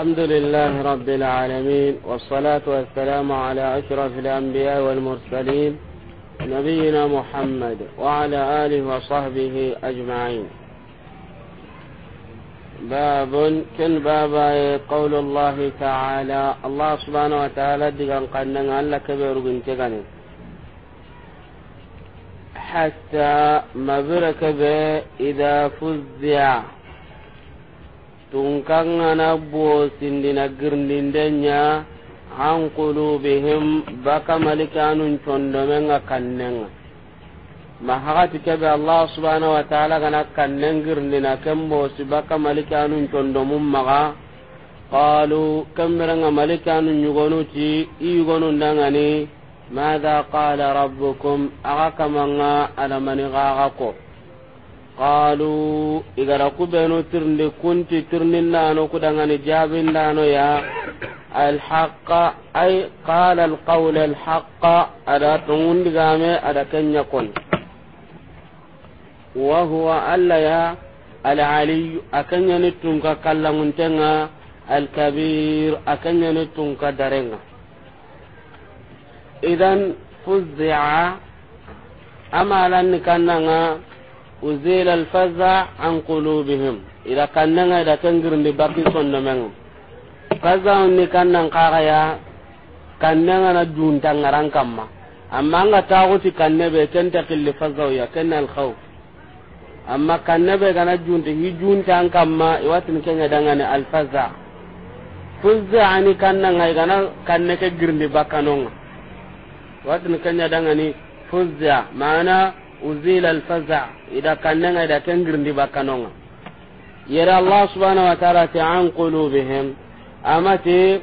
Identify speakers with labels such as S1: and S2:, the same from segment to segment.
S1: الحمد لله رب العالمين والصلاة والسلام على أشرف الأنبياء والمرسلين نبينا محمد وعلى آله وصحبه أجمعين باب كن بابا قول الله تعالى الله سبحانه وتعالى دقان قلنا لك كبير قنتقني حتى مبرك إذا فزع tun kangana boosindina girndindenya an qulubihim baka malikanun condomenga kannenga mahagati kebe allah subhanahu wa ta'ala gana kannen girndina ken boosi baka malikanun condomun maga qalu kemberenga malikanun yugonuti i yugonundangani madha qala rabbukum aga kamanga adamani gaga ko qalu igara kubenu tirndi kunti tirnindano kudangani jabindano ya alhaqa ay qala alqawla alhaqa ada tungundigame ada kenya kon wa huwa alla ya alaliyu akanyani tunka kallamuntenga alkabir ni tunka darenga idan fuzzi'a amalanni kannanga uzila alfaza an qulubihim ila kannanga ida kangirndi baki men faza ni kannan ya kannanga na ngaran kamma amma anga taguti kanne be kenta killi faza ya kenna alkhawf amma kanne be na junti hi junta an kamma iwatin kenya dangane alfaza fuzza ani kannanga gana kanne ke girndi bakanonga watin kenya dangane fuzza maana uzila alfaza ida kannanga ida tengirndi bakanonga yera allah subhanahu wa taala ti an qulubihim amati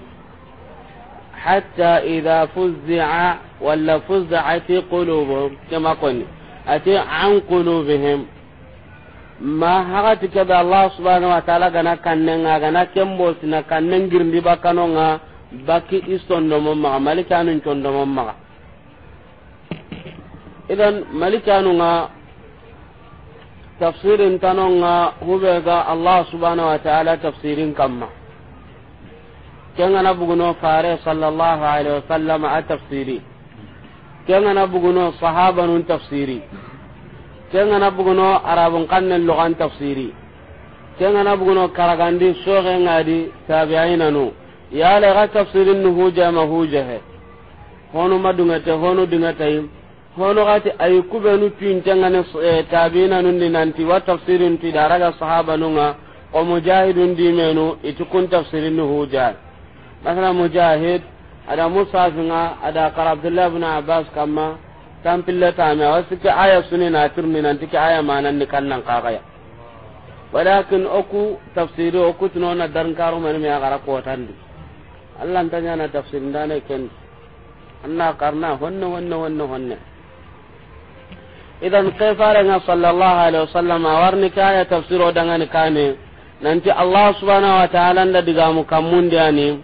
S1: hatta ida wala walla fuzza'ati qulubuhum kama qulni ati an qulubihim ma hakati kada allah subhanahu wa taala gana kannenga gana kembosina kannen girndi bakanonga baki istondo mo ma malikanun mo ma. idan malikanunga tafsirin tanonga hubega allah subhanahu wa ta'ala tafsirin kamma kengana buguno fare sallallahu alaihi wa wasallam a tafsiri kengana buguno sahabanun tafsiri kengana buguno arabun kannen lugan tafsiri kengana buguno karagandi soge ngadi tabi'inanu yale ga tafsirin nu jama hujahe honu madungate honu dingatayim hono gati ay kubenu tuintengane eh, tabina ni nanti wa tafsirin ti daraga sahaba nunga o mujahidun menu itu kun tafsirin nu hujaj masala mujahid ada musa musafinga ada kar abdullah ibn abbas kamma tampilla ta ma wasika aya na turmi nanti ka aya ni kannan kaya walakin oku tafsiri oku tinona man mi agara tandi allah na tafsirin dane ken anna karna honno honne honne honne idan kai farenga sallallahu alaihi wasallam warni kaya tafsiro dangane kane nanti allah subhanahu wa ta'ala nda digamu kammundi ani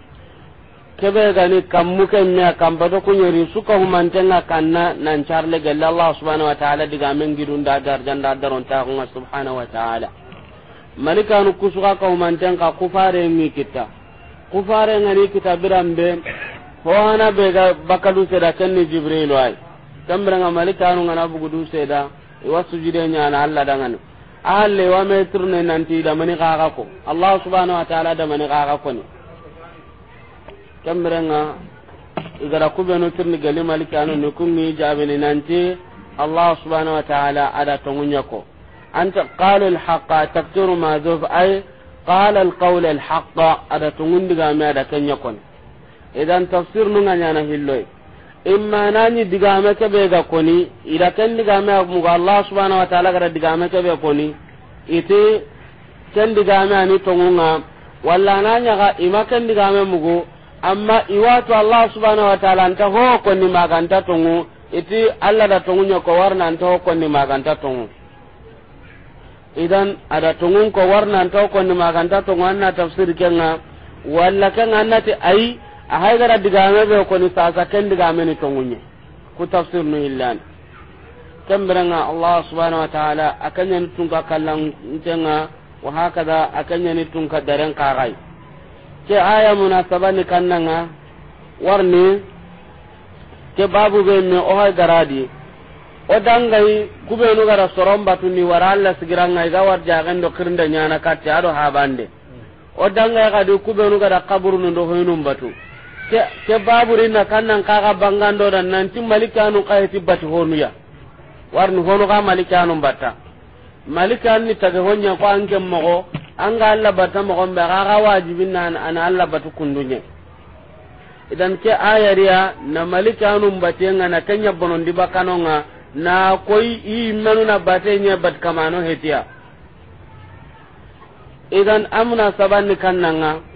S1: kebe gani kammu kemme kambato kunyeri suka humantenga kanna nan charle gelle allah subhanahu wa ta'ala digamen gidun da darjan da daron ta kunga subhanahu wa ta'ala malika nu kusuka ka humantenga kufare mi kita kufare ngani kita birambe ho hana be ga bakalu da kenni jibril wai kambiranga nga ngana bugudu seda iwa sujude ñana allah dangani ahalle metru ne nanti damani kaka ko allah subhanahu wa taala damani kaka koni nga igara no tirni gali malikanu ni jabe ne nanti allah subhanahu wa taala ada tongunya ko anta al haqa taktiru ma zuf ay qala al haqa ada tongundigame ada kenya ni. idan tafsir nga nyana hilloi imma nani digame be ga koni ida ken digame mugo allah subhanahu wa ta'ala gara digame be koni iti ken digame ani tongunga walla nanya ga ima ken digame mugo amma iwatu allah subhanahu wa ta'ala anta ho koni ma maganta tongu iti allah da tongunya ko warna anta ho koni maganta tongu idan ada tongun ko warna anta ho koni maganta tongu anna tafsir kenga walla kenga annati ai ahay gara digame be ko ni sasa ken me ni tongunye ku tafsir nu illan kambiranga allah subhanahu wa ta'ala akanya ni tunka kallan tenga wa hakada akanya ni tunka daren kagai ke aya ni kannanga warni ke babu be me o hay di. o dangai no gara sorombatuni wara allah sigiranga ga warja gando kirnda nyana katti ado habande o dangai kadi no gara kaburu ndo hoynum batu ke na kannan kaga bangando dan tin malikanu kayeti bati honuya warni honu ga malikanu batta malikan ni tage honya ko anke an ga Allah batta mogo be ga wajibin nan an Allah batu kundunye idan ke ayariya na malikanu batenga na bonon di bakanonga na koi i manu na nya bat kamano hetia idan amna sabanni kannanga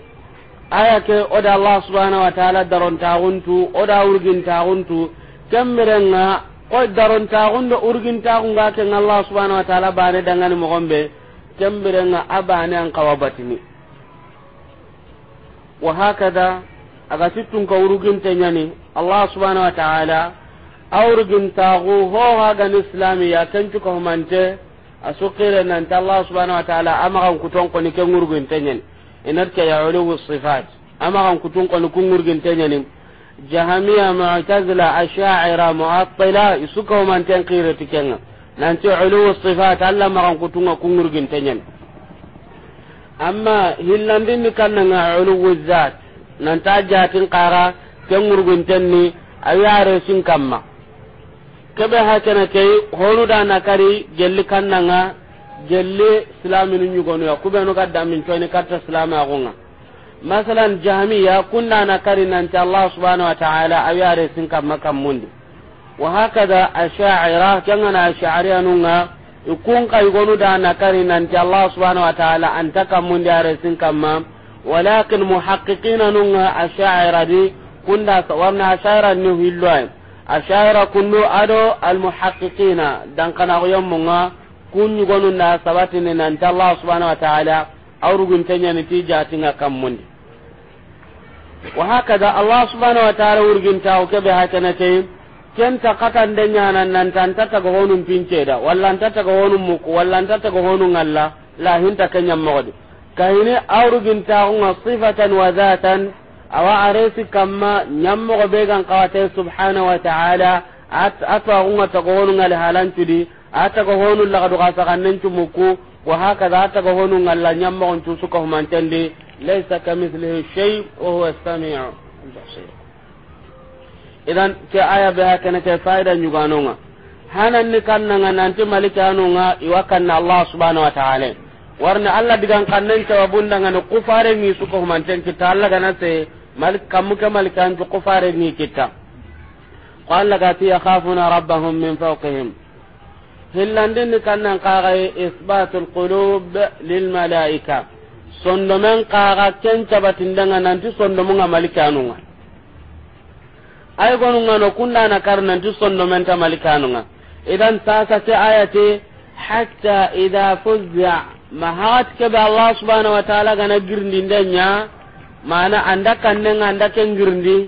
S1: aya ke oda allah subhanahu wa ta'ala daron taguntu oda urgin taguntu kemmerenga ko daron tagundo urgin tagunga ke allah subhanahu wa ta'ala bane dangani mogombe kemmerenga abane an kawabatini wa hakada aga sittun ka urgin tenyani allah subhanahu wa ta'ala awrugin tagu ho hagan islami ya kencu ko humante asukire nan ta allah subhanahu wa ta'ala amaga kuton ni ke ngurgin tenyani inar ya ulu sifat amma kan kutun kun kon kungurgin tanyanin jahamiya mu'tazila ash'ira mu'attila isuka man tan tiken nan ce ulu sifat allah ma kan kutun kungurgin tanyan amma hillandin ni kannanga ulu zat nan ta jatin qara kengurgin tanni ayare sun kamma kebe hakana kai honu da nakari gelli nan gelle silaminu ñugonu ya kubenu ga dammin coni katta silama agunga masalan jahmiya kunna na kari nanti allah subhanahu wa ta'ala awiyare sin kamma kammundi wa hakada asha'ira kangana asha'iriyanunga ikun ka igonu da na kari nanti allah subhanahu wa ta'ala anta kammundi are sin kamma walakin muhaqqiqina nunga asha'ira di kunda warna asha'ira ni hilwa asha'ira kunnu ado al muhaqqiqina dan kana yomunga kunyugonu na nan ta allah subhanahu wa taala ne ti wa haka da allah subhanahu wa taala wurgintaku keɓe hakenatei kenta katande ñanan nanta ta taga honum pinceda walla ta taga honum muku walla anta taga honu ngalla lahinta keñammogodi kahini awrugintakunga sifatan wa zatan awa aresi kamma ñammogo be gan kawate subhanahu wa taala atwakunga taga honu halan tudi ko honu la kadu kasakannin tumuku wa ta ko honu ngalla nyamma on ko humantendi laisa kamithlihi shay wa huwa as-sami'u idan ke aya be kana ke faida nga. hanan ni kannanga nanti malikanonga iwakanna Allah subhanahu wa ta'ala warna Allah digan kannan tawabunda ngana kufare ni su ko humanten ta Allah kana se malik kamuke malikan kufare ni kita qala gati yakhafuna rabbahum min fawqihim hillandinni kannan kaagaye isbatu lqulub lilmalaika sondomen kaaga ken cabatindenga nanti sondomunga malikanunga ay gonunga no kundana kar nanti sondomen ta malikanunga idan tasa ke ayate hatta idha fuzza mahat kebe allah subhanahu wa ta'ala gana girndindenya mana anda kannenga anda ken girndi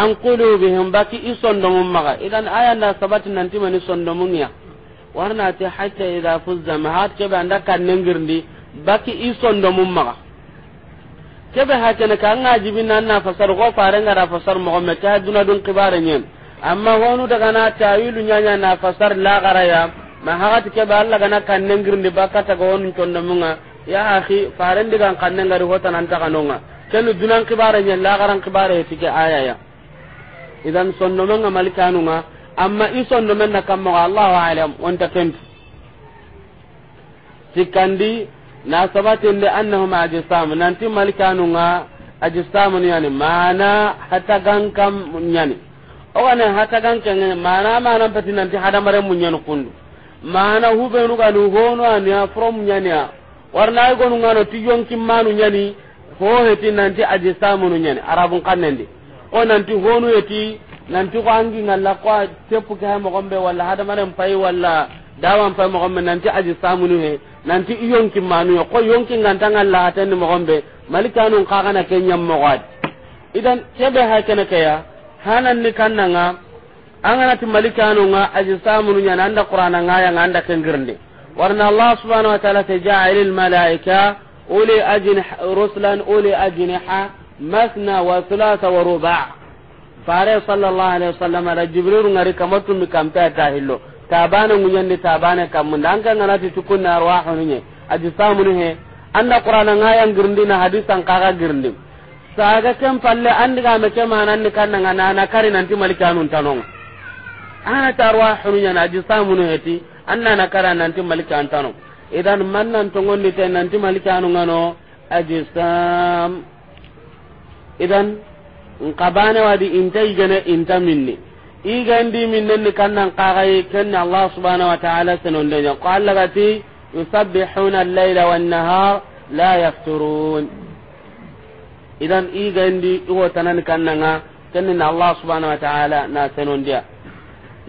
S1: an qulubihim baki isondomum maga idan ayanda sabati nanti mani ya. warna ta hatta idha fuzza ma hat kebe banda kan girndi baki isondo mum maga kebe hatene ka anga jibinna na fasar go fare ngara fasar muhammad ta duna dun qibare nyen amma wonu daga na tawilu nyanya na fasar la garaya ma hakati kebe alla gana kan kannen baka ta go wonu ton munga ya akhi faren diga kannen hota nan ta kanonga kenu dunan qibare nyen la garan ke tike ayaya idan sonno nga malikanu nga amma in son do menna kam mo Allahu a'lam on ta tenti sikandi na sabati inda annahum ajisam nan tin malikanu nga ajisam ni yani mana hatta gan kam nyani o wana hatta gan kan mana mana pati nan ti hada mare mun nyani kundu mana hu be ru galu hono an ya from nyani ya warna go nu ngano ti yon kim manu nyani ho he ti nan ti ajisam nu nyani arabun kan nende o nan ti hono ye ti nanti ko angi ngalla ko teppu ka mo gombe wala hada maren pay wala dawan pay mo gombe nanti aji samunu he nanti iyonki manu ko yonki nganta ngalla tan mo gombe malikanu ka kana kenyam mo gad idan kebe ha kana kaya hanan ni kannanga ti malikanu nga aji samunu nya nanda qur'ana nga ya nganda kengirnde warna allah subhanahu wa ta'ala ta ja'ilil malaika uli ajnah rusulan uli ajnaha masna wa thalatha wa ruba' fare sallallahu alaihi wasallam ala jibril ngari kamatu mi kampe ta hillo tabana munyandi tabana kam ndan kan ngati na arwahu nunye aji samunu he anda qur'ana ngayan girndi na hadisan kaga girndi saga kem palle andi ga me kema nan ni kan ngana na kari nanti malikanun tanong ana tarwahu nunya na adi he heti anna na kara nanti malikan tanong idan man nan ni te nanti malikanu ngano sam idan nkabane wadi inta igene inta minni igandi minnenni kannan kaxayi kenni allah subhanahu wa taala senondenya ko allah gati yusabbihuna allaila nahar la yafturun idan igandi iwotanani kannanga kennina allah subhanahu wa taala na senondiya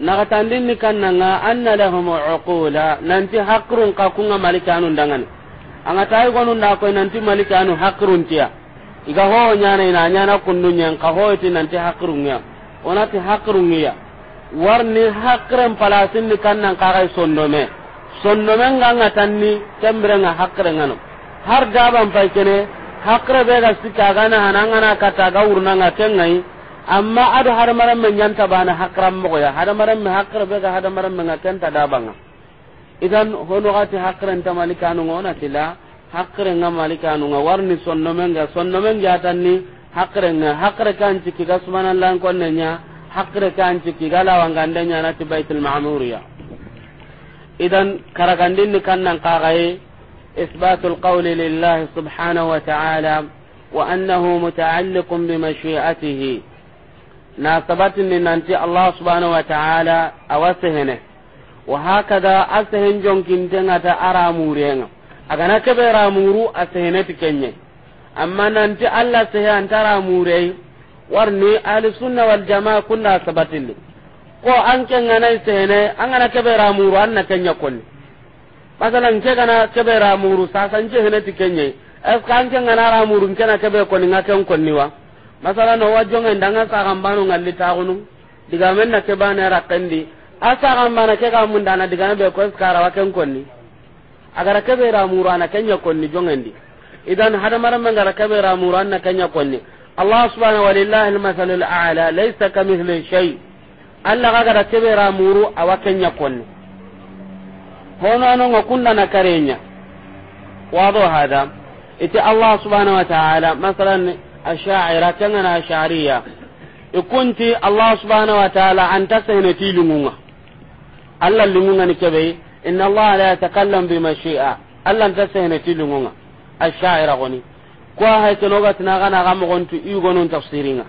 S1: naxatandinni kannanga anna lahum uqula nanti hakrun kakunga malikanu dangani angatayi gonunda koy nanti malikanu tiya iga ho nyana ina nyana kundu nyen ka ho ti nanti hakrungiya onati hakrungiya warni hakren palasin ni kannan ka sondome sondome sondome nganga tanni tembre nga hakre ngano har daban pai kene hakre be ga sika gana hananga na kata ga urna nga tengai amma ado har maram men nyanta bana hakram mo ya har maram me hakre be ga har maram me ngata dabanga idan hono gati hakren tamani kanu ngona tila hakkirenga nga warni sonnomenga sonnomenga hakre nga hakre kan cikki ga subhanallah konne nya hakre kan la ga lawangande nya ci baitul ya idan karagandin ni nan qagaye isbatul qawli lillahi subhanahu wa ta'ala wa annahu muta'alliqun bi mashi'atihi na sabati ni nanti allah subhanahu wa ta'ala awasehene wa hakada asehen jonkintengata aramurenga agana kebe ramuru a seheneti kenye amma nanti allah sehe anta murai warni ahli sunna wal jamaa kunna sabatindi ko an kenga ngana sehene an gana kebe ramuru an na kenya konni masalan ke gana kebe ramuru sasa nje heneti kenye es ka an ke ramuru nkena kebe konni nga ken kon wa masalan o wajonga ndanga sa gambano ngalli taagunu diga men na kebane rakendi asa gambana ke ga mundana diga be ko skara wa ken konni agara kebe ra murana kenya konni jongendi idan hadamara man gara kebe ra murana kenya konni allah subhanahu wa lillahi almasal al'a laysa kamithli shay alla gara kebe ra muru kanya konni hono no kunna na karenya wado hada iti allah subhanahu wa ta'ala masalan ash'ira kangana ashariya ikunti allah subhanahu wa ta'ala anta sahina tilungunga alla lungunga ni kebe inna allah la yatakallam bi mashi'a allah ta sehne tilungunga ashaira goni ko hay to noga tinaga na gam gontu i tafsiri nga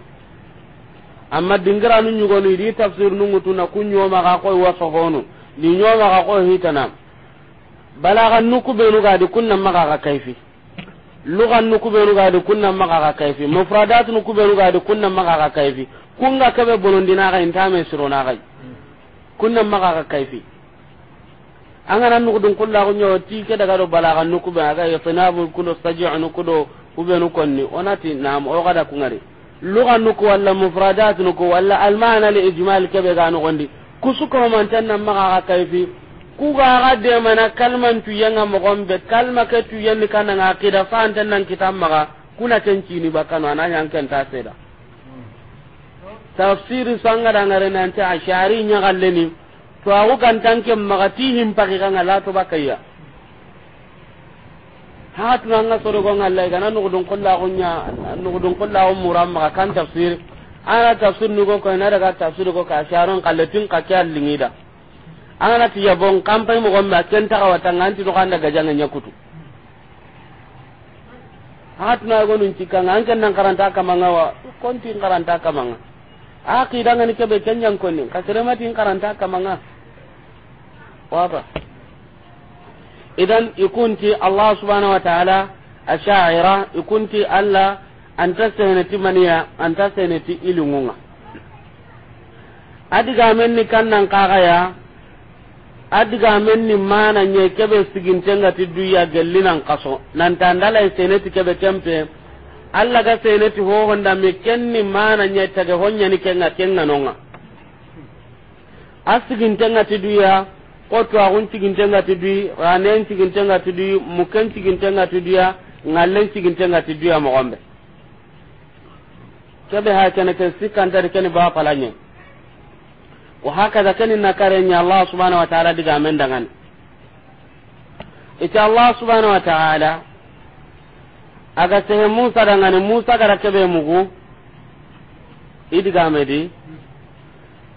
S1: amma dingira nu nyugonu di tafsir nu ngutu na kunyo ma ga ko wa sohonu ni nyoma ga ko hitana balaga nuku be nu ga di kunna maga ga kaifi lugan nuku be nu ga di kunna maga ga kaifi mufradat nuku be nu ga di kunna maga ga kaifi kunga kabe bolondina ga intame na ga kunna maga ga kaifi angana nugu dun kulla ko nyoti ke daga do balaga nuku ba ga yatnabu kulo saj'u nuku do ubenu konni onati nam o gada kungari luga nuku wala mufradat nuku walla almana li ijmal ke be ga no gondi kusuko man tan nam ma ga kayfi ku ga ga de mana kalman tu yanga mo gombe kalma ke tu yanni kana ga kida fan tan nan kitam ma ga kuna ken ni bakano ananya yankan ta seda
S2: hmm.
S1: tafsiri sanga ngare nan ta ashari nya galleni to aku gantan ke magati himpaki kan la to bakaya ha tuna nga soro go ngalla ga nanu gudun kulla gunya nanu gudun kulla umuram maka kan tafsir ana tafsir nugo ko na daga tafsir ko ka sharon kallatin ka kyal lingida ana ti yabon kampai mo gomba ken ta kawata nganti to kan daga jangan nyakutu ha tuna go cikan cikanga an kan nan karanta kamanga wa konti karanta kamanga akidangani kebe kenyang koni kasirematin karanta kamanga واضح إذا يكون الله سبحانه وتعالى الشاعرة يكون الله أن تستهنت منيا أن تستهنت إلمونا adiga menni kannan kagaya adiga menni mana nye kebe sigintenga ti duya gellinan kaso nan tandala seneti kebe tempe alla ga seneti ho honda me kenni mana nye tage honnya ni kenga kenga nonga asigintenga ti duya kotu to agun cigin tenga tudui ranen cigin tenga tudui muken cigin tenga tuduya ngallen cigin tenga tuduya mo gombe kebe ha kana ken sikan dar ken ba palanye wa hakaza ken na karenya Allah subhanahu wa ta'ala diga men dangan ita Allah subhanahu wa ta'ala aga sehe Musa dangan Musa gara kebe mugu idiga medi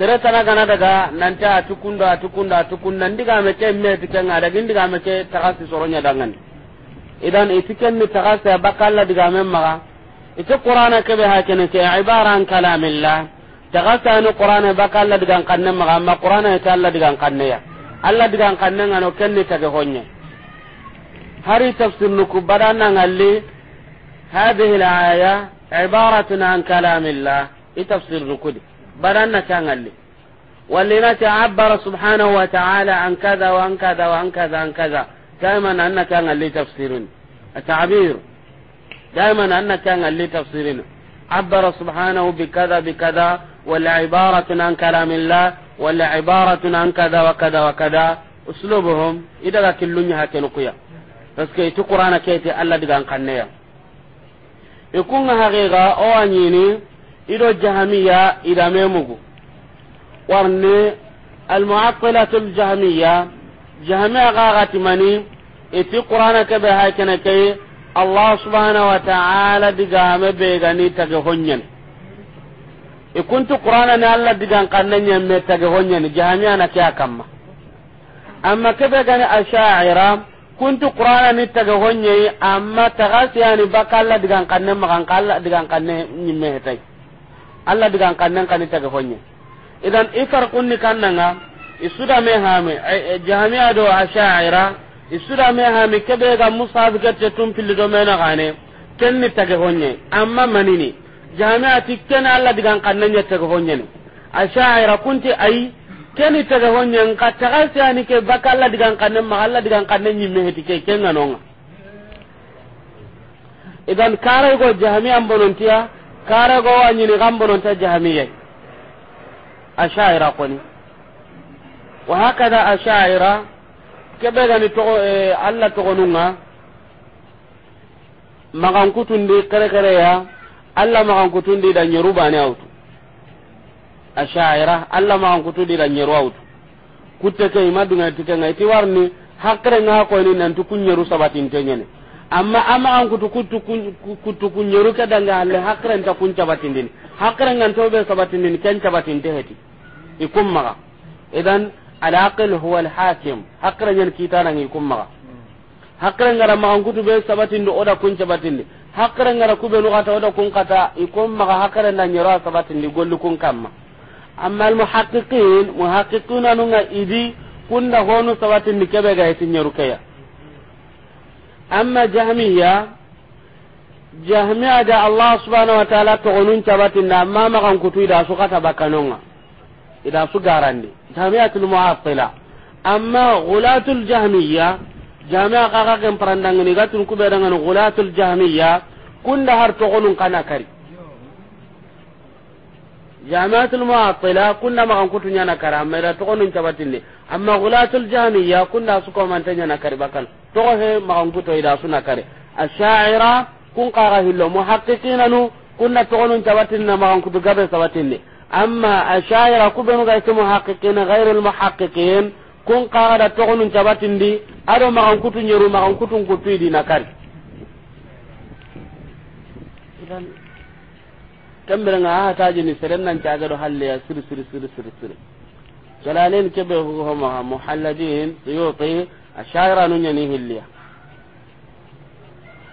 S1: sere tana gana daga nanti atu kundo atu kundo atu kundo ndiga meke me tikenga daga ndiga meke takasi soronya dangan idan itiken ni takasi bakalla diga memma ite qur'ana kebe hakene ke ibara an kalamillah takasa ni qur'ana e bakalla diga kanne maga amma qur'ana e ta alla diga kanne ya alla diga kanne ngano kenni tage honye hari tafsir nuku badana ngalli hadhihi al-aya ibaratun an kalamillah itafsir nukudi badanna kangalli wallina ta'abbara subhanahu wa ta'ala an kaza wa an kaza wa an kaza an kaza daiman anna kangalli tafsirin at daima na anna kangalli tafsirin عبر سبحانه بكذا بكذا ولا عبارة عن كلام الله ولا عبارة عن كذا وكذا وكذا أسلوبهم إذا كلنها كنقيا بس كي تقرأنا كيتي ألا دقان قنيا يكون هغيغا أو أنيني ido jahamiya idame mugu warne almuattilatu aljahmiya jahmiya gagatimani iti qur'ana kebe hakene kay allah subhanahu wa ta'ala digame begani tage honyen ikuntu qur'ana ni allah digan kanne nyemme tage honyen jahmiya na kya akamma amma kebe gani asha'ira kuntu qur'ana ni tage honye amma tagasiyani bakalla digan kanne magan kalla digan kanne nyimme hetai allah digan kannen kani tage honye idan i farkunni kannanga isuda me hame e, e, jahamiya do ashaira isuda me hame kebe ga musaf kette tum pilli do mena gane kenni tage honye amma manini jahamiya ti ken allah digan kannenya tage honye ni ashaira kunti ai keni tage honye ka tagasi ani ke baka allah digan kannen ma allah digan kannen nyimme heti ke kenga nonga idan karai go jahamia mbonontia kare go wa nyini gambonon ta jahamiyya ashaira koni wa hakada ashaira kebe gani to e, alla to gonunga magan kutundi kare kare ya alla magan kutundi da nyeru bani autu ashaira alla magan kutundi da nyeru autu kutte ke imadunga tike ngai tiwarni hakre nga ko ni nan tukunyeru sabatin tenyene amma ama an kutu kutu kutu kunyoru ka danga alle hakran ta kun cabatindin hakran ngan tobe sabatindin ken cabatin te heti ikum maga idan al aql huwa al hakim hakran yan kitana ngi kum maga hakran ngara ma an kutu be sabatindo oda kun cabatindi hakran ngara kube no kata oda kun kata ikum maga hakran nan yoro sabatindi gollu kun kamma amma al muhaqqiqin muhaqqiquna nunga idi kunda honu sabatindi kebe ga hetin yoru kaya amma jahmiya jahmiya da allah subhanahu wa ta'ala togonun cabatinda amma makan kutu ida su kata bakanonga ida su garandi jahmiyatul mu'attila amma ghulatul jahmiya jami'a kaka ken parandangini gatun kubedangani ghulatul jahmiya kunda har togonun kana kari jami'atul mu'attila kunna ma kutunya na karama da to onun tabatinne amma ghulatul jahmiya kunna su ko mantanya na kari bakal to he makan kuto ida suna kare ashaira kun qara hillo muhaqqiqina nu kunna to onun tabatinna ma kutu gabe tabatinne amma ashaira kubenu ga itu muhaqqiqina ghairul muhaqqiqin kun qara da to onun tabatindi ado ma kutu nyeru ma kutu kutu idi na kambira nga ha ta jini seren nan ta do halle ya sir sir sir sir sir jalalain be ho ho ma muhalladin yuti ashaira nun yani hilliya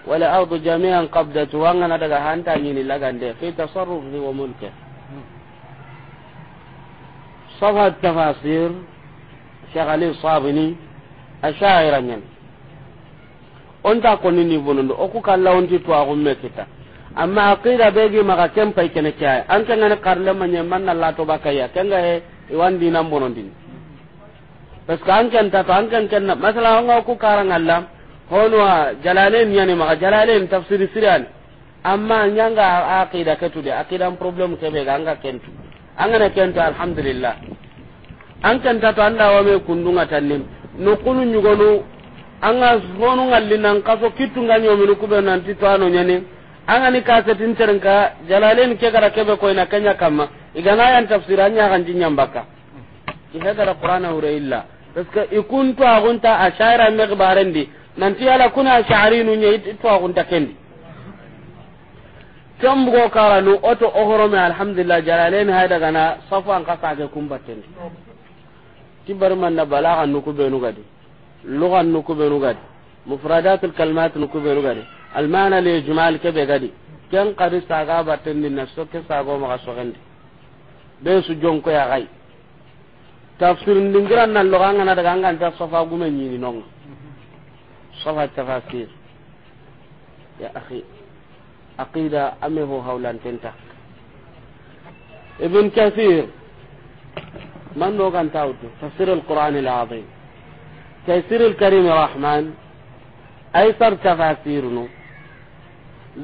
S1: wala ardu jami'an qabdatu wa ngana daga hanta yini ni lagande fi tasarrufi wa mulki صفحة تفاسير شيخ علي الصابني أشاعر من أنت bonondo إني بنون أكو كلا أنت تواغم كتاب amma aqida begi maka kem pay kene kya an kan ngane karle manye man na lato bakaya kanga he iwan dinam bonon din parce que an kan ta kan an kan kan masala on ku karang alla hono jalalain yani maka jalale tafsir sirian amma nyanga aqida ketu de aqidan problem be ganga kentu an ngane kentu alhamdulillah an kan ta to anda wa me kundunga tanim no kunu nyugonu anga honu ngallinan kaso kitu nganyo minu kube titano nyane angani kasetin terenka jalalen ke gara kebe koyna kenya kamma igana yan tafsir anya kan jinyam baka ihe gara qur'ana ure illa paske ikuntu agunta ashaira megbarendi nanti ala kuna asharinu nye itu agunta kendi tambugo karanu oto ohorome alhamdulillah jalalen hayda gana safu an kasa ke kumbatendi tibar man na balagha nuku benu gadi lugha nuku benu gadi mufradatul kalimat nuku benu gadi almana le jumal ke be gadi ken qari saga batendi na ke sago ma sogendi be su jonko ya gai tafsir ndingiran nan lo ganga daga ngan ta sofa gumen ni non sofa tafsir ya akhi aqida ame ho hawlan tenta ibn kathir man do gan tawtu tafsir alquran alazim tafsir alkarim arrahman aysar tafasirnu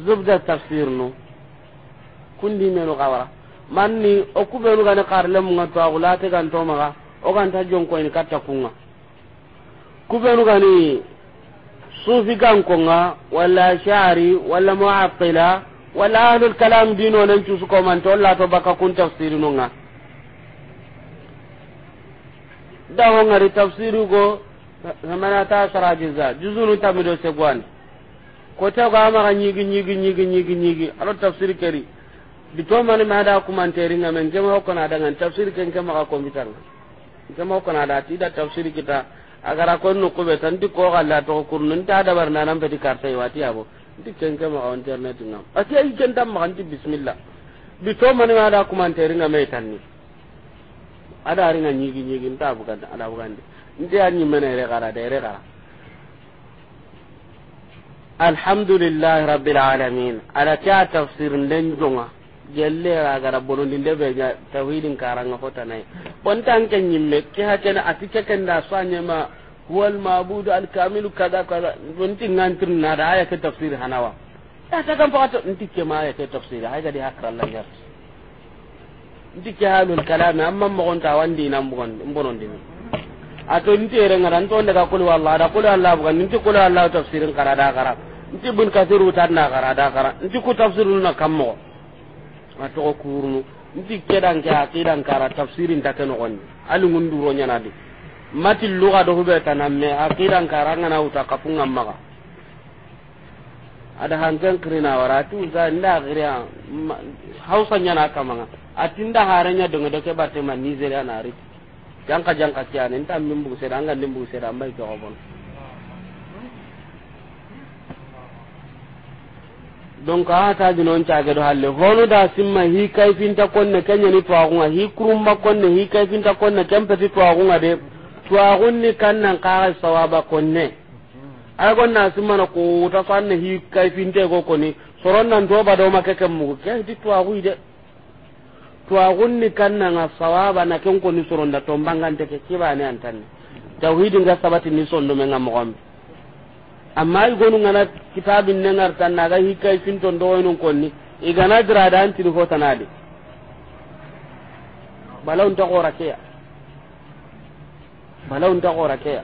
S1: zubda tafsir no kundi menu kawara manni o kubenu gani karle munga to agula te gan to maga o gan ta jonko ni katta kunga kubenu gani sufi gan konga wala shari wala mu'attila wala ahlul kalam dino nan cusu ko man to la to baka kun tafsir no nga dawo ngari tafsiru go namana ta sarajiza juzunu tamido gwani. ta ga ma nyigi nyigi nyigi nyigi nyigi alo tafsir kari di to mani ma da kuma teri nga men jama'a ko na dangan tafsir kan kama ka komputer jama'a ko na da ti da tafsir kita agar ko no ko be tan di ko galla to nun ta da barna nan be di karta wati abo di ken kama on internet ngam ati ay ken dam ma anti bismillah di to mani ma da kuma teri nga me tan ni ada ringa gi ta bu kan ada bukan ndi ni mena re gara de re gara alhamdulillahi rabbil alamin ala ta tafsir nden jonga gelle agara bonondi nde ɓe tawhidin karanga fotanay bontan ke ñimme ke ha kene ati ke kenda soañema huwa almabudu alkamilu kada kada na da aya ke tafsir hanawa atakan fakato nti ma aya ke tafsir hay gadi hakrallangert nti ke halul kalami amma mogonta wandinambogonndini ato nti ere ngara nto ndaga kulu Allah da kulu allah bukan nti kulu allah tafsirin karada kara nti bun kathiru tanna karada kara nti ku tafsirun na kammo ato kurnu nti kedan ke aqidan kara tafsirin takeno gonni ali ngunduro nyana di mati luga do hube tanamme aqidan kara ngana uta kapunga maga ada hankan kerina waratu tu za nda gira hausa nyana kamanga atinda haranya dongo doke batte man nigeria janka janka kiyani nta min bugu seda anga nin bugu seda ambai ke gobon donc a ta jinon cage do halle honu da simma hi kai finta konne kenya ni to agunga hi kurumba konne hi kai finta konne kempe ti to agunga de to agunni kannan sawaba konne na ko ta fanne hi kai finte go koni soron nan do ba do make ke ti twaxunni kannanga sawaba na ken koni soronda tombanganteke kibane antanni tawhidi nga sabati ni sondomenga moxonɓe amma i igonungana kitabin nengartan naga hikkay finton dowoynun konni igana grada antini hotanadi balaunta xora keya balaunta xora keya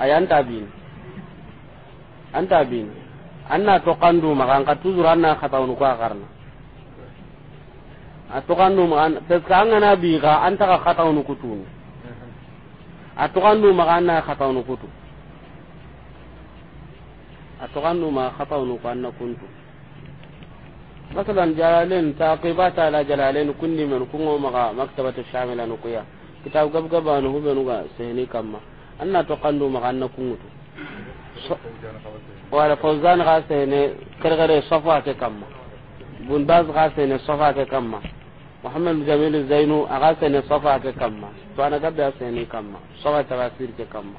S1: aya anta bini anta bini anna to kandu kan ka tuzur anna khataunu ko agarna ato kandu an ta ka ngana bi ga anta ka khataunu kutun ato kandu maga anna khataunu kutu atu kandu maga khataunu ko anna kuntu masalan jalalen taqibata la jalalen kunni men kungo maga maktabatu shamila nukuya kitab gab gabanu hubenu ga sehni kamma anna to kandu maga anna kungutu wala fawzan ghasene kargare safa ke kamma bun baz ghasene safa ke kamma muhammad jamil zainu ghasene safa ke kamma to ana asene kamma safa ke kamma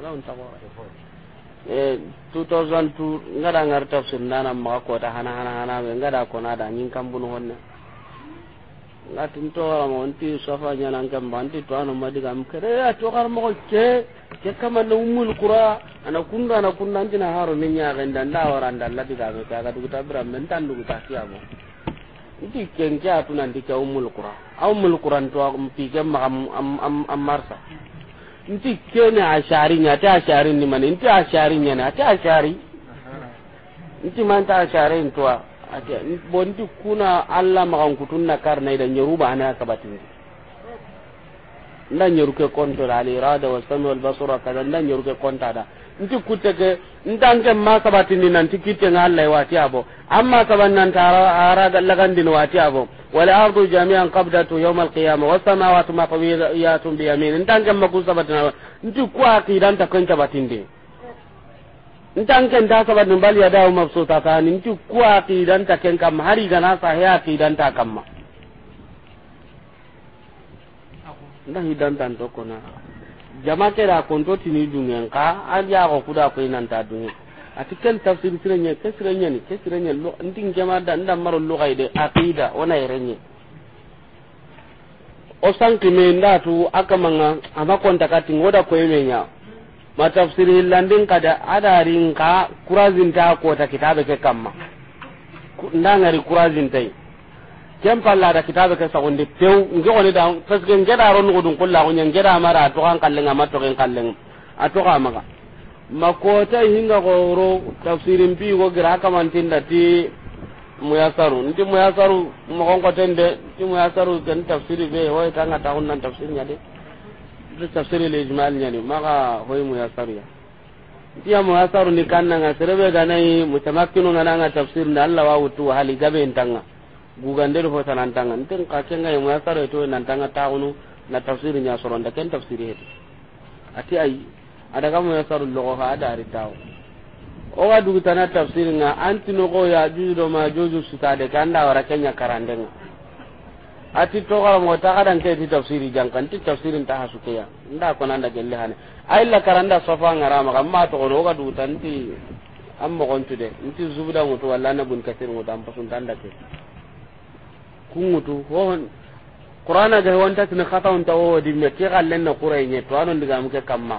S1: wala eh ngada ma ko ta hana hana hana ngada ko nyin kambun la tin to wara mo nti safa nyana ngam banti to anu madiga am kere ya to gar mo ke ke kama na umul qura ana kunda ana kunna ndina haro min nya ga ndan da wara ndan la diga ga ga du tabra men tan du ta kiya mo ndi ken ja tu nan di ka umul qura umul qura to am pi ga ma am am am marsa nti kene ashari nya ta ashari ni man nti ashari nya na ta ashari nti man ta ashari to ate bonti kuna alla magan kutunna karna ida nyoru bana kabatin nda nyoru ke konto da al irada wa sami wal basura kada nda nyoru konta da nti kutte ke ke ma kabatin nan ti kitte wa ti abo amma kaban nan tara arada lagan din ti abo wal ardu jami'an qabdatu yawm al qiyamah wa samawati maqwiyatun bi yamin ke ma kusabatin nti ku akidan ta konta din ntan ken ta sabat nin bal yadahu mabsuta ta nin ti ku aqidan ta ken kam hari gana sahe aqidan ta kamma nda hidan tan to kona jama ke da kon to tini dungen ka an ya ko kuda ko inan ta dunge ati ken tafsir sirenya ke sirenya ni ke sirenya lo ndin jama da nda maro lo gaide aqida ona yerenye o sanki me ndatu akamanga ama kontakati ngoda ko yemenya ma tafsiri hillandin kada adarin ka kurazin ta ko ta kitabe ke kamma ngari kurazin tai kem palla da kitabe ke de teu nge woni da fasge nge da ron gudun kullahu nyen nge da mara to kan kallenga ma to kan kallenga ato ka maga makota hinga ko ro tafsirin bi go gira kamantin da ti muyasaru nti muyasaru mo kon ko tende ti muyasaru kan tafsiri be hoy kan ata hunnan tafsir nya de ti tafsir al ijmal nyani maka hoy muyasariya tiya muyasaru ni kannanga serebe ganai mutamakkinu ngananga tafsir Allah wa wutu hali gabe tanantanga ntin ka kenga to nantanga taunu na tafsir nya ken tafsiri ati ai ada ga logo ha taw o dugutana tafsir nga antino ko ya juju do ma juju sutade kanda karandenga ati to gara mo ta kadan ke ti tafsiri jangkan ti tafsirin ta hasuke ya nda ko nan da gelle hane ay la karanda safa ngara ma amma to ko ga du tanti am mo gontu de nti zubda to walla na bun kasir mo dam pasun tanda ke kungutu ho qur'ana ga wonta tin khata on ta o di me ke galle na qur'ani to anon diga mu ke kamma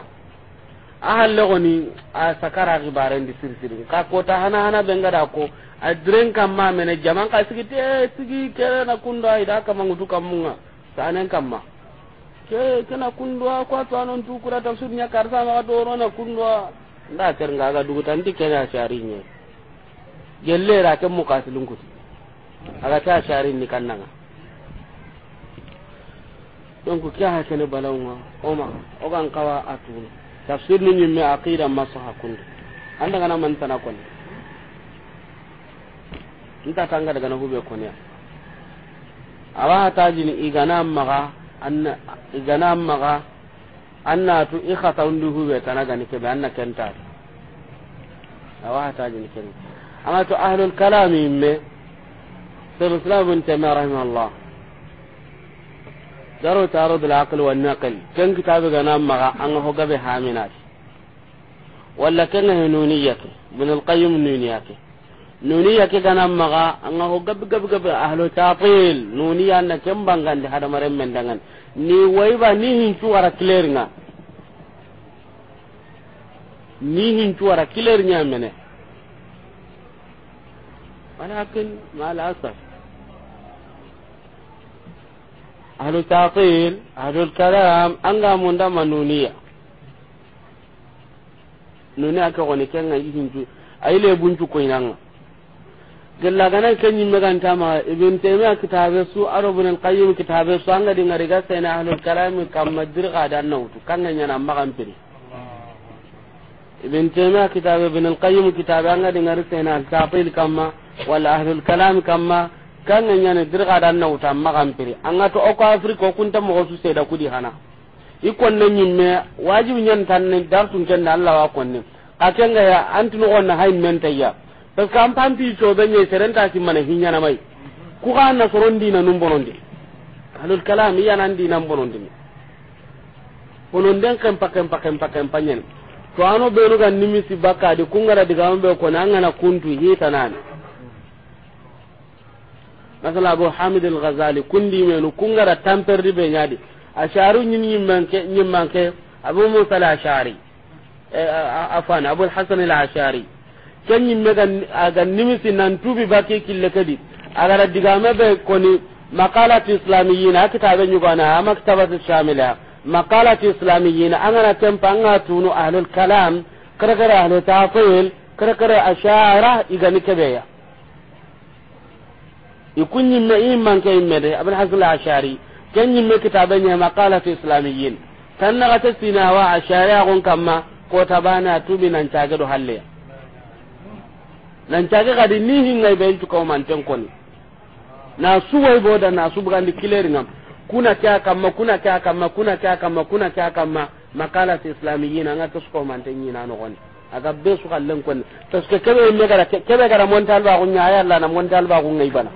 S1: ahalle goni a sakara sir sirin ka kota hana hana benga da ko a diren kam ma mene jaman ka sigi te sigi kere na kundo ai da kama ngutu kamunga sanen kam ma ke kana kundo ko to anon tu kura tafsir kar sa ma do na kundo nda ter nga ga dugu tanti a shari nye gelle ra ke mu kasilun kuti aga ta shari ni kannanga donc kya o ma o kan kawa atuna tafsir ni nyimme aqida masaha kunde anda kana man tana kon kita tangga daga na hube kon ya awa taji ni igana maga anna igana maga anna tu ikhata undu be tana gani ke be anna kenta awa taji ni ken amma to ahlul kalami me sallallahu alaihi bin Taimiyah rahimahullah daro taro bil aql wan naql ken kitabe gana ma an ho gabe hamina walla ken nuniyake min al qayyim nuniyake ga gana ma an ho gabe gabe gabe ahlu taqil nuniyya na kan bangan da hada maren mendangan ni ba ni hin tu ara clearinga ni hin tu ara clear nya mene walakin ma la asaf ahlu ta'til ahlu kalam anga munda manuniya nuniya ka woni kenga yihinju ayle bunju ko inanga gella gana kenyi megan tama ibn taymiya kitabe su arabun al qayyim kitabe su anga dinga riga sai na ahlu kalam kam madir ga dan kanga nyana magan piri ibn taymiya kitabe ibn al qayyim kitabe anga dinga riga sai na ta'til kan nga nyane dirga dan na utam magam piri anga to oko afrika kun ta mo su seda kudi hana ikon nan nyimme wajibi nyen tan ne dar tun ken Allah wa konne akenga ya antu on na hay men tayya to kam pam pi to be nyi serenta ti mana hinya na mai ku ga na sorondi na num bonondi alul kalam ya nan di nan bonondi bononden kan pakem pakem pakem panyen to ano be no ga nimisi baka de kungara diga ambe ko na ngana kuntu tanani masala abu hamid al ghazali kundi menu kungara tamper di nyadi asharu nyin nyin manke abu musa al ashari afan abu al hasan al ashari ken nyimme ga aga nimisi nan tubi baki kille kadi agara digame be koni maqalat islamiyina kitabe nyugana ama kitabat shamila maqalat islamiyina angana tempa anga tunu ahlul kalam kare kare ahlul tafil kare kare ashara igani kebeya ikunyi me iman ke imme de abul hasan ashari kenyi me kitabanya maqalat islamiyyin tan na gata wa ashari agon kamma ko tabana tubi nan tage do halle nan tage kadi ni ngai be to ko man ten koni na suwai boda na subgandi kileri ngam kuna kya kamma kuna kya kamma kuna kya kamma kuna kya kamma maqalat islamiyyin anga to ko man ten yina no goni aga be su kallen koni to ke kebe me gara kebe gara montal ba gunya ayalla na montal ba gunya ibana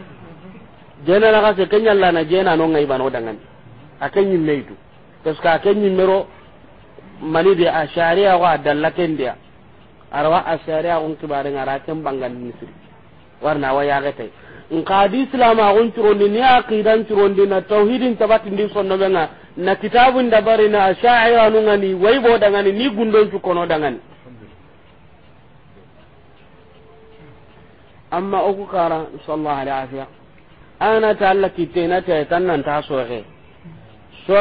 S1: jena na kase kenya la na jena no ngai bano dangan akenyi meitu parce akan yin mero mani de asharia wa dalla kendia arwa asharia on kibare ngara ken bangan misri warna wa ya gata in qadi islam a gon turondi ni aqidan turondi na tauhidin tabati son no bena na kitabun dabari na ashaira no ngani wai bo dangani ni gundon su kono dangani amma oku kara sallallahu alaihi wa sallam ana ta Allah kite na ta tan nan ta so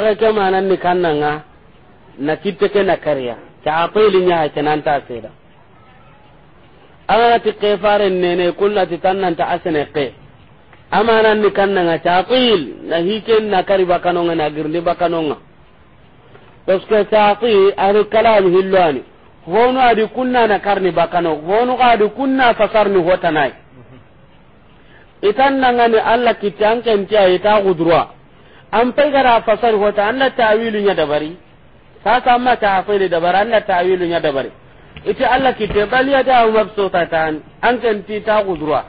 S1: re ke manan ni kan nan na kite ke na kariya ta apeli nya ha nan ta da ana ti fare ne ne kullati tan nan ta asene ke amanan ni kan nan ta apil na hiken na kari kanon na girni bakanonga parce que taati ahli kalam hillani honu adi kunna na karni bakano honu adi kunna fasarni hotanai itan ne allah ki kitti ta yi ta gudruwa an pai gara fasar hota Allah tawilu nya dabari sasa amma ta afai dabara anda tawilu nya dabari ita allah ta bal ya da mabsuta tan an ti ta gudruwa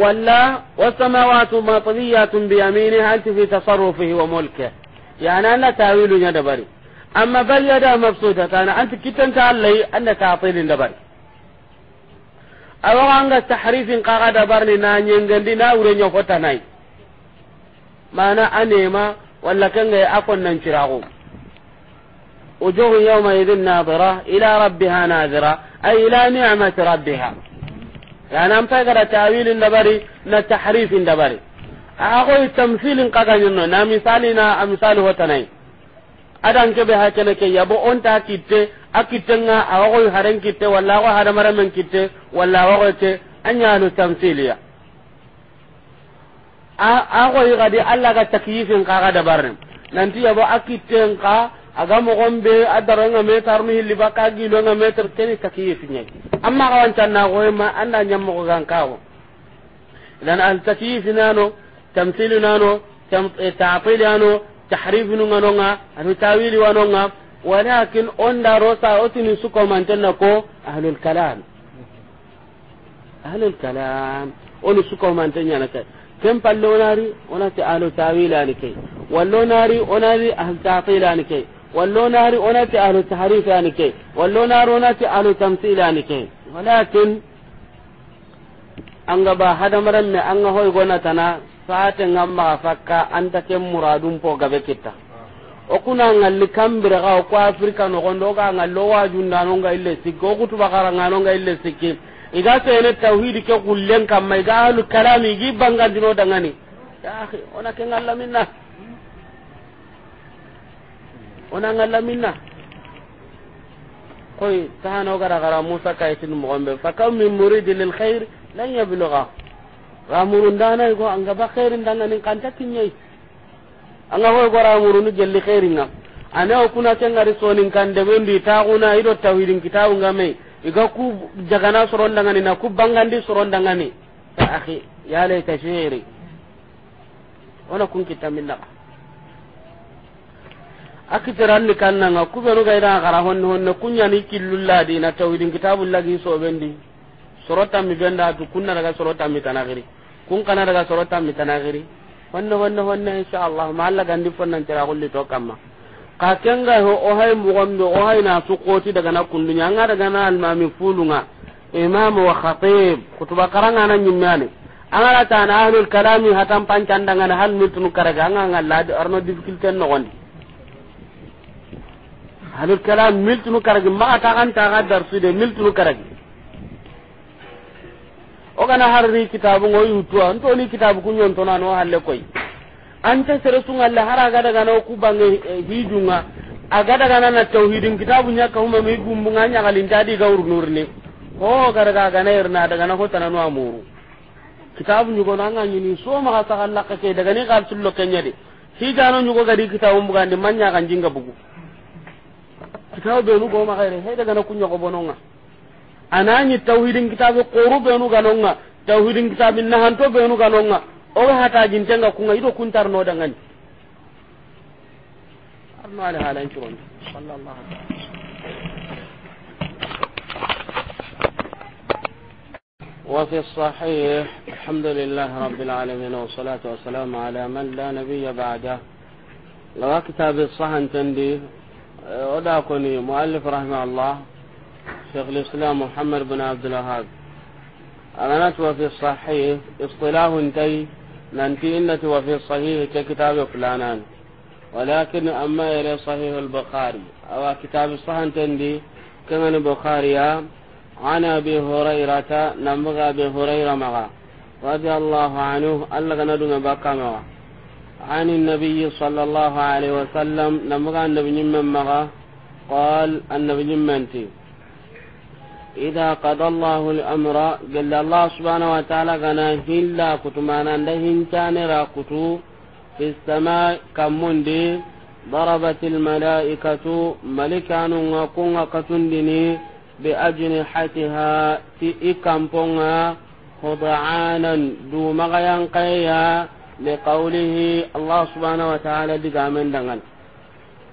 S1: walla wasamawatu bi biyaminihi anti fi tasarrufihi wa mulkihi yani anda tawilu nya dabari amma bal ya da mabsuta tan anti kitanta allah anda ta da dabari anga tahrifin kaga barni na ñengendi na wure nai mana ya nema nan kenga a konnanciraku wujuhu yaumaidin nadira ila rabbiha nadira ay ila nicmati rabbiha yani an tawil tawilin dabari na tahrifin dabari a tamthilin tamsilin kagañinno na misalina a misali hotanay adan kebe ha kene ke yabo on ta kitte akitenga awo haren kitte walla awago hadamara men kitte walla awago te anyanu a agoyi gadi alla ga takyifin ga dabarne nanti yabo akitenga aga mo gombe a daronga metarnu hilli liba ka gilonga metar teni takyifin ne amma na wancanna ma anda mo gan kawo dan al takyifin nano tamthilu nano tatil eh, nano tahrif nu nganonga anu tawili wanonga walakin onda rosa otini suko mantenna ko ahlul kalam ahlul kalam onu suko mantenya na kai kem pallo nari onati ahlu tawila ni kai wallo nari onari ahlu ta'tila ni kai wallo nari onati ahlu tahrif ni kai wallo nari onati ahlu tamthila ni kai walakin anga ba hadamaran me anga hoy gona tana saate ngamma fakka anta ken muradum po gabe kitta o kuna ngalli kambira ga ko afrika no gondo ga ngallo wajunda no ga ille sikki o kutuba karanga no ga ille sikki iga sene tawhid ke kullen kamma iga alu kalami gi banga dino dangani ya akhi ona ken alla minna ona ngalla minna koy tahano gara gara musa kayitin mo gombe fakam min muridi lil khair lan yablugha ramurun dana go anga ba khairin dana nin kanta tinyai anga ho go ramurun jelli khairin ngam ane o kuna ken ngari sonin kan de wendi ta kuna ido tawhidin kitabu ngame iga ku jagana soron dana ni na ku bangandi soron dana ni ta akhi ya le tashiri ona kun minna da teran ni kannanga kubenu gaida gara honno honne kunyani killulla ladina tawhidin kitabu lagi so bendi sorota mi benda tu kunna daga sorota mi tanagiri kun kana daga sorota mi tanagiri wanne wanne wanne insha Allah ma Allah gandi fonnan tira kulli to kamma ka kenga ho o hay mu gombe o hay na su koti daga na kundunya nga daga na almami fulunga imam wa khatib kutuba karanga na nyimmane angala ta na ahlul kalami hatam pancandanga na hal mutun karaga nga ladi arno difficulty no gondi ahlul kalam ta karagi maxa taxan de darsude miltunu karagi ogana harri kitabu ngo yutuwa ntoni kitabu kunyon tona no halle koy anta sere sungalla hara gada gana ku bange eh, hijunga agada gana na tauhidin kitabu nya ka huma mi gumbunga nya galin tadi gaur nurni ho garaga gana irna daga na hotana no amuru kitabu nyugo nanga nyini so ma ka halla ka ke daga ni qal sullo kenya de hijano nyugo gadi kitabu mbugande manya kan jinga bugu kitabu be nu go ma kare he daga na kunyo ko bononga anani tauhidin kitabu qoru benu ganonga tauhidin kitabin nahan to benu ganonga o hata jintenga kunga ido kuntar no dangan arno ala halan kiron
S2: sallallahu alaihi
S1: وفي الصحيح الحمد لله رب العالمين والصلاة والسلام على من لا نبي بعده لو كتاب الصحن تندي ودا كوني مؤلف رحمه الله شيخ الإسلام محمد بن عبد الوهاب انا وفي الصحيح اصطلاح انتي ننتي إنتي وفي الصحيح ككتاب فلانان ولكن أما إلى صحيح البخاري أو كتاب الصحن تندي كما البخاري عن أبي هريرة نمغى أبي هريرة مغى رضي الله عنه ألا غندنا بقى مغى عن النبي صلى الله عليه وسلم نمغى النبي من مغى قال النبي من تي idha qada allahu al-amra qala allah subhanahu wa ta'ala kana hilla kutumana nda hinchane ra kutu fi samaa kamundi darabatil malaikatu malikanu wa kunga katundini bi ajni hatiha ti ikamponga khudaanan du magayan qayya li qawlihi allah subhanahu wa ta'ala digamen dangan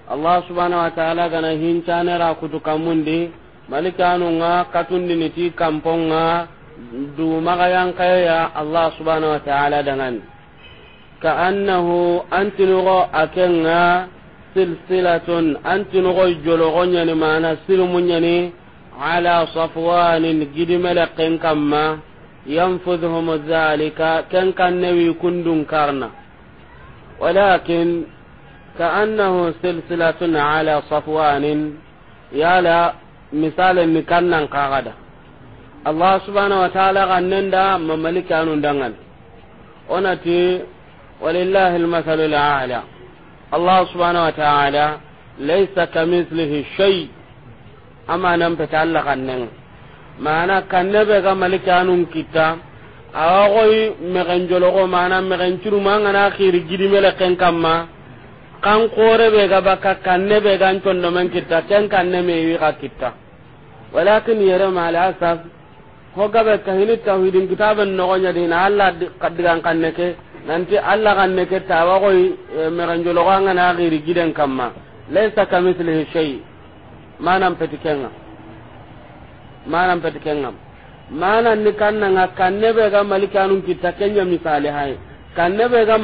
S1: allah subhanahu wa ta'ala kana hinchane ra kutu kamundi malikanu nga katundi niti kampong nga du magayan kaya Allah subhanahu wa ta'ala dangan ka annahu antinugo akenga silsilatun antinugo jologo nyani mana silmu nyani ala safwanin gidimele ken kamma yanfudhum dhalika ken kannewi kundun karna walakin ka annahu silsilatun ala safwanin yala misale ni kannan kagada allah subhanahu wa ta'ala gannen da mamaliki anun dangan onati walillahi almathalu al'ala allah subhanahu wa ta'ala laysa kamithlihi shay amma nan fata allah gannen mana kannebe ga maliki anun kitta awa koy megen jologo mana megen curu mangana khiri gidi mele ken kamma kan kore be ga baka kan ne be gan ton man kitta ken kan ne me wi ka kitta walakin yara ma al asaf ho ga be ka hinu tawhidin kitaban no gonya din alla kadiran kan ne ke nanti alla kan ne ke tawa ko eh, me ranjo lo gan na giri giden kamma laysa ka mithlihi shay manam petikenga manam petikenga manan ni kan nan akkan ne be ga malikanun kitta kenya misali hay kan ne be ga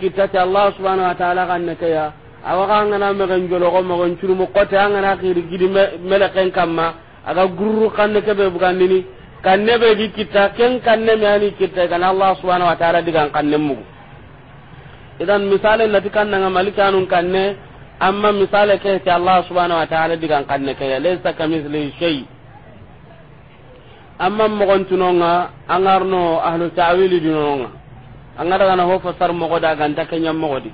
S1: kita ta allah subhanahu wa ta'ala kan ne kaya awaga ngana me ga njolo go mo gon curumo kote ngana khiri gidi melekan kamma aga gurru kan ne be bukan ni kan ne be gi kita ken kan ne mani kita kan allah subhanahu wa ta'ala digan kan ne mu idan misale lati kan nga malikanu kan ne amma misale ke ta allah subhanahu wa ta'ala digan kan ne kaya laysa kamithli shay' amma nga angarno ahlu ta'wili dinonga anga daga na ho fasar mogo da ganta kenya mogo di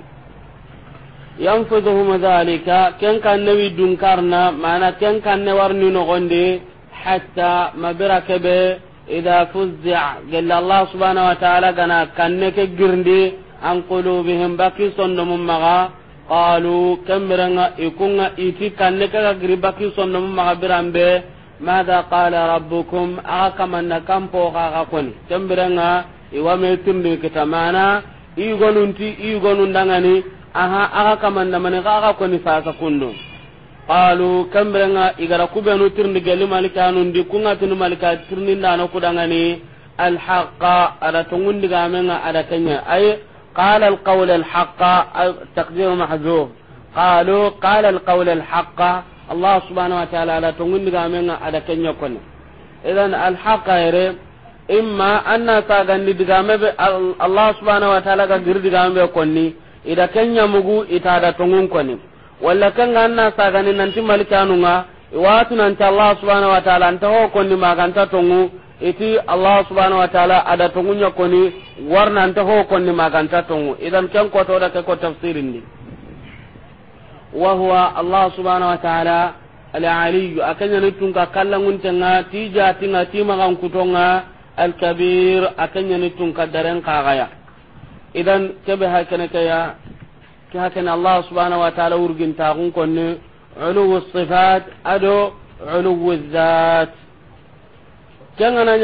S1: yanfuzuhum dhalika ken kan nawi dunkarna mana ken kan ne warni no gonde hatta mabira kebe idha fuzza galla allah subhanahu wa ta'ala gana kan kanne ke girndi an qulubihim baki sonno maga qalu kamranga ikunga iti kan ne ka giri baki sonno maga birambe ماذا قال ربكم أكمن كم فوق أكون كم برنا iwa me tundu kita mana igonunti igonun dangani aha aka kamanda mane aga koni fasa kundu qalu kambrenga igara kubenu tirndi gali malika nundi kunga tinu malika tirni ndano kudangani alhaqa ada tungundi gamenga ada kenya ay قال القول الحق تقدير محذوف قالوا قال القول الحق الله سبحانه وتعالى لا تنغن غامنا على كن يكون اذا الحق يري imma anna sagandi digame be allah subhanahu wa ta'ala ga gir digame be konni ida kenya mugu ita da tungun konni walla kan anna sagani nanti malikanunga iwatu nanti allah subhanahu wa ta'ala anta ho konni maganta tungu iti allah subhanahu wa ta'ala ada tungunya koni warna anta ho konni maganta tungu idan kan ko to da ko tafsirin ni wa huwa allah subhanahu wa ta'ala al-aliyyu akanya nitunga kallangun tanga tija tinga timagan kutonga alkabir akanya ni tun kadaren kagaya idan kebe hakene kaya ki hakene allah subhanahu wa ta'ala urgin tagun konne ulu sifat ado ulu zat kengana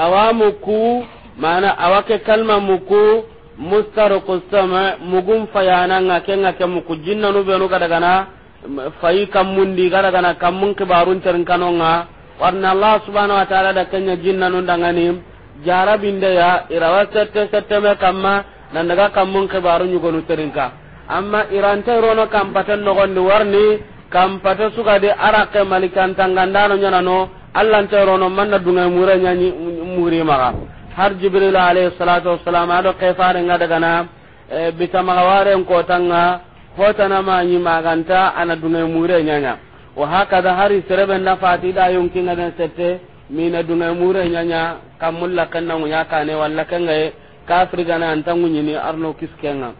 S1: awamuku mana awake kalma muku mustarqu sama mugun fayana nga kenga ke muku jinna nu be kadagana fayi kamundi kadagana kamun kibarun terin kanonga warna allah subhanahu wa ta'ala da kanya jinna nun dangani jarabinde ya irawa sette sette me kamma nan daga kammun kibaru nyugonu terinka amma iranta rono kampaten nogondi warni kampate sugadi arake malikantangandano nyanano allanta rono manna dunga mure nyani muri maga har jibril alayhi salatu wassalam ado kefare nga daga na e, bitamagawaren kotanga hotana ma nyi maganta ana dunga mure nyanya wa haka da hari sereben na fati da yonkin ngana sette mina dunga mure nyanya kamulla kanna munya kane walla kanga e, kafir gana antangu ni arno kiskenga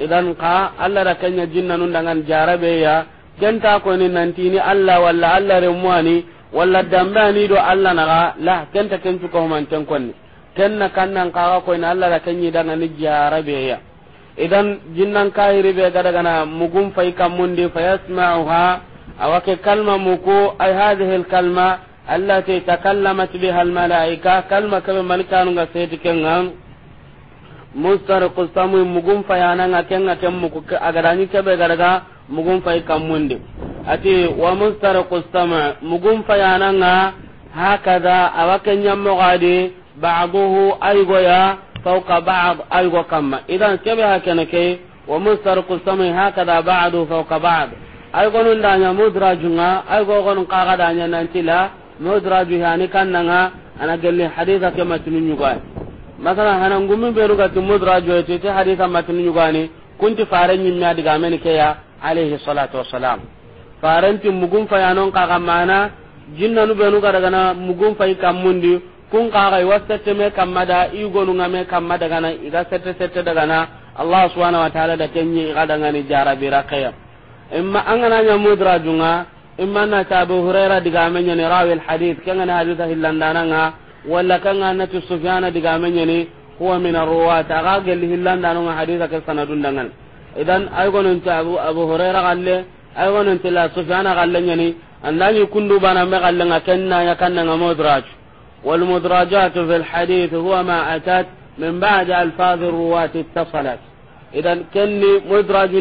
S1: idan ka alla da kanya jinna nun dangan jarabe ya genta ko ni nantini alla walla alla remwani walla dambani do alla naga la genta kentu ko man tan konni kenna kannan kaga ko ni alla da kanyi dangan ni jarabe ya idan jinnan kairi be gada gana mugum fay kamundi fayasma'uha أوك كلمة مكو أي هذه الكلمة التي تكلمت بها الملائكة كلمة كما ملكا نغسيتك mustar kustamu mugun fayana nga kenga kem muku agarani kebe garaga mugun fay kamunde ati wa mustar kustama mugun fayana nga hakada awake nyammo gade ba'dahu aygo ya fawqa ba'd aygo kamma idan kebe hakana ke wa mustar kustama hakada ba'du fawqa ba'd ay gonun mudra junga ay go gonun kaga danya mudra ju hani nanga ana gelle haditha ke matinu nyuga masala hanan gumi beru ga tu ju te te haditha matinu nyuga ni kunti faran nyin na diga men ke ya alaihi salatu wassalam faran ti mugum fayanon kaga mana jinna nu benu ga daga na mugum fay mundi kun kaga wasate me kamada i gonu ngame kamada gana iga sete sete daga na allah subhanahu wa ta'ala da kenyi ga daga ni jarabira kayam إما أننا نمدر جنا إما نتا أبو هريرة دقامن يني راوي الحديث كان حديثه إلا أننا ولا كان نتا سفيانة دقامن يني هو من الرواة أغاقل إلا أننا حديثك سندون دنال إذن أيضا أنت أبو, هريرة قال لي أيضا أنت لا سفيانة قال لي يني أن لا يكون دوبانا مغال لنا كنا يكننا مدراج والمدراجات في الحديث هو ما أتت من بعد ألفاظ الرواة اتصلت idan kenni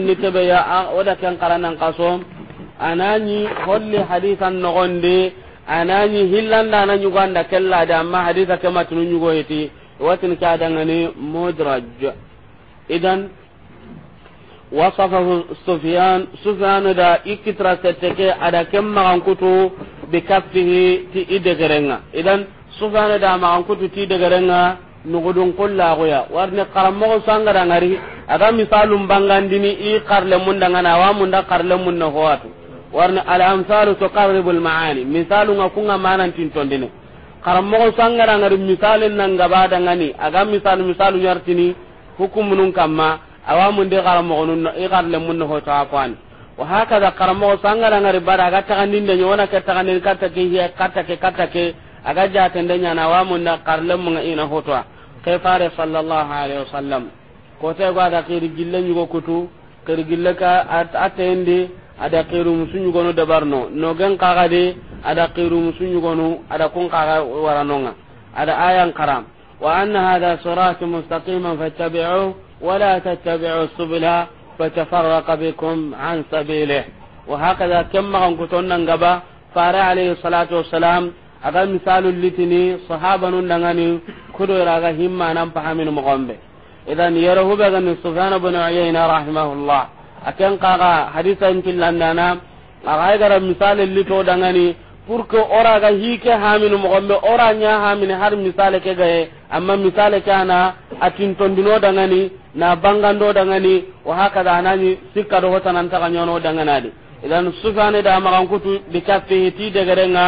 S1: ni tebe ya oda ken karanan kaso anani holli hadisan gonde anani nan yugo anda kella da amma hadisa kema tunu yugo yiti watin ka dangane mudraj idan wasafahu sufyan sufyan da ikitra seteke ada kem ma kutu bi kaffihi ti idegerenga idan sufyan da ma kutu ti idegerenga nugudun kullaxuya warni xaranmoxo ngari aga misalum bangandini i xarle mundangana awa munda xarle munna howatu warni alamsalu tuqaribu lmaani misalunga kunga manantintondini xaranmoxo ngari misalen ngani aga misal misalu hukum nun kamma awa mundi xaranmoxonun i xarle munna hotaa kwan. wa hakada xaranmoxo ngari bada aga ka ta ke ta ke ka ta ke aga jatende wa mun munda xarle mun ina hotoa ke fare sallallahu alaihi wasallam ko te ga da kiri gille nyugo kutu kiri gille ka atende ada kiri musu nyugo no dabarno no gan kaga de ada kiri musu nyugo no ada kun kaga nga ada ayan karam wa anna hadha sirati mustaqiman fattabi'u wa la tattabi'u subula fatafarraqa bikum an sabilihi wa hakada kamma kan nan gaba fara alaihi salatu wassalam aga misalu litini sahaba nun dangani kudo raga himma nan fahaminu mogombe idan yaro hube ga sufyan bin uyayna rahimahullah akan kaga hadisan tillandana aga gara misalu lito dangani pour que ora ga hike haminu mogombe ora nya hamini har misale ke gaye amma misale kana atin tondino dangani na bangando dangani wa haka da anani sikka do hotanan ta dangana de idan sufane da magan kutu bi kaffihi ti de garenga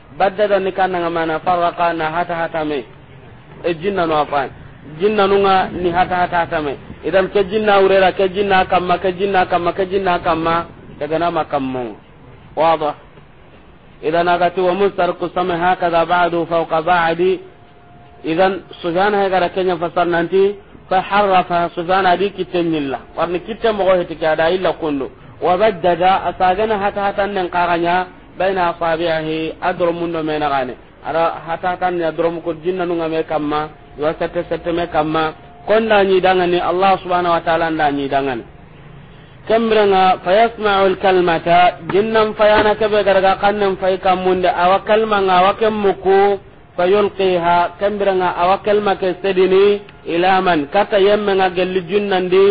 S1: baddada ni nga mana farraqa na hata hata me e jinna no afan jinna nga ni hata hata hata me idan ke jinna urera ke jinna ma ke jinna ma ke jinna ma daga na makammu wada idan agati wa mustarqu sama hakaza ba'du fawqa ba'di idan sujana ha gara kenya fasar nanti fa harrafa sufyan adi kitennilla warni kitte mo ko heti kada illa kullu wa baddada asagana hata hata nan qaranya baina asabihi adrum mundo mena gane ara hata tan ya adrum ko jinna nu ngame kamma wa sette sette me kamma konda ni dangane allah subhanahu wa ta'ala nda ni dangane kemrenga fayasma'u al-kalmata jinnan fayana kabe garga kannan fay munda awa kalma nga awa kemmuku fayulqiha kemrenga awa kalma ke sedini ila man kata yemme nga gelli di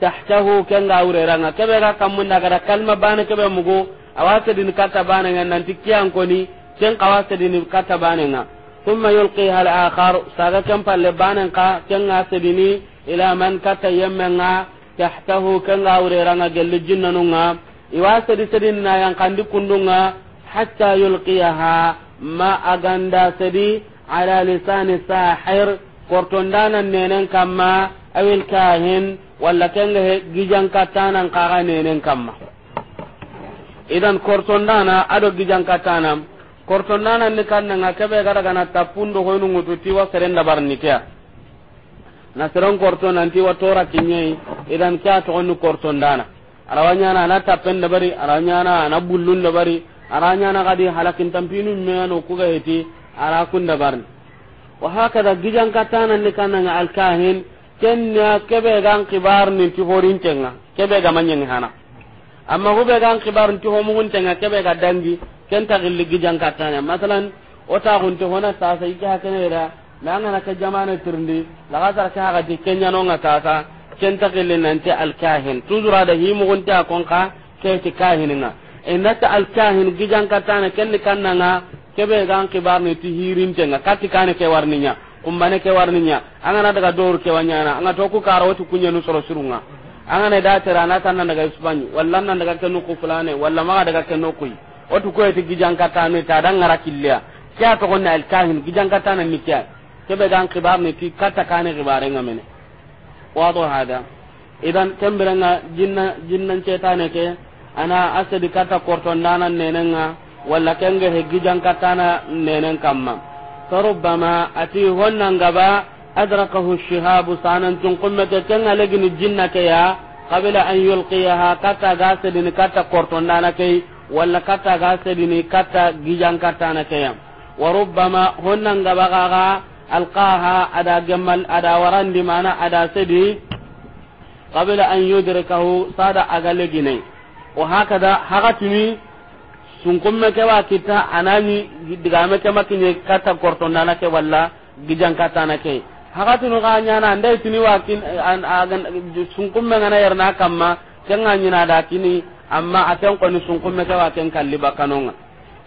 S1: tahtahu kenga ureranga kebe ga kamunda gara kalma bana kebe mugu awasa din kata nga nanti kiyan koni ken kawasa din kata nga thumma yulqi hal akhar saga kan palle banen ka ken asidini ila man kata nga tahtahu ken awreranga gelle nga iwasa di sedin na yang kandi kundunga hatta yulqiha ma aganda sedi ala lisani sahir kortondana nenen kamma awil kahin walla kenga gijan katanan kaga nenen kamma idan kortondana ado gijankatana kortondana ni kannanga kebe gara gana tappundo hoynu ngututi wa serenda barnitea na seron korto nanti wa tora kinyei idan kya to onu kortondana arawanya na na tappen da bari arawanya na na bullun da bari arawanya na kadi halakin tampinu me no kuga heti ara kun da barni wa hakada gijan katana ni kannanga alkahin kenna kebe gan kibar ni ti horin tenga kebe ga hana amma be gan kibarun ti homu gun tanga be ga dangi ken ta gilli gijan katanya masalan o ta hun to hona sa sa ike hakene ra na ngana ka jamana turndi la ga sar ka ga ti kenya no nga ta ta ken ta gilli nanti al kahin tuzura da hi gun ta kon ka ke ti kahin nga e ta al kahin gijan katana ken ni ke be gan kibarun ti hirin tanga kati kan ke warninya kumbane ke warninya angana daga dor ke wanyana anga to ku karo to kunya no soro surunga ne da tera na tan nan daga Spain walla nan daga kanu ku fulane walla ma daga kanu ku o tu ko ti gijan kata ne ta dan ngara killa kya to gonna al kahin gijan kata nan ni kya ke be dan kibar ne ti kata kane kibare ngamene wado hada idan tambiranga jinna jinnan cetane ke ana asadi kata korton nanan nenenga walla kenge he gijan kata na nenen kamma to rubbama ati honnan gaba أدركه الشهاب سانا تنقمة تنها لقن الجنة يا قبل أن يلقيها كتا غاسدين كتا قرطن دانكي ولا كتا غاسدين كتا جيجان كتا نكيام وربما هنن غبغاغا ألقاها أدا جمل أدا وران بمعنى أدا سدي قبل أن يدركه سادا أغلقيني وهكذا sun kumme ke wa kita anani digame ke makine kata ke walla na ke hakatunu ga nyana anda tini wakin agan sungkum ngana yarna kamma kenga nyina da kini amma aten ko sungkum sungkumme wakin waken kalli bakanonga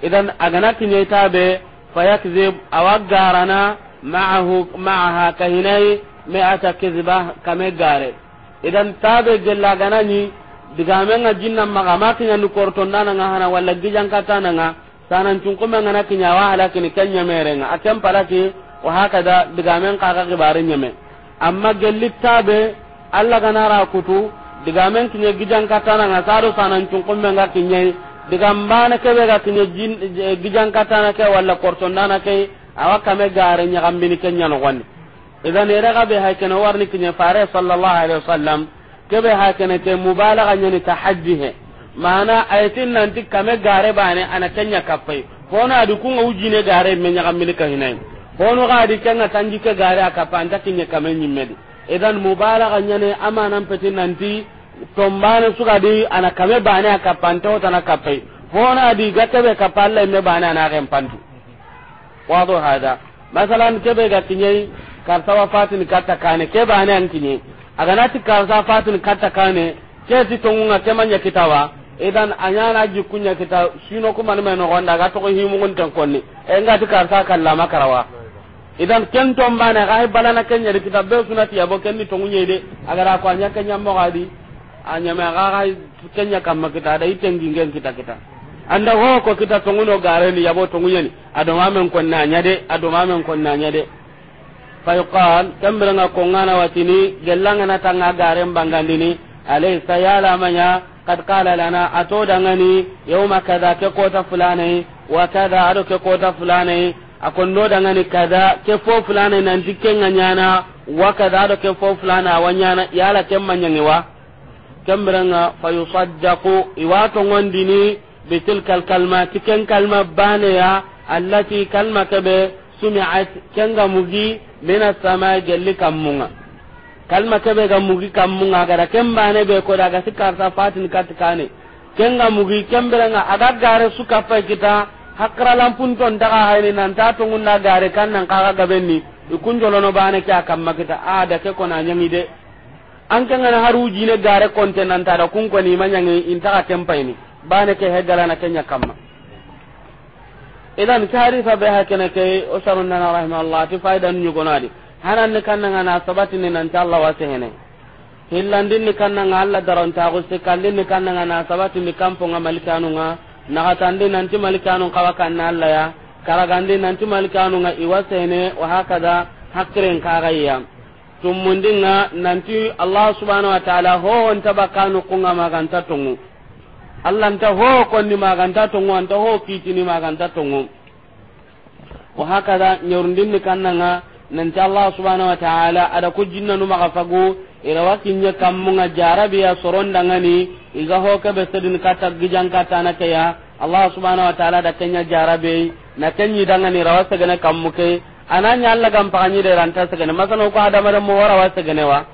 S1: idan agana kinye tabe fayakzib awagarana ma'ahu ma'aha kahinai mi'ata kizba kame gare idan tabe gella ganani digamenga jinna maga makinya ni korton nga hana walla gijan nga sanan sungkum ngana kinya wa halakini kenya merenga aten palaki wa hakada diga men ka ga nyame amma gellitta be alla gana ra kutu diga men kinya gijan katana na saro sanan tun kun men ga kinya diga mbana ke be ga kinya gijan katana ke wala korton dana ke awaka me gare nya gambini kenya no wani. idan era ga be hakana warni kinya fare sallallahu alaihi wasallam ke be hakana ke mubalagha nyani tahajjihe mana ayatin nanti kame gare bane ana kenya kapai kona adu ujine gare me nya gambini kahinai hono gadi kenga ke gare aka panta kinye kamen nyimmedi idan mubalaga nyane amanan peti nanti tombane di ana kame bane panta anta otana kapai hono adi gatebe kapa alla imme bane ana gempantu wado hada masalan kebe ga kinye karta wa fatini katta kane ke bane an kinye nati karsa fatini katta kane ke ti tongunga kemanya kitawa idan anyana jikunya kita sino kuma ne no gonda ga to himu ngun tan konni e ngati karta kallama karawa idan ken to bana ga bala balana kenya de kitab be sunati abo ken ni tongu de agara ko anya kenya mo gadi anya ma ga hay kenya kam kita dai tengi ngeng kita kita anda ho ko kita no gare ni abo tongu ni ado men ko na nya de ma men ko na nya de fa yuqal kamra na ko ngana watini gelanga na tanga gare mbangandini alaysa yala manya kad qala lana ato dangani yawma kadha ke kota fulani wa kadha ado ke kota fulani akon do daga ni kada ke fo fulana nan dikken na wa kada do ke fo fulana wa nyana yala kem manyangi wa kembranga fa yusaddaqu ngondi ni bi tilka al kalma tikken kalma bane ya allati kalma kabe sumi'at kenga mugi mena sama gelli kamunga kalma kabe ga mugi kamunga gara bane be ko daga sikar sa fatin katkane kenga mugi kembranga adagare suka fa kita hakra lampun ton daga hayni nan ta to na gare kan nan kaga gabenni ikun jolono bane ke akamma kita a da ke kona nyami de an kan ngana haruji ne gare konte nan ta da kun ko ni manyangi inta ka ini bana ke hegala na kenya kamma idan kari fa be hakene ke o sarun nan rahimahullah ti faidan nyugonadi hanan ne kan ngana sabati ne nan ta Allah wasehene hillandin ne kan ngana Allah daron ta gusti kallin ne kan ngana sabati ne kampung ngamal nga. naxatandi nanti malikanu kawa kanna allah ya karagandi nanti malikanu nga iwa sene wahakada hakkiren kaxayya tummundinga nanti allah subhanau wa taala howonta bakkanu kunga maganta tongu allah nta ho konni maganta tungu anta ho kiitini maganta tongu wahakada ñorundinni kannanga nanti allah subhanau wa taala ada ku jinnanu maxa fagu ira wakinye kammunga soron dangani iga hokebe besedin kata gijang kata na kaya allah subhanahu wa ta'ala da kenya jarabe na kenyi dangani rawa segene kammuke ananya allah gam pakanyi de ranta segene masana ko adama da mu wara wa gane wa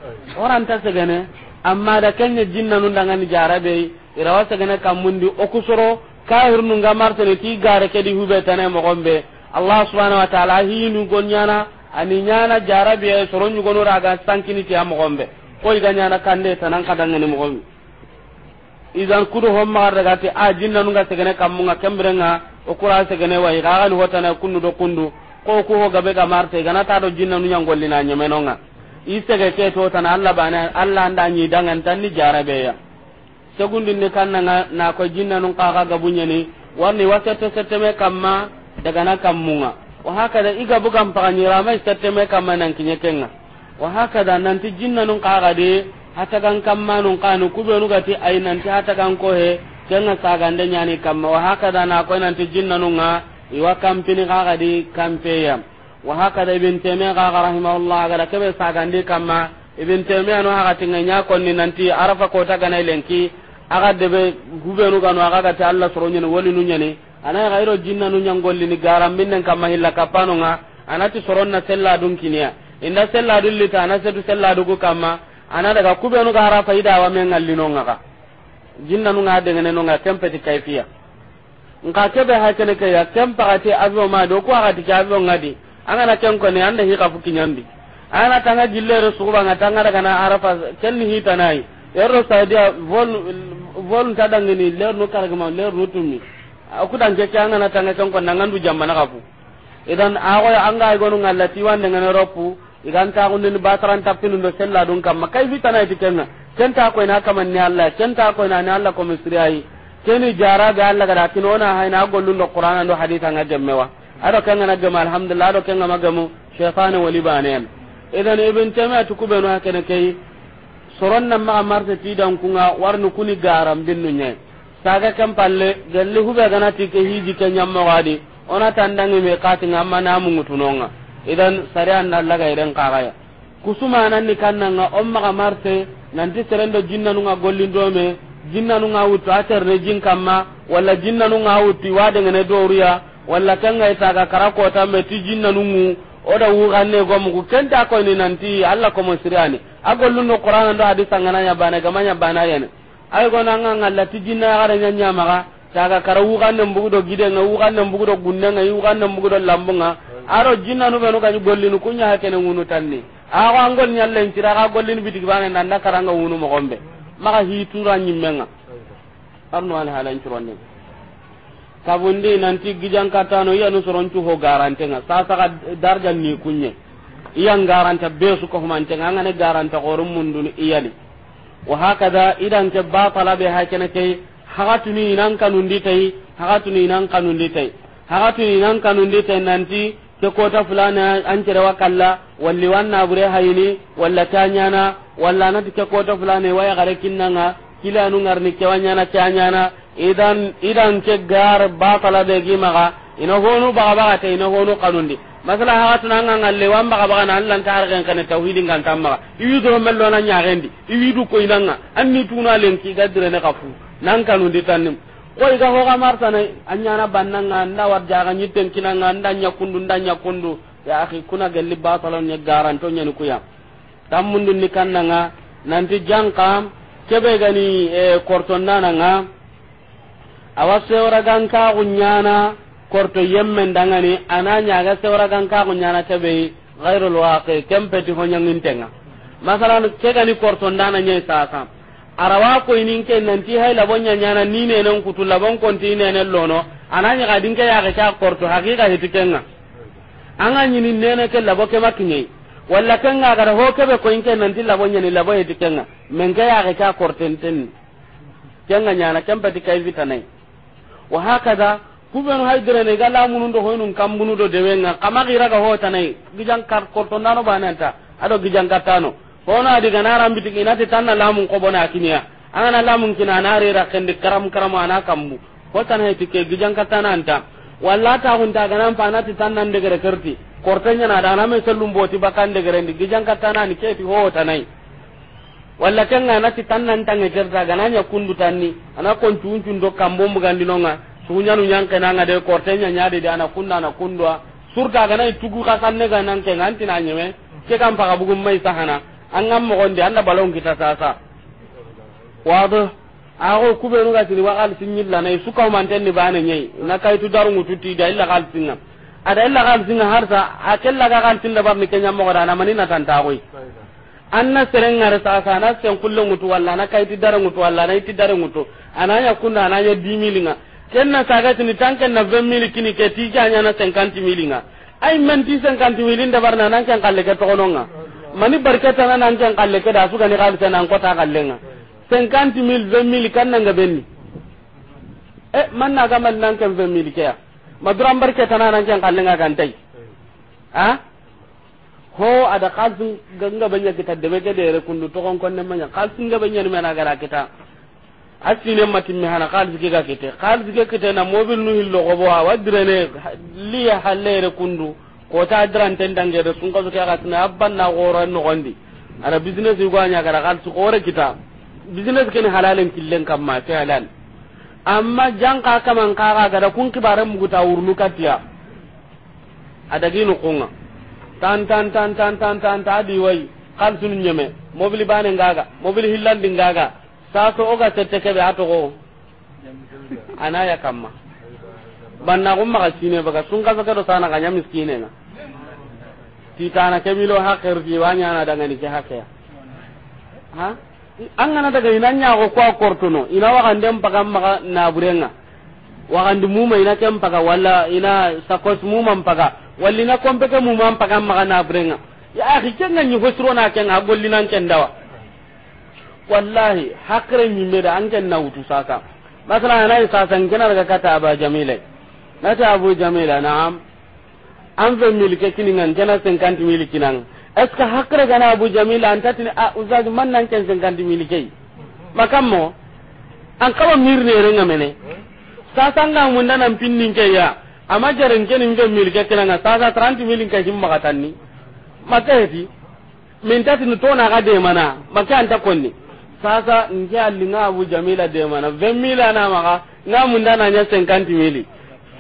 S1: oranta segene amma da kenya jinna nun dangani jarabe ira wa segene ndi okusoro kahir nun ga martani ti gare kedi hube tane mo gombe allah subhanahu wa ta'ala hinu gonyana ani nyana jarabe soronyu gonora ga stankini ti am gombe koy na kande tanan kadangani mogomi izan kudu homma daga te a ah, jinna nunga segene kammunga kembirenga o kura segene wa igani hotana kundu do kundu ko ko ho gabe ga marte gana ta do jinna nunya ngollina nyemenonga isege ke to tan alla bana alla anda nyi dangan tan ni jarabe ya segundin ne kan na na ko jinna nun ka ga bunya ni warni wasete me kamma daga na kammunga o haka da iga bugan pagani ramai seteme kamma nan kinyekenga wa hakada nanti jinna nun kaga de hatagan kamma nun kanu kubenu gati ay nanti hatagan ko he kenga sagande nyani kamma na ko nanti jinna nun ga iwa kampini kaga de kampeyam wa hakada ibn taymiya kaga rahimahullah gara kebe sagande kamma ibn taymiya no haga tinga nya konni nanti arafa ko ta gana lenki aga debe kubenu kanu allah ana ga jinna nun nyangolli ni garam minnan kamma kapano nga anati soronna sella dun inda sella dulli ta na setu sella dugu kama ana daga kubenu ga hara faida wa men no ngaka jinna nu nga ngene no nga kempeti kayfiya nka kebe ha kene ya kempa ati avio ma do ko ti avio ngadi ana na kenko ne anda hi kafu kinyambi ana tanga jille re suba nga tanga daga na arafa kenni hi nai erro saudi vol vol tadangini ler no karagama ler no tumi aku dan jeke anga na tanga kenko nangandu jamana kafu idan ago anga igonu ngalla tiwan dengan ropu iganta ni bataran tapinu do sella dun kamma kai fitana kenna kenta ko ina kaman ni Allah kenta ko ina ni Allah ko misriyai keni jara ga Allah ga tin ona hayna gollun do qur'ana do haditha nga gemmewa ado kenna na gema alhamdulillah ado kenna magamu shaytan wali banen idan ibn taymiya to kubenu hakene kai soronna ma amarta dan kunga warnu kuni garam binnu nyai saga kam palle galli hube ganati ke hiji kenyammo gadi ona tandangi me ngamma namu namungutunonga idan sariya na laga iren kagaya kusuma nan ni kan kannanga on maga marte nanti serendo jinnanu nga gollin dome jinnanu nga wutu aterne jin kamma walla jinnanu nga wutu wade ngene doruya walla kanga itaga karako me ti jinnanu ngu oda wuganne go mu kenta ko ni nanti alla ko mo sirani agollu no qur'an ndo hadisa ngana nya bana gamanya bana yana ay go nanga ngalla ti jinna gara nya nya maga taga kara wuganden bugudo gidenga wuganden bugudo gunnenga wuganden bugudo lambunga aro jinnanu ɓenu gañi gollinu kuña ha kene wunu tanni ako an gol ñallencira aka gollini bitigi bane nanda nga wunu mogonɓe maka hitura ñimmenga arno ani halancurondi kabundi nanti gijankatano iyanu soroncu ho garantenga sasaka darja ni kunye iyan garante besu ko humantenga angane garante korum munduni iyani wa hakada idan ke batala be hakene kay hagatuni inan kanundi tai hagatuni inan kanundi tai hagatuni inan kanundi tai nanti ke kota fulana an cire wa kalla walli wanna bure hayini walla tanyana walla nanti ke kota fulana waya gare kinnanga kilanu ngarni ke wanyana tanyana idan idan ke gar batala de gimaga ina honu baga baga te ina honu kanundi masala hakatuna nga ngalle wan baga baga na Allah tar gen kan tawhid kan tamma iwi do mello na nyaarendi iwi du ko inanga anni tuna len ki gadre ne kafu nan kanu di tanni ko iga ho ga marta nay anyana bannanga nda war jaga nyitten kinanga nda nyakundu nda nyakundu ya akhi kuna galli batalon ne garanto nyani kuya tammundu ni kan kannanga nanti jankam kebe gani e korton nananga awa sewra ganka gunyana korto yemmen dangani ananya ga sewra ganka gunyana kebe ghairul waqi kempeti ho nyangintenga masalan ke gani korton dana nyai sa. arawa ko inin ke nan ti hay la bonya nyana ni ne nan kutu labon kon ti ne nan lono ananya ga dinke ya ga ka korto hakika hitu kenga anga ni ne ne ke labo ke makinye walla kenga ga ho ke be ko inke nan ti la bonya ni la labo hitu kenga men ga ya ga ka korten ten kenga nyana kan ba dikai vita nai wa hakaza kuben hay dire ne ga la munun do hoynun kambunu do de kama kamagira ga ho tanai gijan kar korto nano bananta ado gijan katano hono adi ganara mbiti inati tanna lamun ko bona kiniya anana lamun kina na rera kende karam karam ana kambu ko tan he tike gijang katana anta walla ta hun ta ganan pa nati tanna ndegere kerti kortenya na dana me sallum boti bakan degere ndi gijan katana ni keti ho tanai walla kenga nati tanna ntange gerta gananya kundu tanni ana kon tuuncu ndo kambo nu nyang ñankenanga ngade kortenya ñade de ana kunna na kundwa surta ganai tugu kasanne ganan kenga antina nyeme ke pa paga bugum mai sahana an ga gam mo gonde anda balon kita sasa wado ago kubenu ga tiri wakal sinyilla su suka man tan ni bana nyai na kay tu daru mutu ti da illa kal singa ada illa kal singa harsa akella ga kan tinda bar ni kenya mo da na manina tan ta goy anna sereng ngare sa na sen kullu mutu wala na kay ti daru mutu wala na ti daru mutu ananya kunna ananya dimilinga kenna sagati ni ken na 20 mili kini ke ti janya na mili nga ay men ti 50 milin da bar na nan kan kalle ka to nonga mani barketa na nan jan kalle ke da su ni kalle nan kota kalle nga 50 mil 20 mil kan eh, nan ga benni e man na ga man nan kan 20 mil ke ya maduran barketa na nan jan kalle nga kan tai ha ho ada kalsun ganga banya kita debe ke dere kundu to kon kon nemanya kalsun ga banya mena gara kita asine matin mi hana kalsu ke ga kite kalsu ke kite na mobil nu hillo go bo wa direne li halere kundu kota diranten dangere sun kasu ke akatna abban na goro no gondi ara business yugo anya gara kal su gore kita business ken halalen killen kam ma ta halal amma janka ka kaga gada kun kibaren muguta urnu katiya adaginu kunga tan tan tan tan tan tan ta di wai kal sun nyeme mobili bane ngaga mobili hillandi ngaga so oga tete kebe go anaya ma. banna gumma ka sine baga sun kasa kedo sana kanya miskine na titana kebilo hakir di wanya na daga ni ke hakya ha an ngana daga inanya ko ko kortuno ina wa kan dem paga maka na burenga wa kan mu ina kem paka wala ina sakos mu man paga walli na kompe ke mu man paga maka na burenga ya akhi kenga ni hosro na kenga golli nan ken dawa wallahi hakre ni me da an ken na utu saka masalan ana isa san kenar daga kata aba jamila nata abu jamila na'am an fe mil ke kini ngan kana mil kinan est ce que hakra gana abu jamil an tatini a ustaz man nan ken 50 mil ke makam mo an kaba mir re renga mene sa sanga mun nan pinnin ke ya amma jaren kenin fe mil ke kinan sa sa 30 mil ka himma katanni makati min tatini to na ga de mana makan ta konni sasa nke alli nga abu jamila de mana 20 mil ana maka nga mun dana nya 50 mil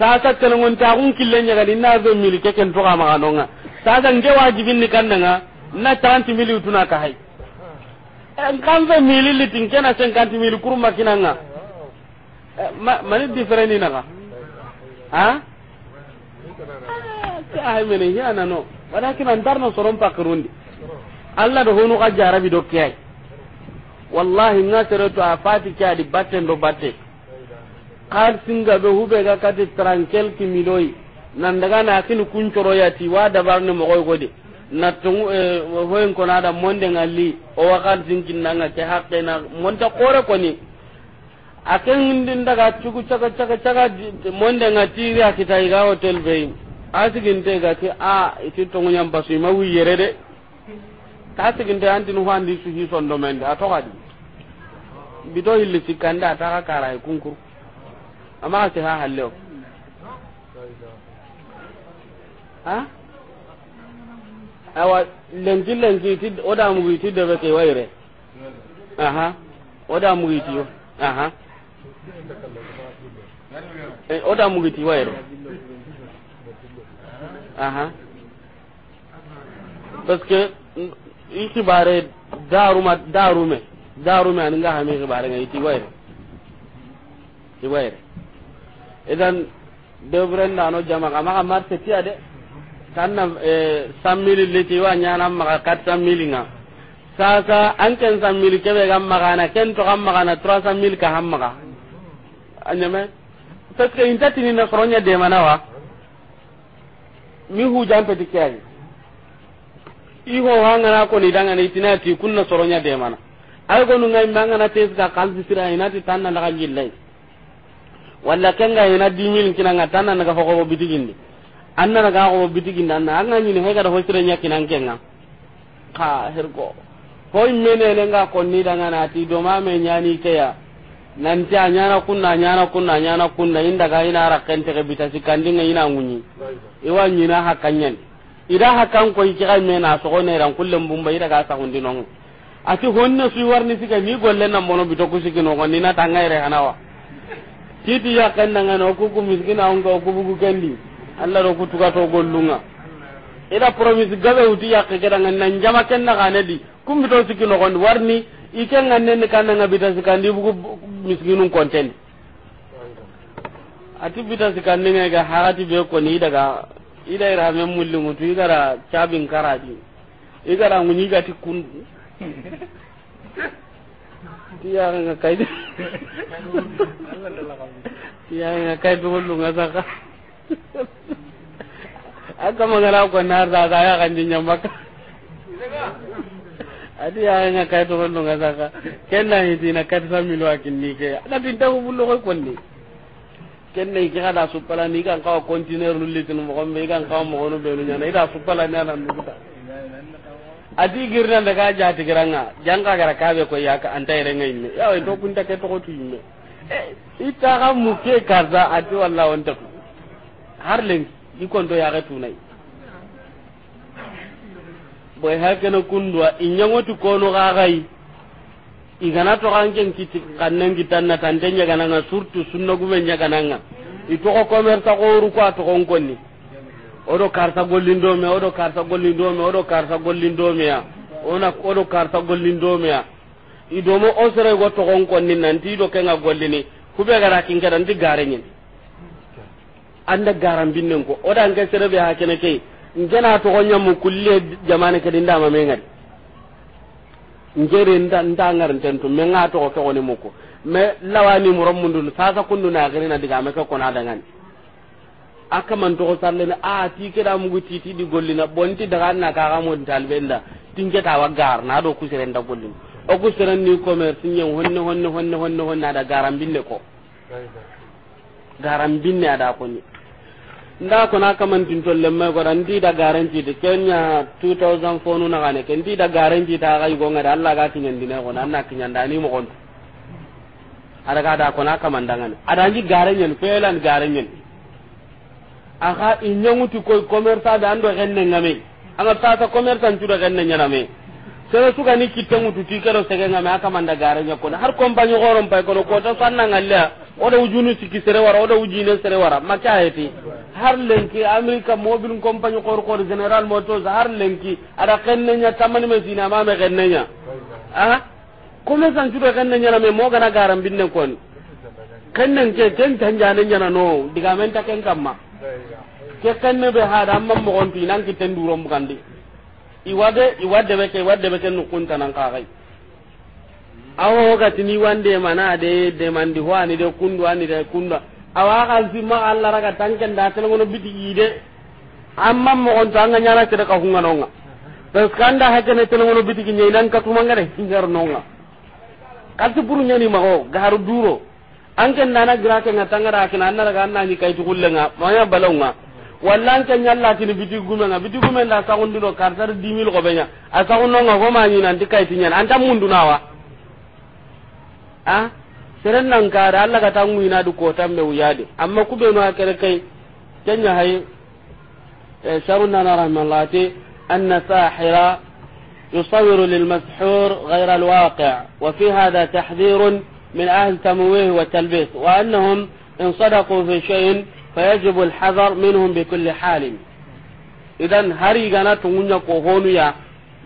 S1: sasa tenengon taxun kille ñagani na ve mili keken ke ma toxa maxanonga sasa nge wajibinni nga na tanti mili utuna ka hay nkan eh, ve mili litin kena cinquante mili kurma kinanga
S2: eh, mani différeni naxa a ah, ay
S1: mene hianano walakin antarno soron pakirundi allah do honu xa jarabi do ke ay wallahi nga sereto a fati ke adi batten do batte kar singa be hube ga kati trankel kimiloi nan daga na kin kuncoro ti wa dabar ni mo goy gode na tungu eh, hoyen ko na da monde ngalli o wa kar singin nan ke hakke na monta kore ko ni akan indin daga cugu caga caga caga monde ngati ri akita iga hotel be asigin te ga ti a iti tungu nyam basu ma wi yere de ta sigin te antin hwandi su hi sondo mende atokadi bido illi sikanda ka karai kunkuru amma ka ha hallo ha awa lenji lenji ti oda mugi ti debe ke waire aha oda mugi ti aha
S2: oda mugi ti waire aha
S1: parce que i kibare daruma darume darume aninga hame kibare ngai ti waire ti waire idan debren da no jama kama ka marte tiya de kanna e, sammili liti wa nyana maka kat sammili nga sasa an sammili kebe gam magana ken to gam magana 300 mil ka ham maka anyame parce que inta na koronya de mana wa mi hu jam pe tikai iho hangana ko ni danga ni tinati kunna soronya de mana ay gonu ngai mangana tes ka kalbi sira inati tanna la kan jillai walla kenga ina dimil kina nga tanna naga foko bitigindi anna naga ko bitigindi anna anga nyini hega da hosire nya kina kenga ka hergo hoy ne nga konni daga na ti do mame nyani keya nanti a nyana kunna nyana kunna nyana kunna inda ga ina rakkan te bita sikandi nga ina ngunyi iwa nyina hakanyan ida hakan ko ikiga mena so ko ne ran kullum bumba ida ga sa hundi non ati honne suwarni sika mi golle na mono bito kusikino ko ni na tangaire hanawa kiti ya kanna ngana okuku miskina onga okubugu kendi allah ro kutuka to gollunga ida promise gabe uti ya ngan ngana njama kenna kanedi kumbi to sikino gondi warni ike nganne ne kanna ngabita sikandi bugu miskinun kontendi ati bita sikandi ngega harati be ko ni daga ida ira men mulli mutu igara cabin karati igara ngunyi gati kun nga kay
S2: nga kay dugullunga saka a kamangana gonardaga yaxandi
S1: ñamaka adi nga kay dugullunga saka kenna hitina quatre cent mille wa kinni ke agatintaku bulloxoy konni kenne iki xada suppalani igan kawa continuer nu litinu ko igan kawa moxonu ɓenu ñana ida suppalani anan duguta ati girna daga jati giranga janga gara kabe ko yaka anta irenga imme yawa to kunta ke to kutu imme e, ita ga muke kaza ati wallahi wanta ku har len ikon do yaga tunai boy hake no kundwa inyangotu kono ga gai igana to kangen kiti kannan gitan na tandenya gananga surtu sunna gumen nya gananga ito ko ta ko ru ko to konni odo karta gollindome odo karta gollindome odo karta gollindomeya ona odo karta gollindomeya idomo o serego togon ni nanti ido kenga gollini kube gara kinkeda nti gareñin anda garambinnen ko oda nke serebe ha kene kei nkena togonñamu kulle jamane kedi ndama mengadi ngere nda nda ngar tentu me nga togo kegoni mukko me lawani sa sasa kundu na gerina diga me ke kona ngani. man to sallen a ah, ti keda mugu ti di gollina bonti daga na ka ga mon talbenda tinke ta wa gar na do sere nda gollin o sere ni commerce nyen honne honne honne honne honne da garam binne ko garam binne ada ko ni nda ko na man tin tolle ma ko ran di da garanti de kenya 2000 fonu na ne ken di da garanti ta ga yugo ngada Allah ga tinyen dine ko nan na kinyan ni mo kon ada ga da ko na kaman dangan ada ji garenyen felan garenyen aga inyanguti koy komersa da ando genne ngame anga tata komersa an tuda genne nyarame sere suka ni kitengu tuti kero sege ngame aka manda gare nya ko har kompanyo gorom pay kono ko to sanna ngalla oda ujunu siki sere wara oda ujine sere wara maka heti har lenki america mobil kompanyo kor kor general motors har lenki ada genne nya tamani me sina ma me genne nya aha commerce an tuda genne me mo gana garam binne kon kennen ke ken tanjane nyana no diga men ken kamma ke kenne be hada amma mo gonti nan kiten duro mugandi iwade iwade be ke iwade be ken nukunta nan kaagai awo ga tini wande mana de de mandi wani de kundu wani de kunda awa kal simma Allah raga tanken da tan ngono biti ide amma mo on tanga nyana ke ka hunga nonga to skanda ha ke ne tan ngono biti ginyi nan ka tumanga de ngar nonga kal tu buru nyani mago garu duro an ken dana gira ke nga tangara ke na daga anna ni kai tukulle nga balau nga wallan ken nyalla ke ni biti gume nga biti gume la sa gondino kartar mil ko benya asa onno nga ko ma ni nan di kai tinya anta mundu nawa a ah? seren nan ka da Allah ka tangu ina du ko tambe wiyade amma ku be no akere kai kenya hay eh, sharunna rahmallati anna sahira yusawiru lil ghayra al waqi' wa fi هذا تحذير من أهل تمويه والتلبيس وأنهم إن صدقوا في شيء فيجب الحذر منهم بكل حال إذن هري غانا تونيا كوهونو يا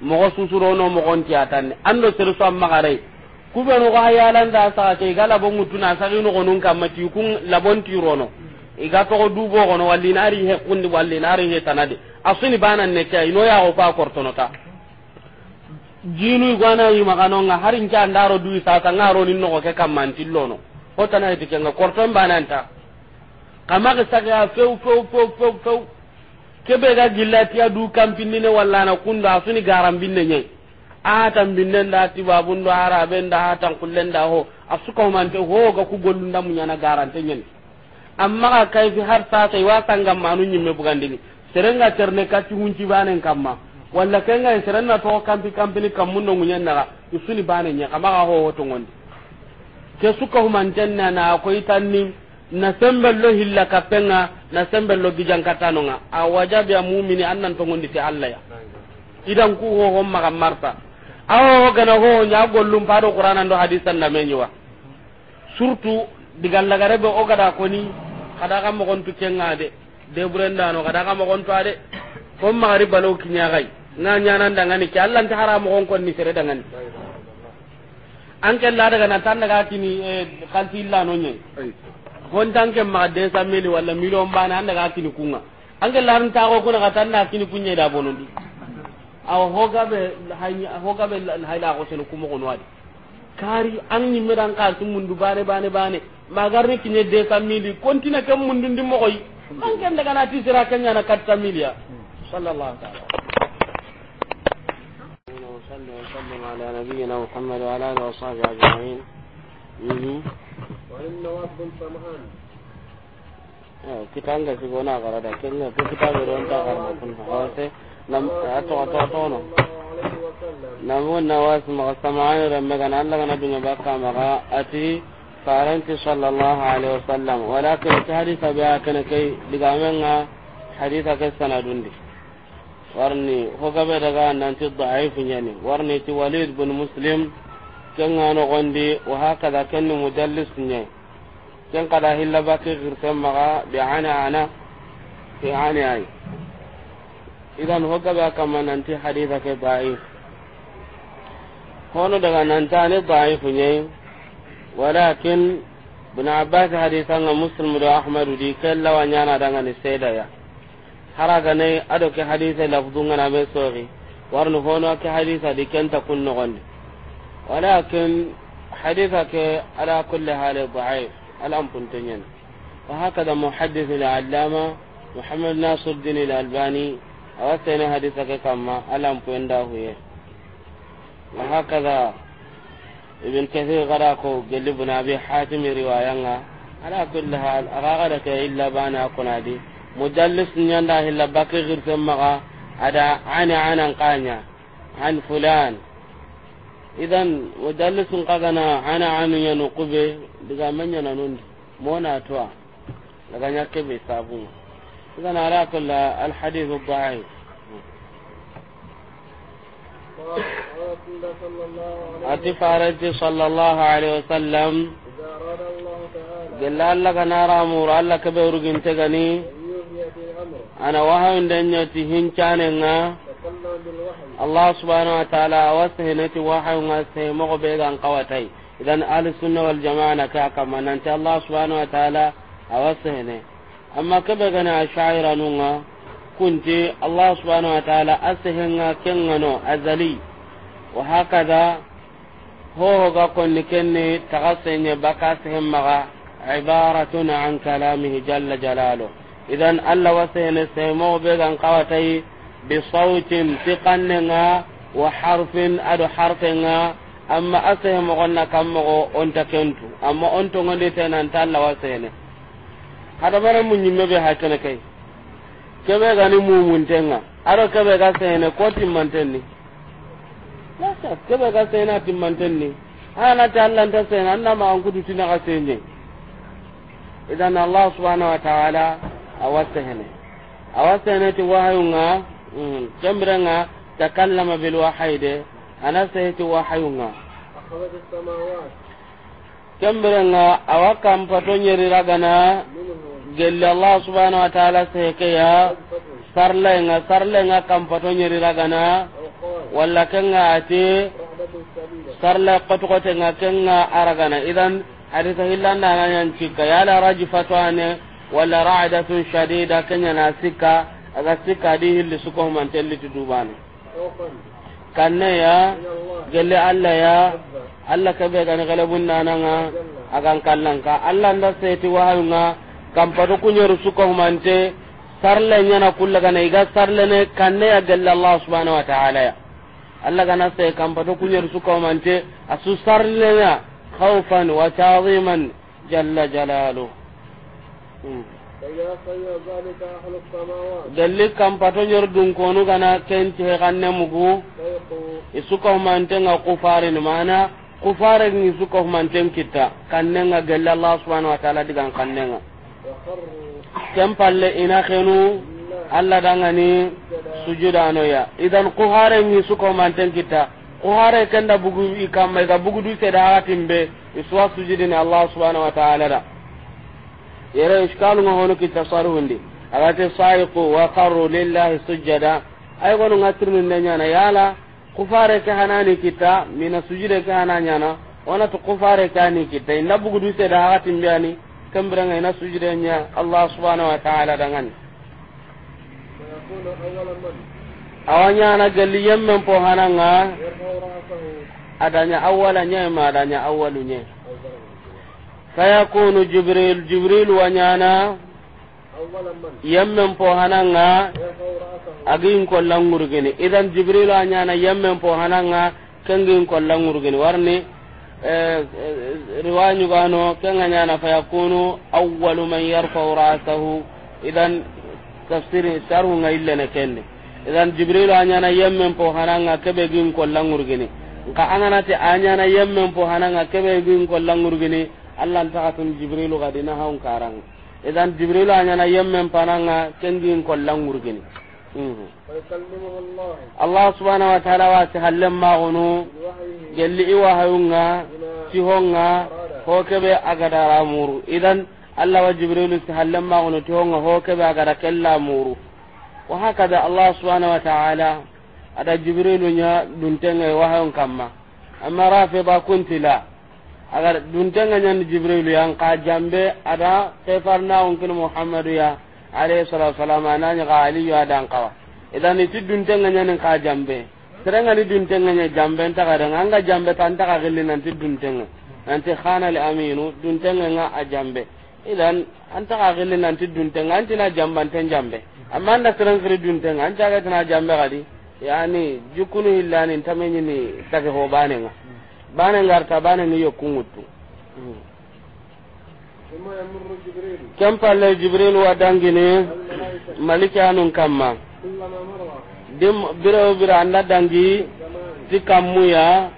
S1: mogo susurono mogonti atanne ando serso amma garai kubenu ga yalan da sa ke gala bon mutuna sari no gonun kamma ti kun labon ti rono iga to du bo gono walli nari he kundi walli nari he tanade asuni banan ne kay no ya go pa kortonota jinu gwana yi magano nga harin ka ndaro du sa ta ngaro ni no ke kam man tillono o tana yi ke nga korton bananta kama ke saga feu feu feu feu feu kebe ga gillati adu kam pinnine walla na kunda asuni garam binne a atan binne da ti babun do araben da atan kullen da ho ko man te ho ga ku gollun da munyana garante nyen amma ka kai fi har sa tai wa tangam manu nyimme bugandini serenga terne ka ci hunci banen kamma wala walla kenga na to kampi kampini kammunno na isuni bane ho to howotongondi ke suka janna na ko itanni na lo hilla penga na sembello gijankatanonga nga awajabi ya mumini annan to togondi ti allah ya idan ku ho ma marta awa ho gana ho nya gollum menyuwa surtu digal surtout digallagarebe o gada koni xada xa mogontu kenga de deburendano xada xa mogontu a de kon magari balo kinyagai na nyanan dangani ke Allah ta haramu kon kon ni sere dangani an kan la daga nan tan daga tini eh, kalti illa no nye hon tan ke ma de sa mili wala milion bana an daga kini kunga an kan la ran ta ko kuna tan na tini kunye da bonondi aw hoga be hayni hoga be hayla ko sen kumo kono wadi kari an ni meran ka tum mundu bane bane bane ni kini de sa mili kontina kam mundu ndimo koy an kan daga na tisira kanya na katta milia صلى الله تعالى وصلى وسلم على نبينا محمد وعلى اله وصحبه اجمعين.
S2: وعن النواب بن سمعان.
S1: آه، كتاب ده سيكون اغرى ده كلمه في كتاب يرون تغرى كن نم اتو اتو اتو نمو النواس مغا سمعان رمغان الله غنا بن باقا مغا اتي فارنت صلى الله عليه وسلم ولكن الحديث بها كان كي لغامنا حديثك السنه دندي warni hogabe daga ti da'if nyani warni ti walid bin muslim kenga no gondi wa da kenni mudallis nyai kan kada hilla baki girtem maga bi ana ana fi ani ai idan hogabe kama ti hadisa ke da'if hono daga ta ne da'if nyai walakin bin abbas hadisan muslim da ahmadu di kallawa wa nyana daga ni seda ya ne ado ke hadisa lafdunga na me sori warno hono ke hadisa di kenta kun nogonde walakin hadisa ke ala kulli hal da'if alam puntenyen wa hakada muhaddith al-allama muhammad nasiruddin al-albani awasene hadisa ke kama alam puenda huye wa hakada ibn kathir gara ko gelibuna bi hatim riwayanga ala kulli hal araga gara ke illa bana kunadi mujallis nyanda hilla baki girtem maga ada ani anan qanya an fulan idan mujallisun kagana ana anu nyanu kube diga menya nanundi mona toa daga nyake be sabun idan ala kulla al hadith dhaif
S2: ati farati
S1: sallallahu alaihi wasallam gella Allah ganara mur Allah kabe urugin tagani
S2: ana wahayin danyati
S1: hincanenga allah subhanahu wa taala awasahenati wahayunga sehe mogo be gan kawatai idan ahli sunna wal jamaa na ka kama nanti allah subhanahu wa taala awasahene amma kebe gana ashaira nunga kunti allah subhanahu wa taala asehenga kengano azali wa hakada hohoga konni ta taga senye baka sehen maga ibaratun an kalamihi jalla jalaluh idan allah sai semo be gan kawatai bi sautin tiqannenga wa harfin ado harfenga amma kam mogonna on ta kentu amma onto ngondi tenanta allah wasene hadamaren mu ñimme be ha kene kay mu mun tenga aro be ga sene ko timmantenni lasa be ga sene a ni ana ta allah ta sai na ma an kudu tina ga ne idan allah subhanahu wa ta'ala awasta hene awasta hene ti wahayunga mm, kembirenga takallama bil wahayde anasta nga wahayunga kembirenga awa kampato ragana gelle allah subhanahu wa ta'ala nga sarlenga sarlenga kampato nyeriraagana wala kenga ati sarla nga kenga aragana idan hadisa hillandananyancikka yala rajifatwane wala ra'ada ra'datun shadida kanya na sika aga sika di hilli suko man telli tudubani kanne ya gelle alla ya alla ka be gani galabun nananga kallan ka alla nda seti wahunga kampado kunyeru suko te sarle nya na kulla gana iga sarle ne kanne ya gelle allah subhanahu wa ta'ala ya alla gana se kampado kunyeru suko te asu sarle nya khawfan wa ta'ziman jalla jalaluhu dalli kampato nyor dun konu gana kenti he ne mugu isuka manten nga kufare ni mana kufare ni ko manten kita kanne nga gella Allah subhanahu wa ta'ala digan kanne nga palle ina khenu Allah dangani sujudano ya idan kufare ni ko manten kita kufare kenda bugu ikamma ga bugu du seda hatimbe iswa sujudini Allah subhanahu wa ta'ala da yere iskalu ngo hono kita sarundi agate saiqu wa qarru lillahi sujada ay gonu ngatirnu ndenya na yala kufare ke hanani kita mina sujude ke hananya na ona to kufare ke ani kita inda bugudu se da hakati mbiani kambiranga ina sujude nya allah subhanahu wa ta'ala dangani awanya na galli yemmen po hananga adanya awala nya ma adanya awalu nya فيكون جبريل جبريل ونانا يمن فوهنانا أجين كل لنغرغني إذا جبريل ونانا يمن فوهنانا كنجين كل لنغرغني ورني riwayu gano kenga nyana fa awwalu man yarfa'u ra'sahu idan tafsiri nga ille ne kende idan jibril anyana yemmen po hananga kebe gin ko langurgini nka anganate anyana yemmen po hananga kebe gin ko langurgini allah tun jibrilu dina haun karan idan jibrilu na yemmen pananga kendin kollangurgini mhm. allah subhanahu wa taala wati ma gunu gelli i wahayunga tihonga ho keɓe agada ramuru idan allah wa jibrilu ma gunu maxunu honga ho keɓe agada muru wa hakada allah subhanahu wa taala ada jibrilu ña duntenga wahayon kamma amma rafi ba kuntila. agar duntenga ñani jibril yan ka jambe ada kefarnaxunkini muhammadu ya alayhi salatu wasalam anañaga aliyu Dan kawa idan iti duntenga ñanin ka jambe serengani duntenga ña jambe ntaxarenga anga jambe tantaxa xilli nanti duntenga khana xanali aminu duntenga nga a jambe idan antaxa xilli nanti duntenga antina jambanten jambe amma anda serenkiri duntenga tan jambe xadi yani ni ta ko bane nga. bana ngarta bana ni kungutu
S2: kem palle jibril wa dangine
S1: malika anun kamma dim biro biro anda dangi ti kammu ya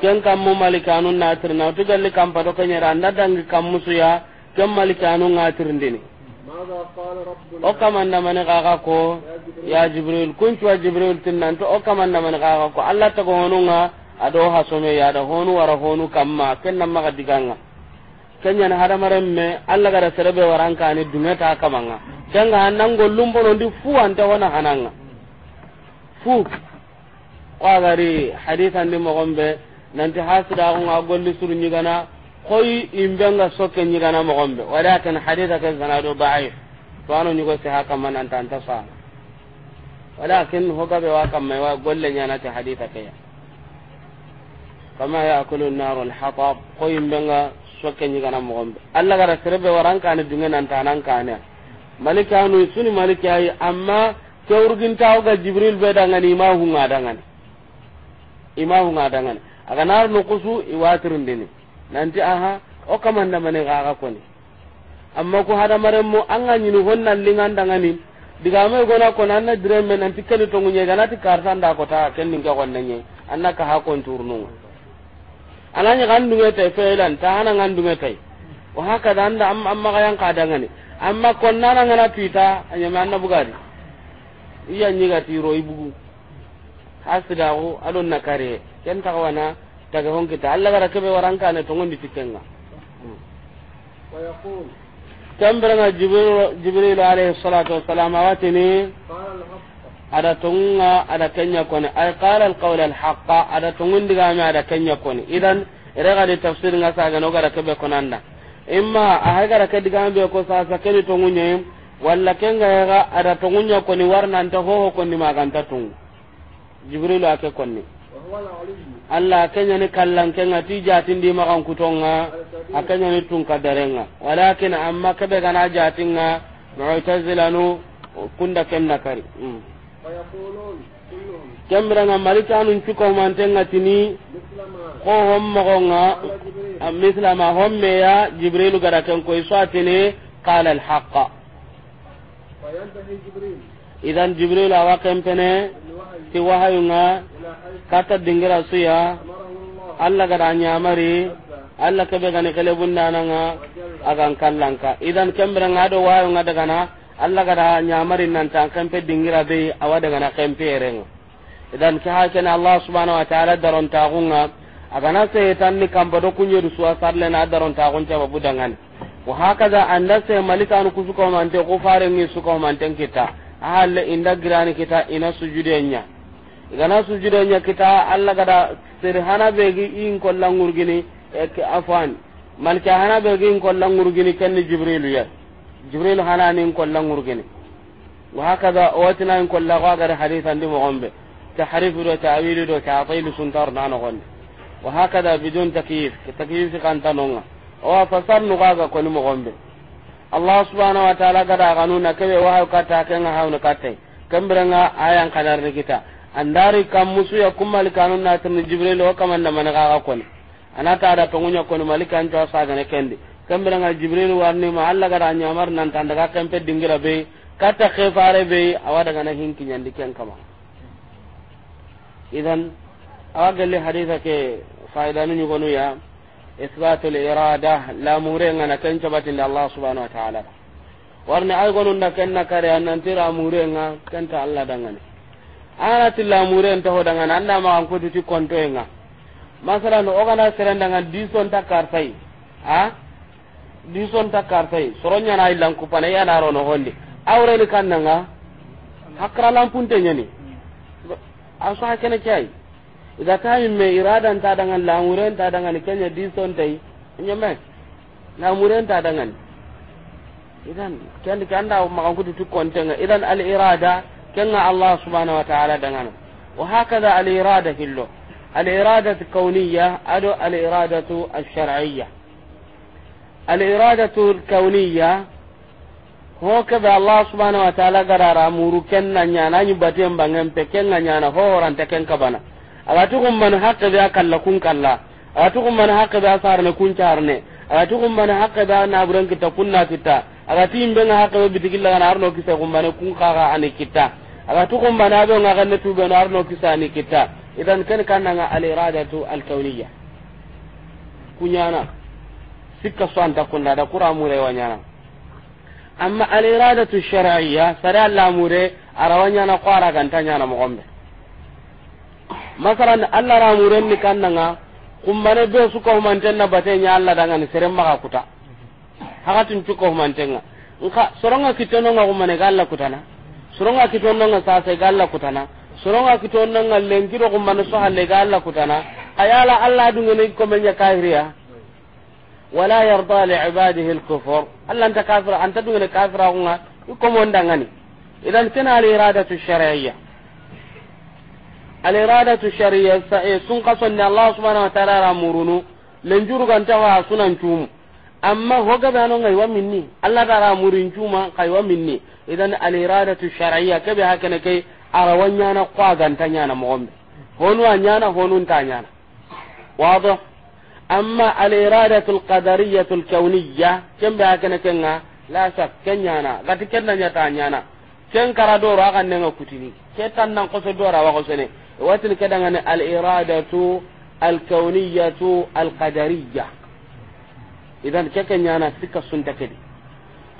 S1: ken kammu malika anun natir na to galli kampa to kenyara anda dangi kammu ya kem malika anun natir ndini o kamanda mani kaka ko ya jibril kuncuwa jibril tinnan to o kamanda mani kaka ko allah tago honunga ado ya da honu wara honu kamma kenna maga diganga kenya na hada maremme alla gara serebe waranka ni dumeta kamanga kenga nango lumbo ndi fu anta wana hananga fu gari hadithan ni mogombe nanti hasida ko nga golli suru nyigana koy imbenga sokke nyigana mogombe walakin haditha kan sanado ba'i to anu nyugo se hakama nan tanta sa walakin hoga be wa kamme wa golle nyana ta haditha kaya kama akulu naru alhatab ko yimbenga sokke nyigana mogombe alla gara serebe ne dunga nanta nankane malika anu suni malika ay amma kewrugin tawga jibril be dangani ima hunga dangani ima hunga dangani aga nar no kusu dini nanti aha o kamanda mane ga koni amma ku hada maremmo anga nyini honna linganda ngani diga me gona ko nanna diremme nanti keni tongunye ganati karta da ko ta kenin ga wonnanye annaka ha kon turnu ananya gandunge tay felan ta hana gandunge tay wa haka da amma amma kayan kadangani amma konnana ngana pita anya manna bugari iya ga tiro ibugu hasida go alon nakare ken ta wana daga hon kita Allah gara kebe waranka ne tongon ditikenga
S2: hmm. wa yaqul
S1: tambara jibril jibril alaihi salatu wassalam awatini qala ada tunga ada kenya kone ay qala al qawl al haqa ada tungun diga me ada kenya kone idan ere ga de tafsir nga sa no ga kebe konanda imma a ha gara ke diga me ko sa sa ke tungunye walla kenga ga ada tungunya kone warna nda ho ho kone maganta tung jibril ake kone alla kenya ni kallan kenga ti jatin di kan kutonga akanya ni tun kadarenga walakin amma kebe ga na jatinga mu'tazilanu kunda kenna kari mm. kembiranga malitanu cukohumantenga tini ko hom hom me ya jibril gara ken ko so tini qala haqa idan jibril awa kempene
S2: ti wahayunga kata dingira suya allah
S1: nya mari allah kebe gani kelebundananga agan kallanka idan kembiranga ado daga dagana allah gada ñamarin nanta pe dingira be awa dagana pe ren idan ke hakene allah subhanahu wa taala darontaxunga ni seyetanni kamba do du suwa na daron a darontaxunca babu dangan wa haka hakaza anda se malika an ku man te kita ahalle inda girani kita ina sujudenya igana sujudenya kita allah gada sirhana gi in kollan ngurgini afwan malka hana gi in kollangur gini kenni jibril ya jibril hana nin kolla ngurgene wa hakaza watina in kolla wa gar hadithan di mogombe harifu do ta'wil do ta'til suntar na no gonde wa hakaza bidun takyif ta takyif kan tanonga o fasar nu ga ko ni mogombe allah subhanahu wa ta'ala gada ganuna kebe wa ka ta ken hakata kenga ka katte kambiranga ayan kadar ni kita andari kam musu ya kummal kanun na tan jibril o kamanna man ga ga ko ni anata da pengunya ko ni malikan to saga ne kendi nga jibril warni ma alla gara nyamar nan tanda ka kampe dingira be kata khifare be awa daga na hinki nyandi ken kama idan awa galle haditha ke faida nu nyugonu ya isbatul irada la nga na kan batin da allah subhanahu wa ta'ala warni ay gonu nda ken na kare annan tira nga kanta allah dangane ana tilla muren ta hodanga dangane anda ma an ko konto nga. masalan ogana nga dison takar kartai ha di son ta kartai soronya na ilan ku pana ya na rono hondi awre ni kan kannanga hakra lampun te nyani aso ha kene kai ida kai me iradan ta dangan lamuren ta dangan kenya di son tai nyame lamuren ta dangan idan kan kan da makan ku tu nga idan al irada kenna allah subhanahu wa ta'ala dangan wa hakaza al irada fillo al irada kauniyya ado al irada al shar'iyya الإرادة الكونية هو كذا الله سبحانه وتعالى قرر أمور كنا نانا نبتين بانهم تكن نانا هو ران تكن كبنا أغاتكم من حق ذا كلا كلكم كلا أغاتكم من حق ذا صارنا كون شارنا أغاتكم من حق ذا نابرن كتا كنا كتا أغاتين بنا حق ذا بتقل لغن أرنو كسا كمبنا كون قاقا عن كتا أغاتكم من أبو نغن توبنا أرنو كسا عن كتا إذن كان كان الإرادة الكونية كنانا sikka so anta kunda da kura mure wanyana amma al iradatu shar'iyya sare Allah mure arawanya na qara gantanya na mogombe masalan Allah ra mure ni kannanga kumbane be su ko mantenna batenya Allah daga ni sere maka kuta haka tun ko mantenga nka soronga kitono nga kumane galla kutana soronga kitono nga sasa galla kutana soronga kitono nga lengiro kumane so halle galla kutana ayala Allah dungene ko menya kahiriya wala yarda li ibadihi al-kufr alla anta kafir anta dugene kafira kunga ikomo ndangani idan kana al-iradatu shar'iyya al-iradatu shar'iyya sun kasonni allah subhanahu wa ta'ala ramurunu lenjuru ganta wa sunan amma hoga bano ngai wa minni allah da ramurin tuma kai wa minni idan al-iradatu shar'iyya kai arawanya na kwa ganta nyana mo gombe honu anyana honu ntanyana amma al iradatu al qadariyatu al kana kembe kenga la sak na gati kenna nyata nyana ken kara doro akan nenga kutini ke tan nan do dora wa koso ne watin kadanga ne al iradatu al kawniyatu al qadariyya idan ke kenyana sikka sunta kedi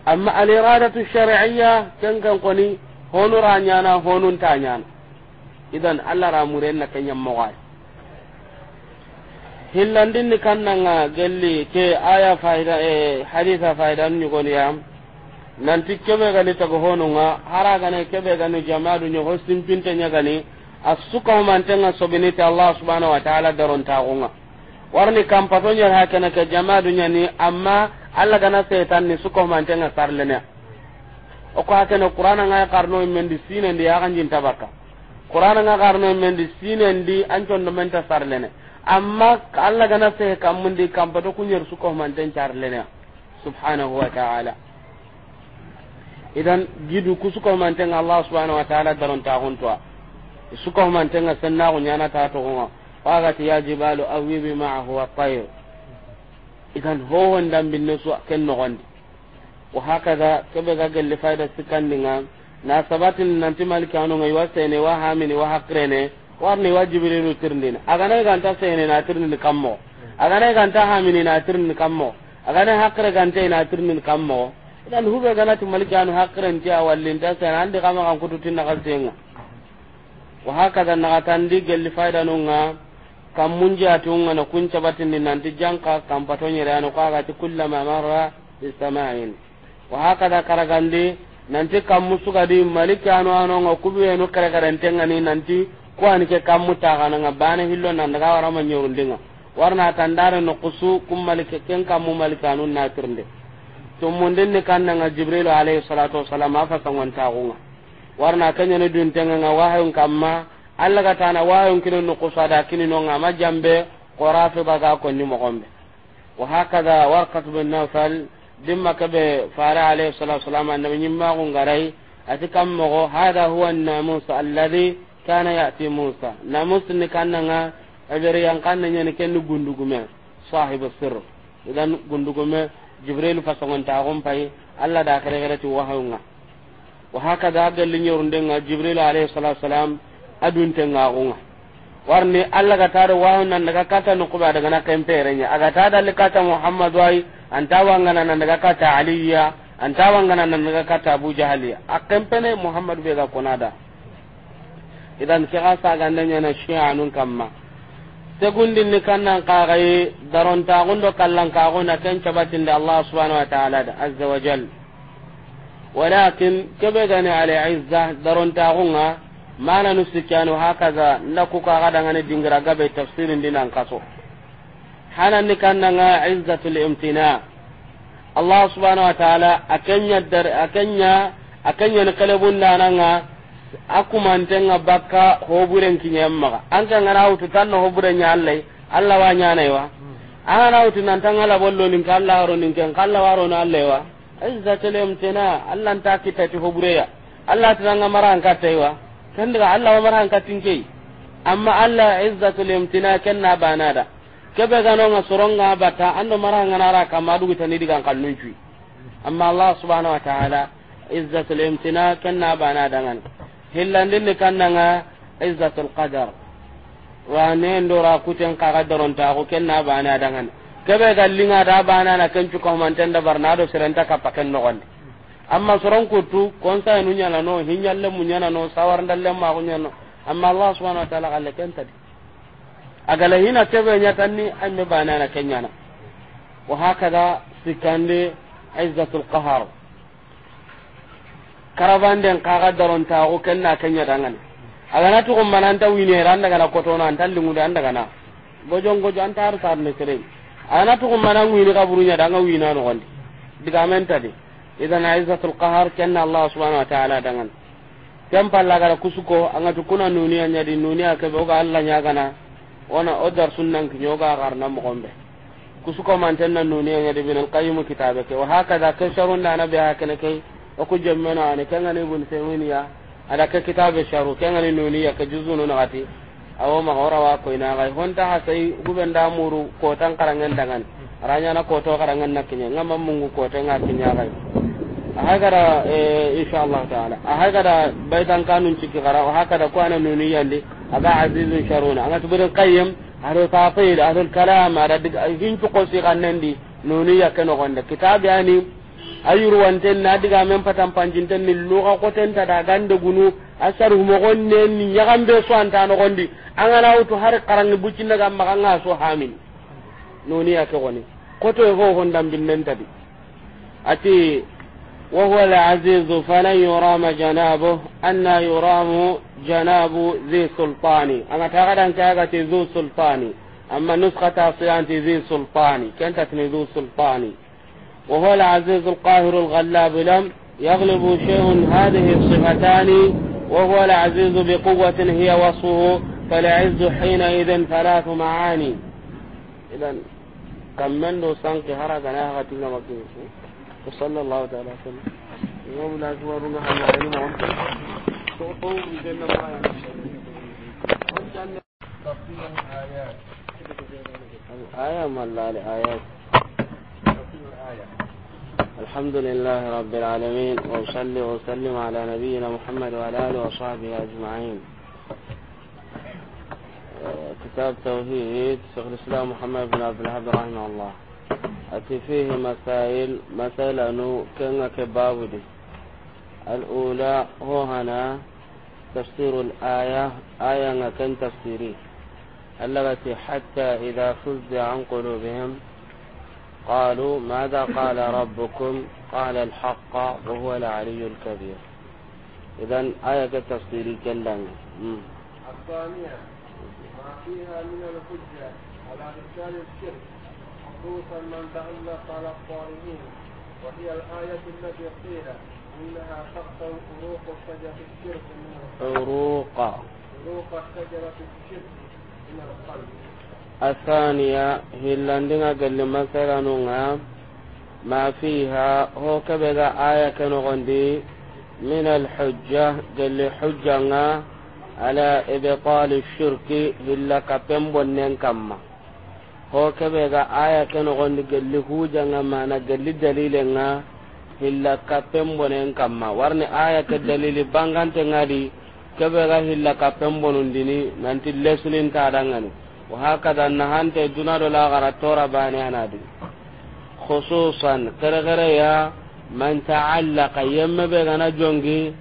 S1: amma al iradatu shar'iyya ken kan ra nya nyana honun ta nyana idan allah ra na kenyam mawai hillandinni kannanga gelli ke aya faida e hadisa faidan ñugoniya nanti keɓe gani tago honunga hara gane keɓe gani jamadu ñoho simpinte ñagani a sukahumantenga sobinite allah subhanau wa taala darontaxunga warni kampato ñer ha kene ke jamadu ñani amma allah gana setan ni sukahumantenga sarlenea oko ha kene qur'ananga karno di di mendi tabaka yaxanjintabakka qur'ananga karno di mendi sinendi an condomenta sarlene amma Allah gana sai kam mun di kam pato kunyar su ko man den charlena subhanahu wa ta'ala idan gidu ku su ko man den Allah subhanahu wa ta'ala daron ta tuwa su ko man den sanna ko nyana ta to ko wa ga ti yajibalu awi bi ma'ahu wa tayr idan ho wandan bin su ken no gondi wa hakaza kebe ga gelle faida su kan dinga na sabatin nanti malika anu ngai wasene wa hamini wa hakrene warni ni nu tirndini agana ganta ne na tirndini kammo agana ganta hamini na tirndini kammo ne hakre ganta na tirndini kammo idan hube ganati maliki anu hakren tiya wallinta sene andi kama kan kututin na kaltenga wa hakada na tandi gel faida nunga kam munji nga na kunca batin nanti janka kam patonye rano kwa gati kullama marra bisama'in wa hakada karagandi nanti kam di maliki anu anu nga kare tenga ni nanti ko an ke kam muta kana nga bana hillo nan daga wara ma dinga warna tandare no kusu kum malike ken kam mu malikanu na kirnde to den ne kan nga jibril alayhi salatu wassalam afa wan taunga warna kanya ne dun tanga nga wahayun kamma alla ga tana wahayun kinin no da kinin no nga majambe qorafe baga ko ni mo gombe wa hakaza warqat bin nafal dimma kabe fara alayhi salatu wassalam annabi nyimma ko ngarai atikam mo hada huwa an-namus alladhi kana ti musa na Musa ni yan kan yang kannanya ni kenni gundugume sahibu sir idan gundugume jibril songon ta gon pai alla da kare kare ti wahunga wa haka da galli nyorunde nga jibril alayhi salatu wasalam adun te nga gonga warni alla ga tare wahun nan daga kata no kuba daga na kempere nya aga ta dalle kata Muhammad wai anta wangana nan daga kata aliya anta wangana nan daga kata abu jahaliya akempene Muhammad be ga konada idan ke ga saganda nyana shi'anun kamma tegundin ni kannan daron ta gundo kallan kan ken da allah subhanahu wa ta'ala da azza wa jal walakin kebe gani ala izza ta gunga mana nu za hakaza na ku kaaga dangane dingira gabe tafsirin dinan kaso hanan ni kannanga izzatul imtina allah subhanahu wa ta'ala akanya akanya akanya ni kalebun nananga akumantenga bakka hoɓuren kiñemmaga anke ngana wutu tanno hoɓure ña allay nyane wa ñanaywa angana wutu nantanga laɓollonin ke allah haronin ken na alle wa. aiza aizatelem tena alla nta kittati ya. allah tinanga mara ankattaywa kendiga allah wa mara ankattinkey amma allah izzatul imtina na banada kebe ganonga soronga bata ando mara nganara kama dugitani digan kallun cuy amma allah subhanahu wa ta'ala izzatul imtina kenna banada ngani hillandinni kannanga izzatul qadar wa nen ndora kuten kaga daronta ko kenna bane adangani kebe gallinga da bana na kencu ko tan da barnado serenta ka paken no gonde amma soron kutu sa nu nyana no hinyalle mu nyana no sawar dalle ma ko nyana amma allah subhanahu wa ta'ala galle ken tadi agala hina kebe nyatanni ni me bana na kenyana wa hakada sikande izzatul qahar Karavan den kaga daron ta ko kenna kenya dangan agana to gomma nan ta wini ran daga na koto na tan lingu dan daga na gojon gojo an tar tar ne sere agana to gomma nan wini ka burunya danga wina no gondi diga men tadi idan aizatul qahar kenna allah subhanahu wa ta'ala dangan kam palla gara kusuko anga to kuna nuniya nyadi nuniya ke boga allah nya na ona odar sunnan kinyoga garna mo gombe kusuko man tan nuniya nyadi bin al qayyim kitabake ke wa hakaza kasharun da nabi hakana kai oku jemmena ani kengani ibn taymiya ada ke kitabe sharu kengani nuniya ke juzunu nagati awo wa ko ina ga honta ha sai gubenda muru kotan karangan dangan aranya na koto karangen na kinya ngama mungu kote nga kinya gai ahagara e, insha Allah ta'ala ahagara baitan kanun ciki gara ahagara kwana nuniya ndi aga azizun sharuna anga tubudin qayyim ado tafsir ado kalam ado hin ko si kannandi nuniya ke no gonda kitab yani ayurwanten na diga men patan panjinten ni luga koten ta dagande gunu asar humogon gonne ni yagambe so anta no gondi angana wutu har karangi bucin daga maganga so hamin noni ya kegoni koto ho hondam binnen tabi ati wa huwa al-aziz falan yurama janabu anna yuramu janabu zi sultani anga tagadan ta te zi sultani amma nuskata siyanti zi sultani kenta tini zi sultani وهو العزيز القاهر الغلاب لم يغلب شيء هذه الصفتان وهو العزيز بقوة هي وصفه فالعز حينئذ ثلاث معاني إذا كملوا سنك هرقنا هغتنا مكينسي وصلى الله تعالى وسلم يوم لا تورنا عن علمهم سوطوا بجنة الله
S2: تفصيل الآيات
S1: الآية مالها لآيات الحمد لله رب العالمين وأصلي وأسلم على نبينا محمد وعلى آله وصحبه أجمعين كتاب توحيد شيخ الإسلام محمد بن عبد الوهاب رحمه الله أتي فيه مسائل مثلا أنه كان دي الأولى هو هنا تفسير الآية آية كان تفسيري التي حتى إذا فزع عن قلوبهم قالوا ماذا قال ربكم قال الحق وهو العلي الكبير إذا آية التفسير كلام
S2: الثانية ما فيها من الحجة على إنسان الشرك خصوصا من تعلق على الطالبين وهي الآية التي قيل إنها تقطع عروق الشجرة الشرك من
S1: القلب عروق
S2: عروق الشجرة الشرك من القلب
S1: asaniya hillandinga gelle masaranunga ma fiha ho kabega aya kano gondi min hujja nga ala kapembo ho kabega aya kano gondi hujja nga dalile nga kapembo warne aya ke dalili bangante kabega kapembo nundini nanti wa hakada na hante duna do la gara tora bani anadi khususan kare ya man ta'allaqa yamma be gana jongi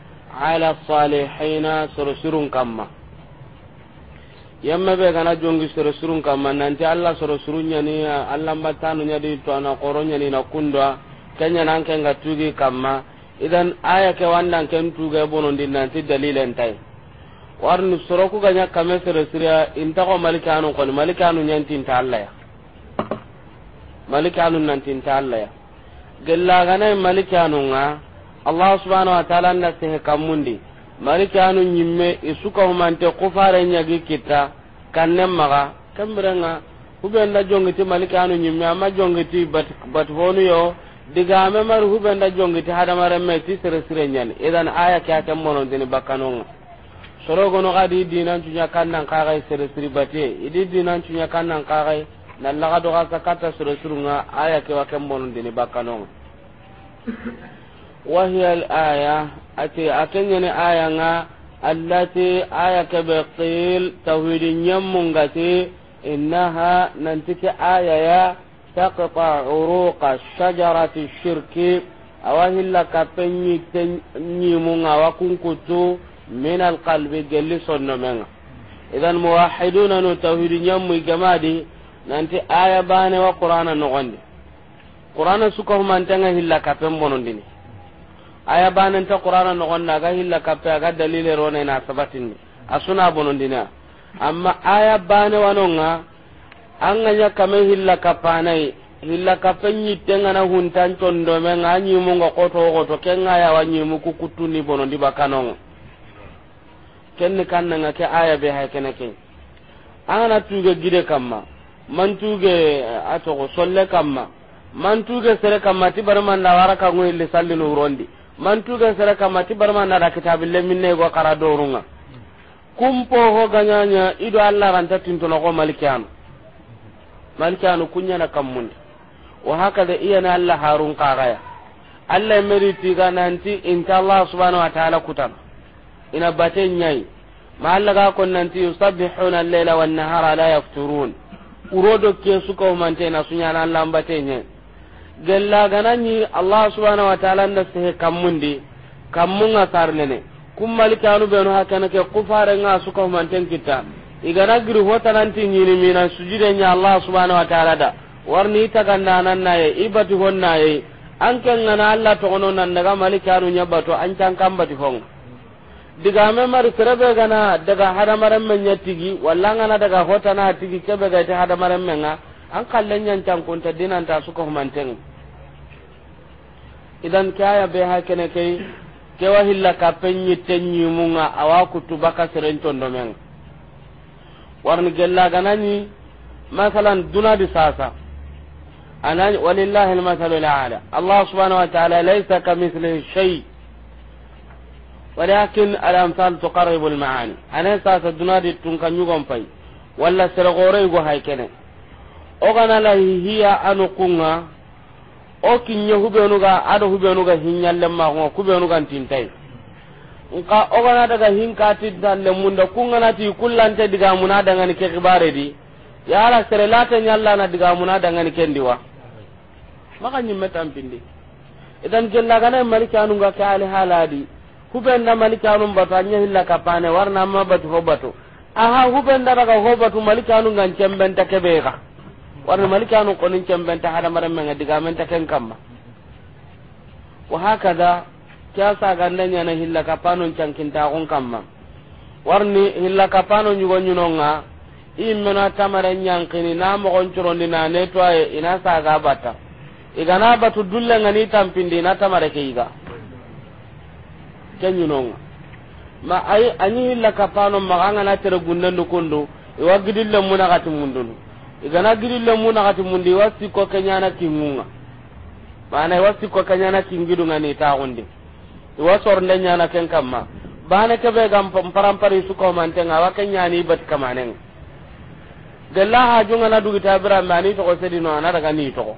S1: yamma be gana jongi sursurun kamma nanti alla sursurun yani alla mbatanu nyadi to ana koro ni na kundwa kanya nan kenga tugi kamma idan aya ke wannan ken tuga bonon din nanti dalilen tai war warni soroku ganya kame sere siriya inta ko malikanu kon malikanu nyanti inta Allah ya malikanu nanti inta Allah ya gella gana malikanu nga Allah subhanahu wa ta'ala na sehe kamundi malikanu nyimme isuka humante kufare nyagi kita kanne maga kambrenga da jongiti malikanu nyimme ama jongiti bat bat honu yo digame mar da jongiti hadamare meti sere sire nyani idan aya kya kan monon dini bakanonga sorogono ga di dinan cunya kannan kagai sere siri bate idi dinan cunya kannan kagai na laga do ga sakata sere nga aya ke wa kan bonon dini bakano wa hiya al aya ate atanya ne aya nga allati aya ke be qil tawhidin nyammunga te innaha ke aya ya taqta uruqa shajarati shirki awahilla kapenyi tenyi awakun kutu min alqalbi gelli sonno menga idan muwahiduna no tawhid nyammu gamadi nanti aya bane wa qur'ana no gonde qur'ana suko humantanga hilla kapen bonondini aya bane ta qur'ana no gonda ga hilla kapen ga dalile rona na sabatinni asuna bonondina amma aya bane hilla kapanai hilla na huntan tondo menga nyimu ngo koto koto kenga ya wanyimu kukutuni bonondi bakanonga kenni nga ke aya be hay kene ke anana tuge gide kamma man tuge eh, ato go solle kamma man tuge sere kamma ti barman da wara kangu illi salli no rondi man tuge sere kamma ti barman da kitabille minne go do runga kumpo ho ganyanya ido alla ranta tintono ko malikanu kunya na kammun wa iya na alla harun kagaya alla meriti nanti inta allah subhanahu wa ta'ala kutana ina bate nyai ma Allah ga kon nanti yusabbihuna al-laila wan nahara la yafturun urodo ke su ko mante na sunya na Allah bate nyai gella gananyi Allah subhanahu wa ta'ala nda se kamundi kamunga sarnene kum malikanu benu hakana ke kufare nga su ko mante kita igana ta hota ti nyini mina sujide nya Allah subhanahu wa ta'ala da warni ganna nan naye ibati hon naye an kan ngana Allah to nan daga malikanu nyabato an can kan bati hon diga me mari kerebe gana daga hadamaren men nyatigi walla ngana daga hotana tigi kebe ga ta hadamaren men nga an kallan nyan tan kunta dinan ta suka humanten idan kaya be ha kene kai ke wahilla ka penyi tenyi munga awa kutu baka seren tondo men warni gella ni masalan duna di sasa anani walillahi almathalu ala allah subhanahu wa ta'ala laysa kamithlihi shay' walakin alamsal tuqarribu almaani ana sasa dunadi tun kan yugon pai walla sergore go haykene o kana la hiya anu kunga o kinye hubenu ga ado hubenu ga hinyalle ma go kubenu ga tintai nka o kana daga hinka munda kunga nati kullante diga munada ngani ke kibare di yala sere lata nyalla na diga munada ngani kendiwa maka nyimme tampindi idan gella kana malika anu ga haladi hubenda malikanum batu anya hilla kapane warna amma batu hobatu aha hubenda daga hobatu malikanu ngan cembenta kebega warna malikanu konin cembenta hada maram men diga men taken kamma wa hakada kiasa gandanya na hilla kapano cankinta gon kamma warni hilla kapano nyugo nyunonga immena tamare nyankini na mo gonchorondi na netwa ina saga bata igana batu dulle ngani tampindi na tamare keiga kenyinonga ma ay ani hilla kapano maganga na tere gunnendu kundu iwa gidille muna gati mundunu igana gidille muna gati mundi iwa sikko kenyana kingunga mana iwa sikko kenyana kingidunga ni tagundi iwa sornde nyana ken kamma bana kebe gam parampari suko mantenga awa kenyani bat kamanenga gella hajunga na gita tabira mani to ko sedino ana daga ni to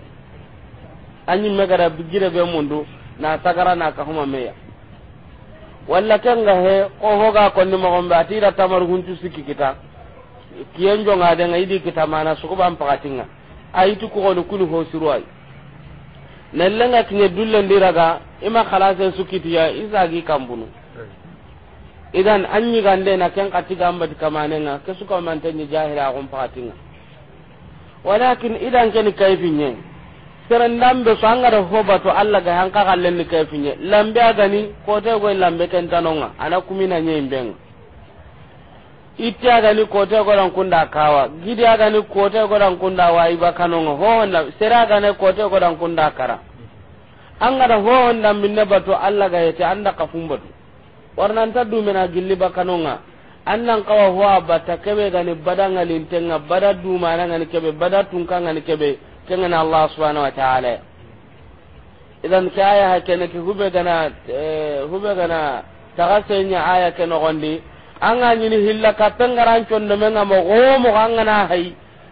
S1: anyi megara bigire be mundu na sagara na huma meya walla kenga he ko hoga konni mogonɓe atira tamarguntu sikki kita kiyen jongadenga idi kita mana suku suguban pakatinga ayitu kogoni kuni hosiru ay nellenga kiñe dullendiraga ima halase sukkitiya isagi kambunu idan an na ken katigambati kamanenga ke sukamantenye jahira agun pakatinga walakin idan keni kayfiñe serendan be so angada to allah ga hanka kallenni kefinye lambe agani kote go lambe tanonga ana kumina nyeimbenga itti agani kote godan kunda kawa gidi agani kote godan kunda ba kanonga hohonda sere agane kote godan kunda kara angada hohonda minne bato allah ga yete anda ta du mena gilli kanonga annan kawa ho a batta keɓe gani bada ngalintenga bada dumanangani keɓe bada tunkangani kebe. kengana allah subhanahu wa ta'ala idan ka aya hakene ki hube gana hube gana aya ke nogondi anga nyini hilla mo na hay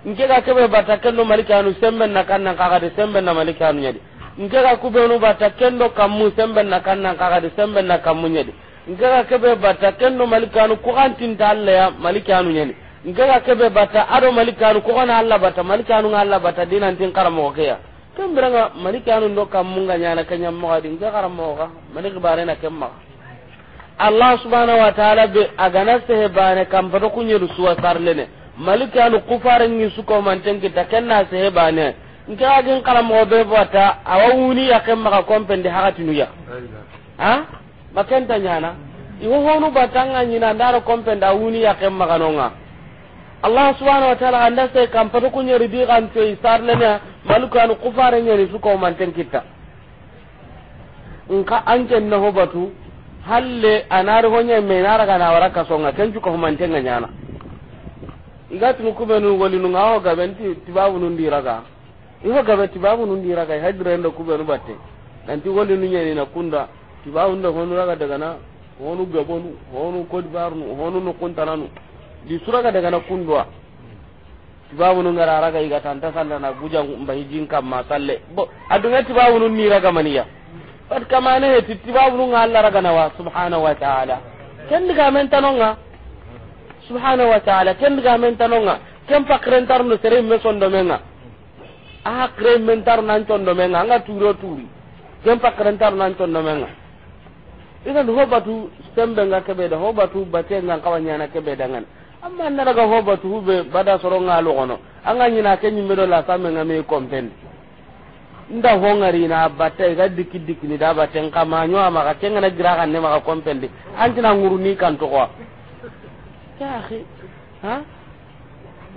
S1: nke ga kebe batakendo malikanu semben na kannan kaga de semben na malikanu nyadi nke ga semben na kannan de semben na nyadi nke ga malikanu ya malikanu nyadi ngega kebe bata ado malikanu ko gona alla bata malikanu alla bata dinan tin karamo ke ya kan biranga malikanu ndo kam munga nyana kanyam mo adi ngega karamo ga malik barena kemma allah subhanahu wa ta'ala be agana sehe bane kam bado kunyeru suwa sarlene malikanu kufare ngi suko manten kita kenna sehe bane nka gin karamo be bata awuni ya kemma ka kompende hakatinu ya ha makenta nyana iwo honu batanga nyina ndaro kompenda awuni ya kemma kanonga allah subhanahu wa ta'ala anda sai kam patu kunya ribi kan to isar lenya maluka no kufare nyani su ko manten kita nka anke na hobatu halle anar honya me na. kana waraka songa kenju ko manten nyana igatu nu kubenu golinu ngaho gabenti tibabu nundi raga iho gabe tibabu nundi raga hadrendo kubenu batte nanti golinu nyani na kunda tibabu ndo honu raga daga na honu gabonu honu kodbarnu honu nu kuntananu di suraga daga na kundwa tibabu nun gara raga iga tanta salla na gujan mbahi jin ma salle bo adunga tibabu nun ni raga maniya pat ne ti tibabu nun Allah raga na wa subhanahu wa ta'ala ken diga men tanonga subhanahu wa ta'ala ken diga men tanonga ken pakren no sere me sondo menga a kren men tar nan tondo menga anga turo turi ken pakren tar nan tondo menga idan hobatu sembe nga kebe da hobatu batenga kawanya na kebe dangan amma na daga ho batu hube bada soro ngalo gono anga nyina ke nyimme do la samme ngame kompen nda ho ngari na batta ga dikki dikki ni da batten kama nyo ama ka kenga na gira kan ne kompen di kan to ko ya akhi ha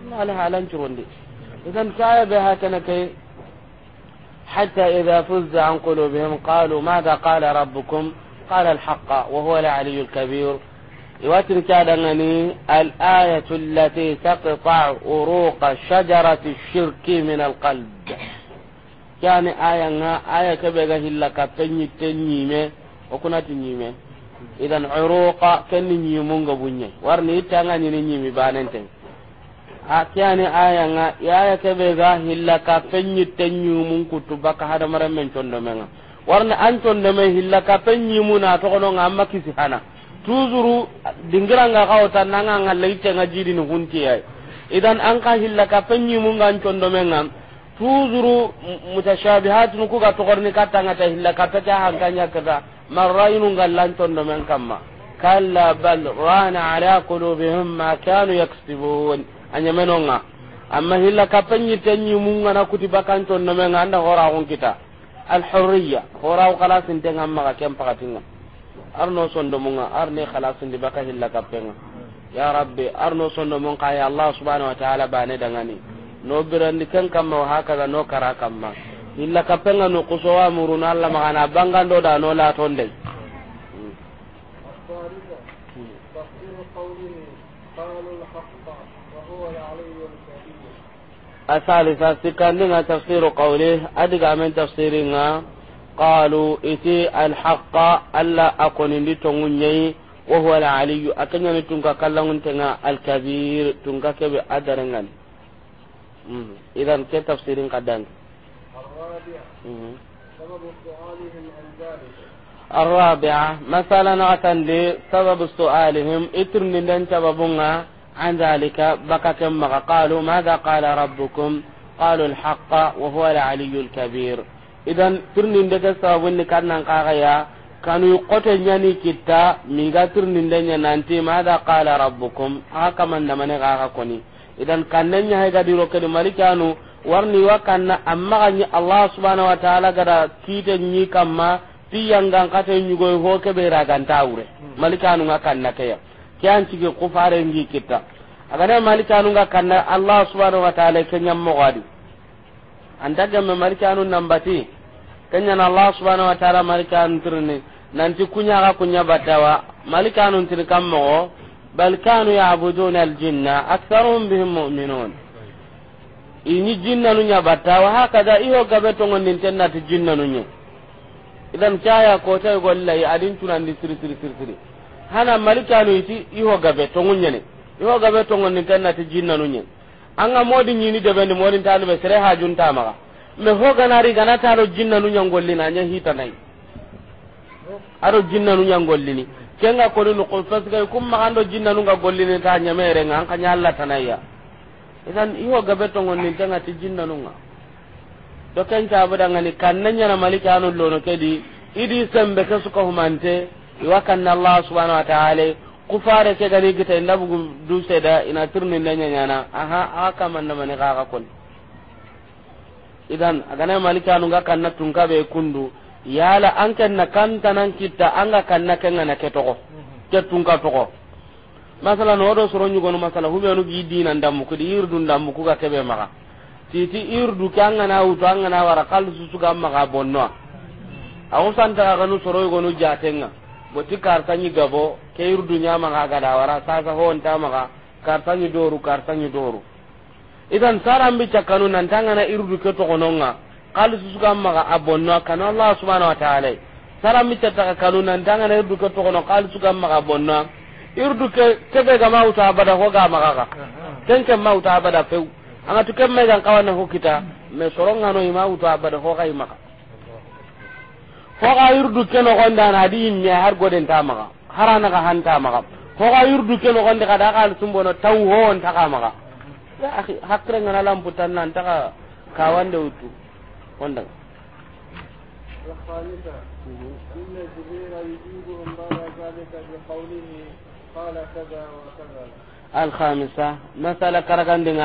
S1: amma ala halan churondi idan saya be hakana kai حتى إذا فز عن قلوبهم قالوا ماذا قال ربكم قال يواتر كادنني الآية التي تقطع أروق شجرة الشرك من القلب يعني آية آية كبيرة هلا كتني تنيمة وكنا تنيمة idan uruqa kenni nyimun ga bunye warni itanga nyini nyimi a kiyani aya nga yaya kebe ga hilla ka penyi tenyumun kutu baka hada maran men condo menga an condo men hilla ka penyi muna to kono amma kisi hana tuzuru dingiranga kawta nanga ngalla itenga jidi ni huntiyai idan an ka hilla ka penyi munga condomenga tuzuru mutashabihat nu kuga togorni ka ta hilla ka ta hankanya kada marrainu ngallan condomen kamma kalla bal rana ala qulubihim ma kanu yaksibun anyamenonga amma hilla ka penyi tenyi munga na kutiba kan condomenga anda hora kita al hurriya hora kala sintenga amma ka kempatinga arno sondo munga arne ndi baka hilla kapenga ya rabbi arno sondo mun ka ya allah subhanahu wa ta'ala bane dangani no ni kan kam wa hakaza no kara ma hilla kapenga no wa muruna allah magana bangando da no la tonde nga tafsiru تفسير adiga أدقى tafsiri nga qalu iti alhaqa alla akonindi tongunyai wa huwa alaliyu akanya ni tunka kallangun tenga alkabir tunka kebe adarangan idan ke tafsirin
S2: الرابعة
S1: مثلا عتن لي سبب سؤالهم اترن لن تبابونا عن ذلك بكا كما قالوا ماذا قال ربكم قالوا الحق وهو العلي الكبير idan tirninde ke sababunni kannan kaxaya kanu kote ñani kitta miga tirninde ña nanti mada qala rabbukum axa kamandamane xaxa koni idan kan kanne diro kadi malikanu warni wa kanna ammaxañi allah subhanau wa taala gada kiite ñi kamma tiyangan kate ñugoy ho keɓeera ganta wure hmm. malikanunga kanna keya ke an cigi kufarengi kitta agana kan kanna allah subhanau wa taala ke ñammoxoadi anta gemme malikanu nambati kenyana allah subhanahu wa ta'ala marikanu tirni nanti kunya ka kunya batawa malikanu tirni kammo bal kanu ya'buduna aljinna aktharuhum bihim mu'minun ini jinnanu nya batawa hakada iho gabe to ngonin tenna ti jinnanu nya idan kaya ko tay gollay adin tunan di siri siri siri siri hana malikanu iti iho gabe to ngunya ne iho gabe to ngonin tenna ti jinnanu nya anga modi nyini debendi modin tanu be sere hajun tamaga me ho ganari gana taro jinna nu nyangolli na nya hita nai aro jinna nu nyangolli ni kenga ko lu ko ga kum ma ando jinna nu ga golli ni ta nya mere ngan ka nyalla ya idan iho gabe to ngonni tanga ti jinna nu nga do ken ta bada ngani kan na malika anu lono kedi idi sembe ka suka humante iwakanna allah subhanahu wa ta'ala kufare ke gani gita inda bugu du da ina turni nyanya na aha aka na mani kaka kon idan na malika anu ngaka na tunka be kundu yala kan na kanta nan kita an kanna kan na ketoko ke tunka toko masala no do soro nyugo no masala hube anu bi dina ndam ko di irdu ndam ko ga kebe maka titi irdu kan na uto an na wara kal su ga maka bonno awusanta ga no soro go no jatenga boti kartanyi gabo ke yurdu ñamaga gada wara sasa howontamaga kartanyi doru kartanyi doru idan sarambi cakkanu na irdu ke togononga su suka maga a bonno kanu allah subhanahu wa taala sarambi cattaka kanu na irdu ke togono kali sugan maga abonno irdu ke kebe gama wuta abada hoga magaga kenken ma wuta abada few angatu kemmegan kawana ho kita mais sorongano ima wuta abada hoga imaga hoga yurdu ke gonda na di mi har goden ta maga harana ga han ta maga hoga yurdu ke da ga ka sumbono taw ho on ta ka maga ya akhi hakre ngana lamputan nan ta ka wanda utu wanda
S2: الخامسة أن جبريل يجيبهم بعد ذلك بقوله قال كذا وكذا
S1: الخامسة مثلا كرغندنا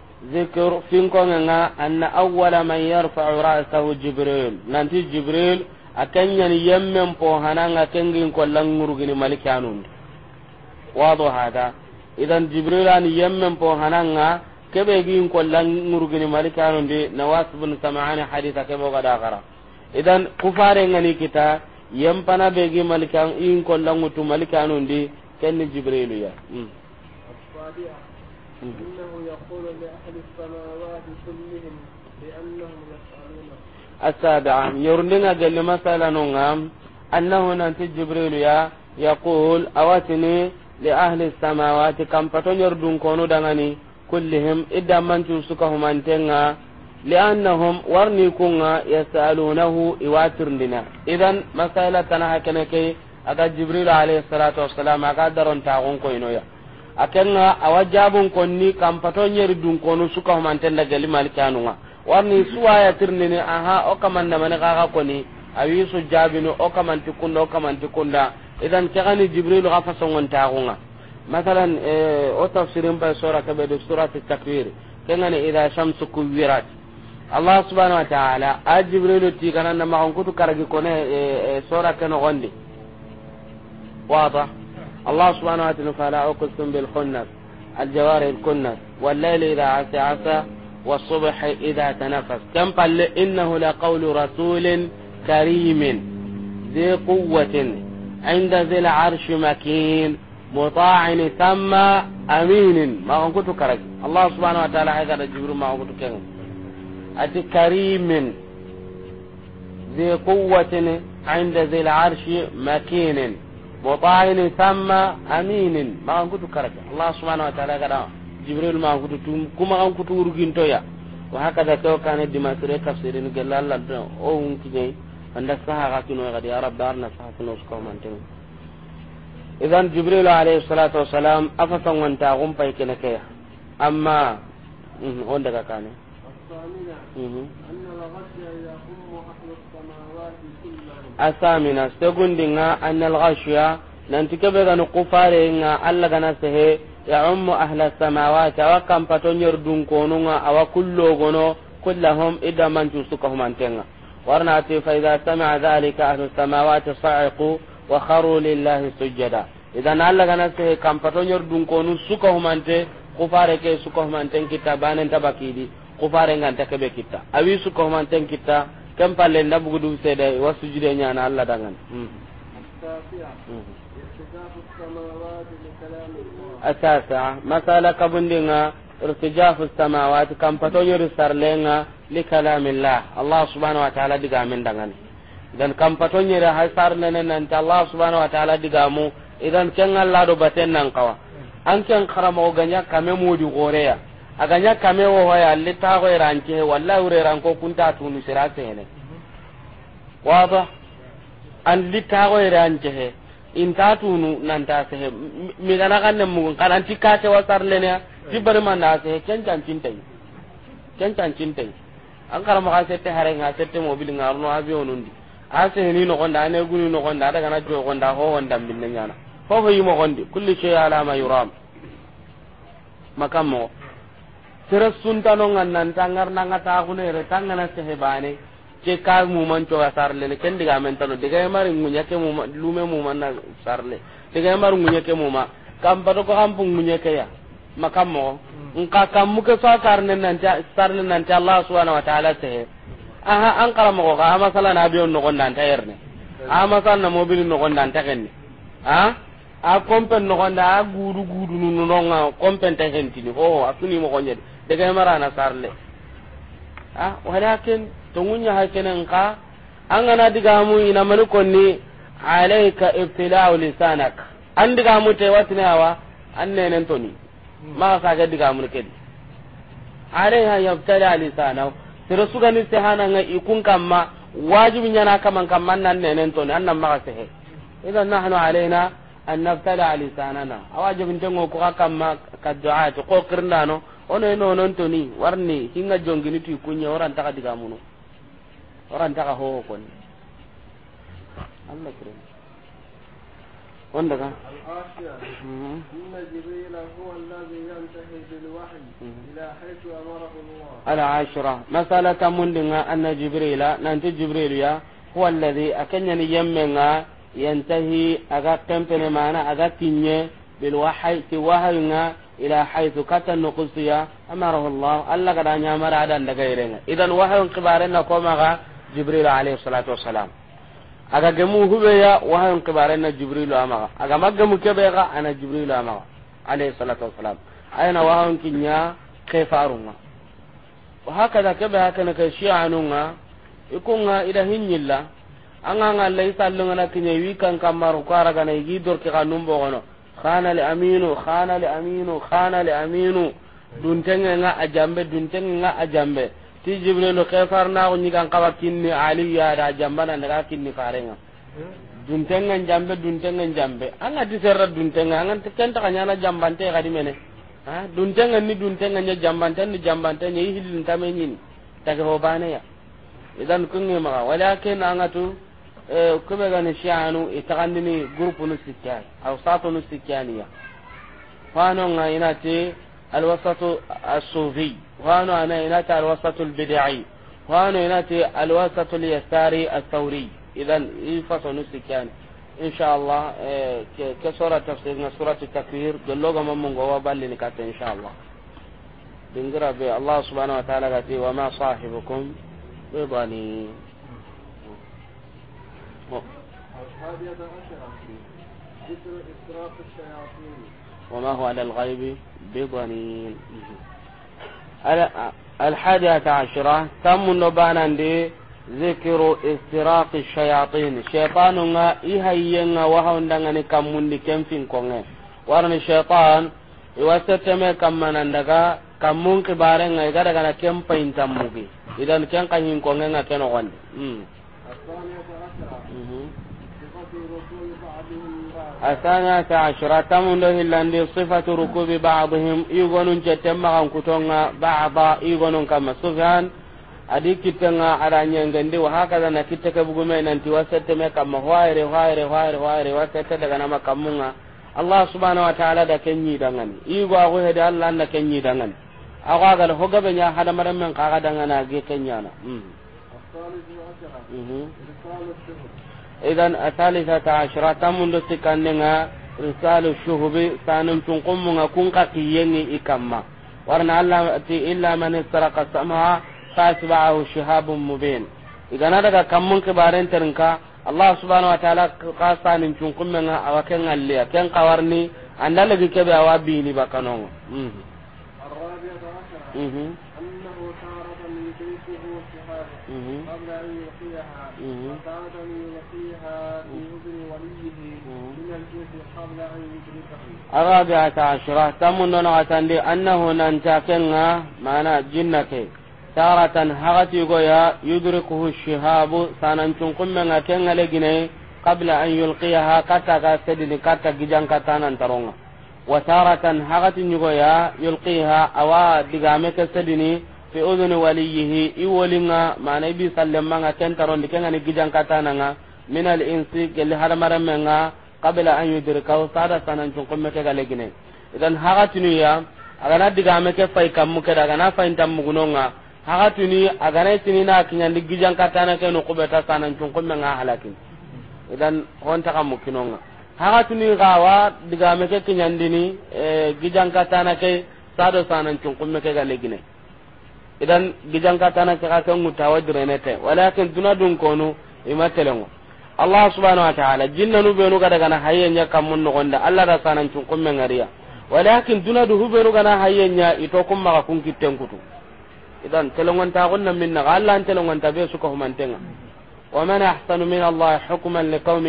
S1: ذكر فينكم أن أن أول من يرفع رأسه جبريل ننتي جبريل أكن يعني يمن بوهانا كنجين كلن مرغني ملكانون واضح هذا إذا جبريل أن يمن بوهانا كبيجين كلن مرغني ملكانون دي نواس بن سمعان حديثة كبو غداغرا إذا كفارين يعني كتا يمبنا بيجي ملكان إن كلن متو ملكانون دي كن جبريل يا
S2: أنه يقول لأهل السماوات كلهم لأنهم يسألون
S1: السابعة يرندنا جل مثلا نغام أنه ننتي جبريل يا يقول أواتني لأهل السماوات كم فتن يردون كونو دغني كلهم إدى من تسكهم أنتنا لأنهم ورنيكونا يسألونه إواتر لنا إذن مسألة تنهى كنكي أقد جبريل عليه الصلاة والسلام أكا درون تاغون كوينويا akenga awajabun konni kampato nyeri dun kono suka humantenda gali malikanunga warni tirni ne aha o kamanda mani kaka koni awi su jabinu o kamanti kunda o kamanti kunda idan kegani jibrilu ka fasongontaxunga masalan eh, o tafsirin pay sora keɓede surati takwir kengani ida shamsu kuwirat allah subhanahu wa taala a jibrilu tigananna maxon kutu karagi kone eh, eh, sora ke noxondi wata الله سبحانه وتعالى فلا أقسم بالخنس الجوار الكنس والليل إذا عسى عسى والصبح إذا تنفس كم قال إنه لقول رسول كريم ذي قوة عند ذي العرش مكين مطاع ثم أمين ما قلت كرك الله سبحانه وتعالى هذا جبريل ما قلت كرك أتي كريم ذي قوة عند ذي العرش مكين botahini samma aminin magan kutu karake allah subhanahu wa ta'ala gada jibril magan kutu tum kuma kan kutu urginto ya wa hakada to kana dimasire tafsirin gelalla do o unkinye anda saha ga kino ga ya rabbi arna saha kino suka mantin idan jibril alayhi salatu wassalam afatan wanta gumpai daga kane asamina segundinga anna alghashya nanti kebe gani kufarenga alla gana sehe yaummu ahla samawati ko kampato nyerdunkonunga awa kullogono kullahum idda mancu sukahumantenga warnati faida samia dhalika ahlu samawati saiqu wa kharu lillahi idan alla gana sehe kampato kufare ke tabakidi kufare ngan ta kebe kita awi su ko man ten kita kan palle na bugu du se da wasu jide nya na Allah dangan
S2: hmm. hmm.
S1: asasa masala kabundinga irtijafu samawati kam yuri sarlenga li kalamillah Allah subhanahu wa ta'ala diga min dangan dan kam nyira ha sarlene nan ta Allah subhanahu wa ta'ala diga mu idan kengal lado baten nan kawa an ken karamo ganya kame di goreya aganya kame wo hoya le ta go ranke walla ure ranko kunta tunu sira sene waba an li ta go ranke he in ta tunu nan ta se mi gana kan ne mun kan an ka ce wasar le ne ti bari man na se ken can cintai ken can cintai an karama ka se te hare nga se te mobil ngarno abi onundi a se ni no gonda ne guni no gonda daga na jo gonda ho wonda minne nyana ho ho yimo gondi kulli shay ala ma yuram mo tere suntanonga nanta ngarnanga taxunere tangana bane ce ka to coga sarlene ken digamentano digamari guñake mu lume mu mumanna sarle ma kam ba kampato ko kampu guñakeya ma kammoxo nka sa so nan nanti sarle nanti allah subhanahu wa taala sehe aha an ko xa amasala na gon nan nanta yerne a masal na mobili noxon nanta ha a kompen no gon a gudu gudu nu nga kompen ta hentini ho asuni mo gonye daga mara na sarle a walakin tungunya hakenan ka an gana diga mu ina mani konni alayka ibtila'u lisanak an diga mu te awa an ne nan toni hmm. ma ka ga diga mu di alayha yabtala lisanahu sira sugani se ga ikun kamma wajibi nyana kaman kamman nan ne nan an annan ma ka he idan nahnu alaina an nabtala lisanana awajibin tengo ko kamma ka du'a ko kirnano ono eno non toni warni hinga jongini tu kunya orang taka diga munu orang taka ho kon Allah kira wanda ka
S2: mm-hmm. ala ashra masala
S1: ta mundinga anna jibrila nanti jibril ya huwa alladhi akanya ni yantahi aga tempene mana aga tinye بالوحي توهلنا إلى حيث كتن نقصيا أمره الله ألا قد أن يأمر هذا دقيرنا إذا وحي قبارنا كما جبريل عليه الصلاة والسلام aga gemu hubeya wahayon kibarenna jibrilu amaga aga maggemu kebega ana jibrilu amaga alayhi salatu wassalam ayana wahayon kinya kefarunga wa hakada kebe hakana ka shi'anunga ikunga ida hinyilla anga nga lay sallunga na kinya wi kan kamaru kwara kana igi dorki kanumbo gono khana li aminu khana li aminu khana aminu duntenga nga nga ajambe ti jibril do kefar na ko nyigan kawa jambe Eh, kube gani shi'anu itagandini grupu nu sikkani awsatu nu sikkaniya wano nga inati alwasatu asufi wano ana inati alwasatu albid'i wano inati alwasatu alyasari athawri idan ifaso nu sikkani insha Allah eh, ke sura tafsir na suratu takwir dolloga mamungo wa ballini kata insha Allah dingira be Allah subhanahu wa ta'ala wa ma sahibukum bi dhalim
S2: الحادية عشرة ذكر إسراف الشياطين
S1: وما هو على الغيب بضنين الحادية عشرة تم نبانا دي ذكر استراق الشياطين شيطان إيهينا وهو ندغني كم من كم فين كونه warni shaitan iwaseteme kammanandaga kammun kibarenga igadagana ken paintammugi idan ken kahinkongenga kenogondi mm. الثانية عشرة تمنه اللندي صفة ركوب بعضهم يغنون جتمغا كتونغا بعضا يغنون كما سفيان adi da kenyi dangani igo ago hede allah idan ta athalisata ashara tamundo sikkannenga risalu shuhubi sanin tunqummunga kunqa kiyengi ikamma warna allah ti illa man istaraka samaa fasbahu shihabun mubin igana daga kammun kibaren terinka allah subhanahu wa ta'ala ka sanin tunqummenga awaken alliya ken qawarni andalagi kebe awa bini bakanonga
S2: الرابعة عشرة أنه تعرض من جيشه قبل أن فكانت يلقيها في اذن وليه من الجهد قبل ان يدركه
S1: الرابعة عشرة تمن نغتندي أنه ننتاكنها معنى جنك تارة هغت يقويا يدركه الشهاب سانانتون قمنا كنغ لجنه قبل أن يلقيها كتاكا سدني كتاكا جان كتانا ترونها وتارة هغت يقويا يلقيها أوا دقامك سدني fi udhuni waliyihi i wolinga mana i bi sallemanga ken tarondi ke ngani gijankatananga min al insi gelli hadamarenmenga qabla an yudrikahu sada sanancunkomme ke gale gine idan hakatinuya agana digame ke fay kammu keda agana fayintammugunonga hakatuni agana itinina kiñandi gijankatana ke kubeta sanan nukuɓeta nga halakin idan hontaka mukkinonga hakatuni gawa digame ke kiñandini eh, gijankatana ke sanan sado sanancunkomme ke gale gine. idan ka tana ka ne ta walakin duna dun kono allah subhanahu wa taala jinnanu ga ya kan mun allah da kun men ariya walakin duna du hubenu hayyan ya ito kun ma kun kitten kutu idan min na allah an ta be suka humantenga ومن أحسن من الله حكما لقوم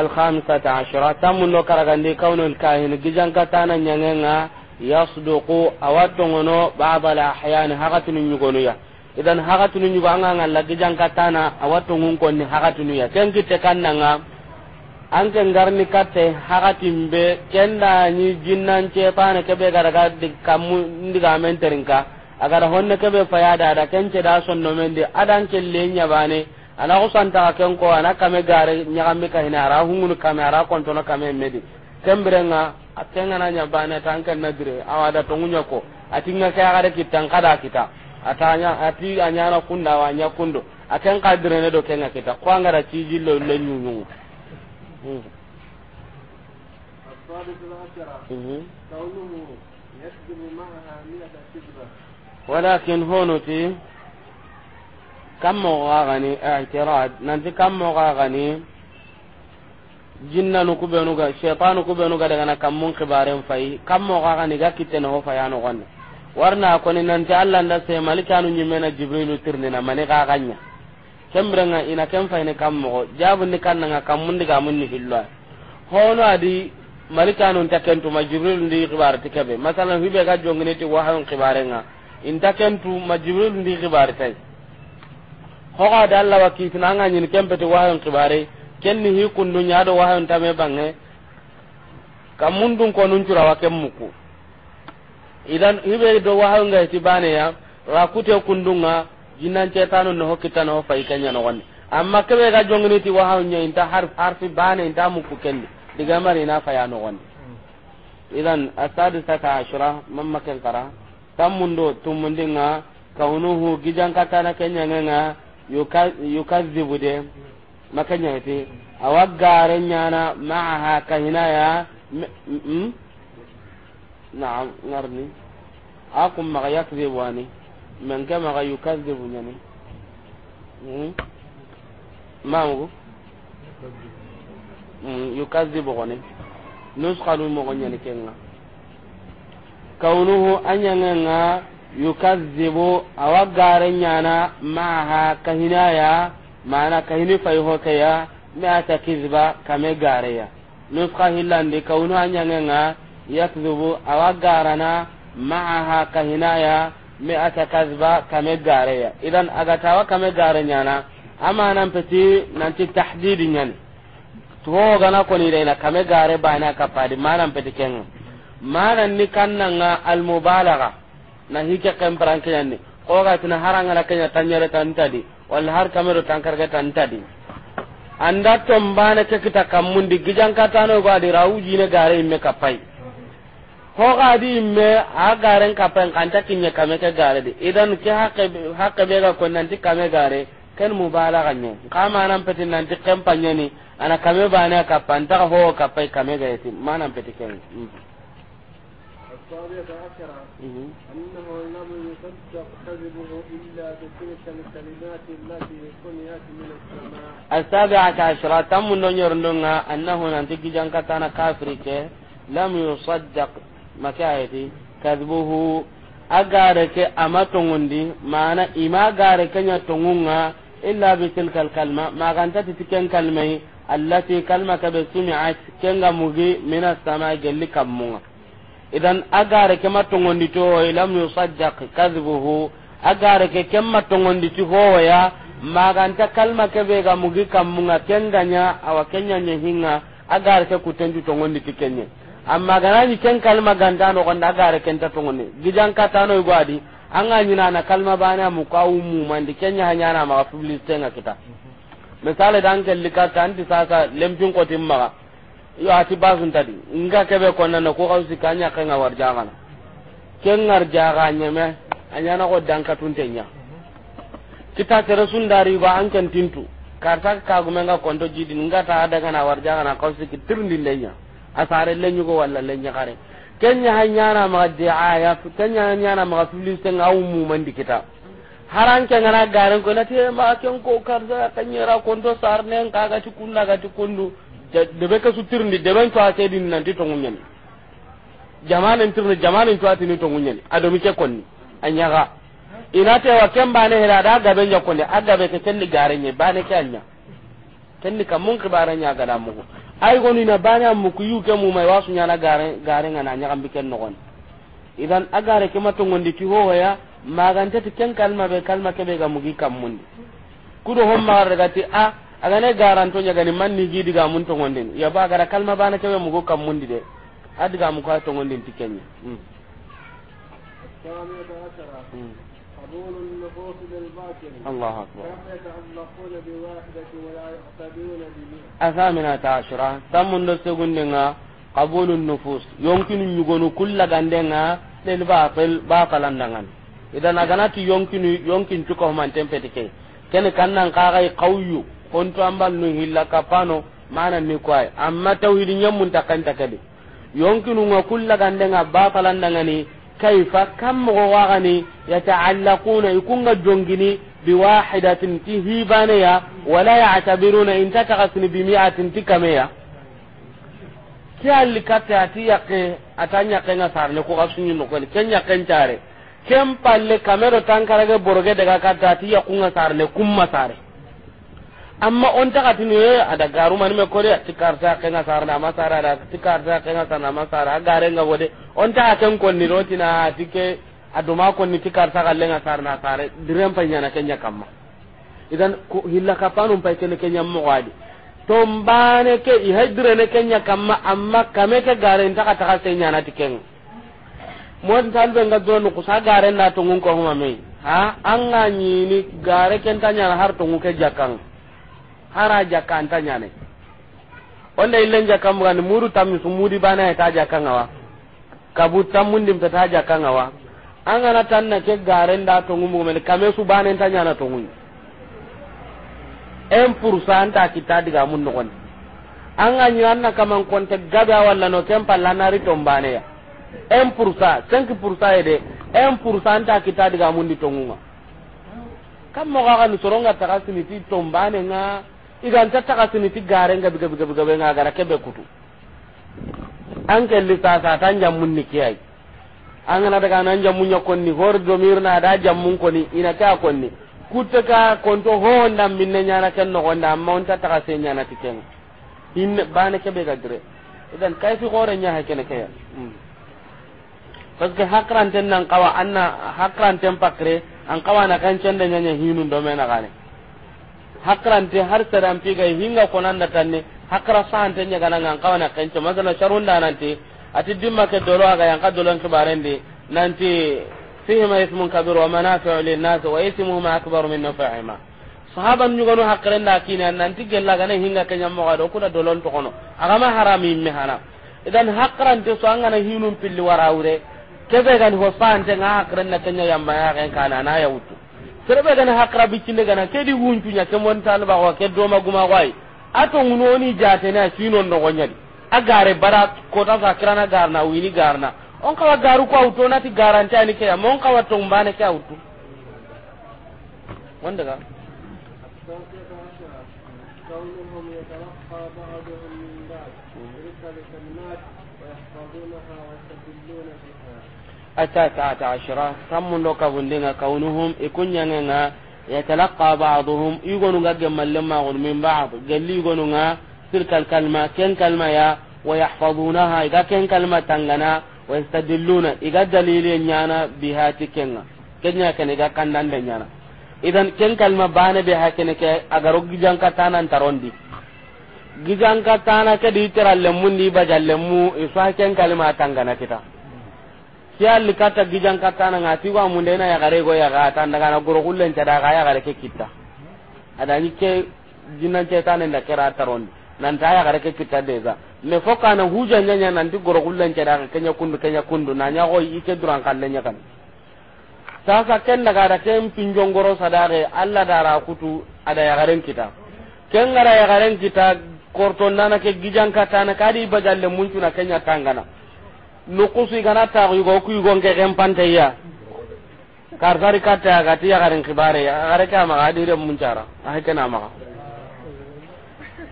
S1: الخامسة عشرة تم نكرغندي كون الكاهن جيجان كتانا نيانغا يصدق أواتونغنو بعض الأحيان هغتن نيغونيا idan hakatunu ñugo anga nga lagi jankatana awa tongun konni hakatunuya ken katte be jinnan ka agada honne keɓe fayadada kence da sonnomendi adan kelle ana ko santa ken ko ana kame gare nyaambe ka hina ara hungunu kame ara na kame medi nga atenga na na tanka dire awada tongunya ko atinga ka gare kitan kada kita atanya ati anyana kunda wa kundo aken dire ne do kenga kita kwanga ra ci jillo le nyunyu ولكن هونتي kam mo ga gani i'tirad nanti kam mo ga gani jinna nu ku benu ga shaytanu ku benu ga daga na kam mun khibaren fai kam mo ga gani ga kitene ho fayano gonne warna ko ni nanti allah nda se malikanu na jibrilu tirnina mani ga ganya kembrenga ina ken ne kam mo jabu ni kannanga kam mun diga mun ni hilwa hono adi malikanun ta kentu ma jibril ndi khibar ti kebe masalan hibe ga jongini ti wahan khibarenga inta kentu ma jibril ndi khibar tai hoga da Allah wa kitina ni nyin kempete wahan kibare kenni hi kundu nyaado wahan tame bange ka ko nun cura wa kemmuku idan hibe do wahan ga bane ya rakute kundunga jinnan cetanu no hokita no fay ikanya no wonni amma kebe ga jongni ti wahan nya inta har harfi bane inta muku kenni diga mari na ya no wonni idan asadisa ta ashura mamma ken kara tammundo tumundinga kaunuhu gijankatana nga. yukazibu de makanya hete awa gare nyana ma'aha kahina ya na'am ngarni akum maga yakzibu ani man ka maga yukazibu nyani hmm? mangu hmm, yukazibu gone nusqalu mo gonyani kenga kaunuhu anyanga yukazzibu awa gare nyana maha kahinaya mana kahini fay hokeya mi'ata kizba kame gareya nuska hillandi kaunu anyangenga yakzubu awa garana maha kahinaya mi'ata kazba kame ya idan agatawa kame gare nyana ama nan peti nanti tahdidi nyani to gana koni dai na kame gare bana kapadi manan peti kenga manan ni kannanga al mubalagha na hike kan paranke yanni ko ga tuna haranga la kenya tanyere tan tadi wal har kamero tan karga tan tadi anda tombane ke kita kamundi gijan katano go adi rawuji ne gare imme kapai ko ga di imme a garen kapai kanta kinye kame ke gare di idan ke hakke hakke be ga kon nanti kame gare ken mubalaga nye kama nan peti nanti kampanye ni ana kame bana kapanta ho kapai kame ga yati manan peti ken mm.
S2: الرابعة عشرة أنه لم يصدق كذبه إلا بتلك الكلمات التي سمعت من السماء
S1: السابعة عشرة تم ننير لنا أنه ننتج جنكتنا كافر لم يصدق مكايتي كذبه agareke ama tongondi mana ima garekenya tongunga illa bitilka alkalma magantati tiken kalmai allati kalma kabe sumi'at kenga mugi mina sama gelli kammunga idan agare ke matongondi to hoye lam yusaddaq kadhibuhu agare ke kemma tongondi ti hoya maganta kalma ke be ga mugi kammunga kenganya awa kenya hinga agare ke kutenju tongondi ti kenye amma ni ken kalma ganda no gonda agare kenta tongondi gijan katano igwadi anga nyina na kalma bana mu kawumu mandi kenya na ma publicity nga kita mhm. misale dan ke likata anti sasa lempin kotimma yo ati basun tadi nga kebe konna na ko kausi kanya kanga warjagana ken jaganya me anya na ko danka tuntenya kita tere sundari ba an kan tintu karta ka gumenga kondo jidi nga ta ada kana war warjagana kausi ki tirndi lenya asare lenyu ko walla lenya kare kenya hanya na ma diaya kenya hanya na ma sen ngau mu mandi kita
S2: haran ke ngana garan
S1: ko na te ma ken ko karza kanyera kondo sarne kaga tukunna ga tukundu debe ke sutirndi deben cuwa sedini nanti tonguñani jamanen tirni jamanen cuwatini tonguñani adomi ke konni a te wa ken bane hera ada gabe jakonde a be ke gare garenye bane ke a ña kenni kam mun kibarenye a gada mu ay na bane a ke mu mai wasu ñana gare anya na bi ken nogoni idan agare ke kema ngondi ti hohoya maganteti ken kalma be kalma be ga gi kam mun
S2: kudo hommagarregati
S1: a aga ne garanto nya gani manni gi diga mun to ngondin ya ba gara kalma bana tawe mu ko to ngondin tikenya mm الله أكبر الثامنة عشرة ثم نستغنى قبول النفوس يمكن أن يكون كل to ambal nu hilla kapano mana ni ay amma tawhid nyammun takanta kadi yonkinu nga kulla gandenga batalanda ni kaifa kam mo wagani yata'allaquna ikunga jongini bi biwahidatin ya. wala ya'tabiruna in tataqasni bimi'atin tikameya ke alli katta ati yakke atanya kenga sarne ko kasunyi no ko kenya kencare kem palle kamero tankarage borge daga katta ati yakunga sarne kumma sare amma on ta ne ye da garu mani me kore tikar ta kenga na masara ada tikar ta kenga na masara agare nga gode on ta ken konni roti na tike duma konni tikar ta kallenga na sare diren fanya na kenya kamma idan ko hilla kapanu pay ken kenya mu wadi tombane ke ihadre ne kenya kamma amma kame ke gare ta kata ka senya na tiken ta talbe nga do no kusa gare na to ngun ko huma me ha ka nyini gare kenta tanya har to ke jakang hara jakka anta nyane onda illen jakka mugani muru tammi su mudi bana ya ta jakka ngawa kabu tammundi mta ta jakka ngawa angana tanna ke garen da to ngumu men kame su bana enta nyana to ngun en pursa anta kita diga mun no kon anga nyanna kaman konta gaga walla no kempa lanari tombane ya en pursa 5 pursa ede en pursa anta kita diga mun di to ngunga kam mo ga ni soronga takasini ti tombane nga gare nga garengabi gabi gabi nga gara kebe kutu an kelli sasa tan jammunni kiyai an na daga nan yakon ni hor domir na da jammun koni ina ka ni kutta ka konto ho ndam minne nyana ken no gonda amma on taka ka senya ti ken in na kebe ga gadre idan kai fi hore nya ha ken ya kaske mm. hakran ten nan kawa anna hakran ten pakre an kawa na kan cende nyanya hinun do na kane hakrante har sadan piga hinga konanda tanne hakra sahante nyagana ngan kawana kenche masala sharunda nanti ati dimma ke dolo aga yang ka dolon kibarende nanti fihima ismun kabir wa manafi'u lin nas wa ismuhuma akbar min nafa'ihima sahaban nyugonu hakrenda kina nanti gella gane hinga kenya mo gado kuda dolon to kono ma harami mi hana idan hakrante so angana hinum pilli warawre kebe gan ho sante nga hakrenda kenya yamba ya kan kana na ya wutu serebe gana hakra biccinde gana kedi huncuña ke montanbaxoa ke domagumaxoayi a tongunoni jatene a sinon noxoñadi
S2: a gare bara
S1: kotasa kirana garna wini garna
S2: on kawa garu ko awuto
S1: nati garanti ani keya ma on kawa tong bane ke awutu on daga
S2: كونهم يتلقى بعضهم من بعض تلك
S1: atata ashira tammun do ka bundinga kaunuhum ikunyanga yatalaqa ba'dhum yugonu ga gemalle ma gonu min ba'd galli yugonu nga sirkal kalma ken kalma ya wa yahfazunaha iga ken kalma tangana wa istadilluna iga dalile nyana biha tikenga kenya kan iga kandan de nyana idan ken kalma bana be hakene ke agaro gijanka tanan tarondi gijanka tanaka di teralle mundi bajalle mu isa ken kalma tangana kita ti kata gijan kata na ngati wa mun na ya gare go ya ga ta daga na goro kullen ta daga ya gare ke kitta ada ni ke jinan ce tanen da kera taron nan ta ya gare ke kitta de za me foka na hujan nyanya nan ti goro kullen ta daga kenya kundu kenya kundu na nya go ike duran kallen nya kan sasa ken daga da ken pinjon goro sadare alla dara kutu ada ya garen kita ken gara ya garen kita korton nana ke gijan kata na kadi bajalle muncu na kenya tangana nukusu igana taxuyigo ku yigonke ya karsari ya agati yagarin kibare agare kama amaga adire muncara ahe kena maga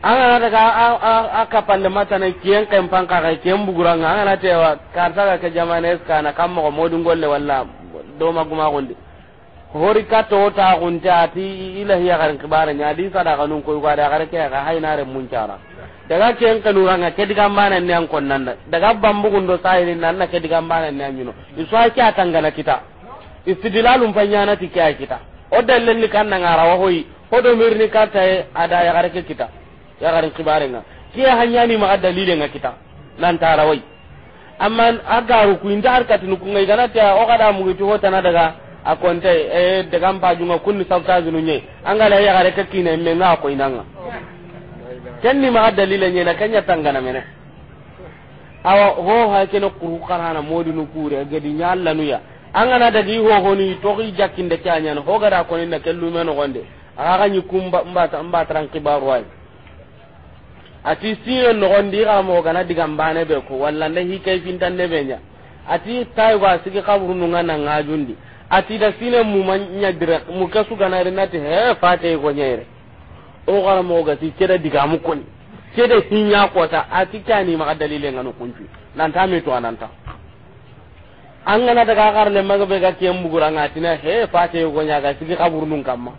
S1: angana ka a mata matana kien kempan kaka kien buguranga angana tewa karsaga ke eska na kam mogo modu ngole wala doma guma gondi hori kato ta gunta ati ilahi yagarin kibare nya di da nun koy gwada agare kaya ka hainare muncara daga ke kanu ranga ke diga mana ne an konnan da daga bambu gundo ni nan na ke diga mana ne yuno isu atanga na kita istidlalum panyana ti kya kita o dallen ni kan nga wa hoyi hodo mirni kata ada ya ke kita ya garin kibarenga hanya ni ma dalile nga kita nan tarawai amma agaru ku inda tinu ku ngai ganata o kada mu gitu hotana daga akonte e daga mbaju nga kunni sabta zununye angala ya garake kine menga ko inanga kenni ma dalila nyena kanya tangana mene awa ho ha kene quru qarana modi nu kure gadi nyalla nu ya angana dagi ho ni to gi jakinde kanya no hoga da ko ni na kellu meno gonde aga nyi kumba ta mba ran kibaru ay ati siyo no gonde ga mo gana diga mbane be ko walla ne hi kay tan ne benya ati tay wa sigi qabru nu ngana ngajundi ati da sine mu manya direk mu kasu gana renate he fate ko nyere o gara mo ga ti keda diga mu kon keda hinya kota ti kani ma dalile ngano kunci nan ta me to ananta an gana daga gar le maga be ga kiyan bugura ngati na he fa te go nya ga sigi kaburnun kamma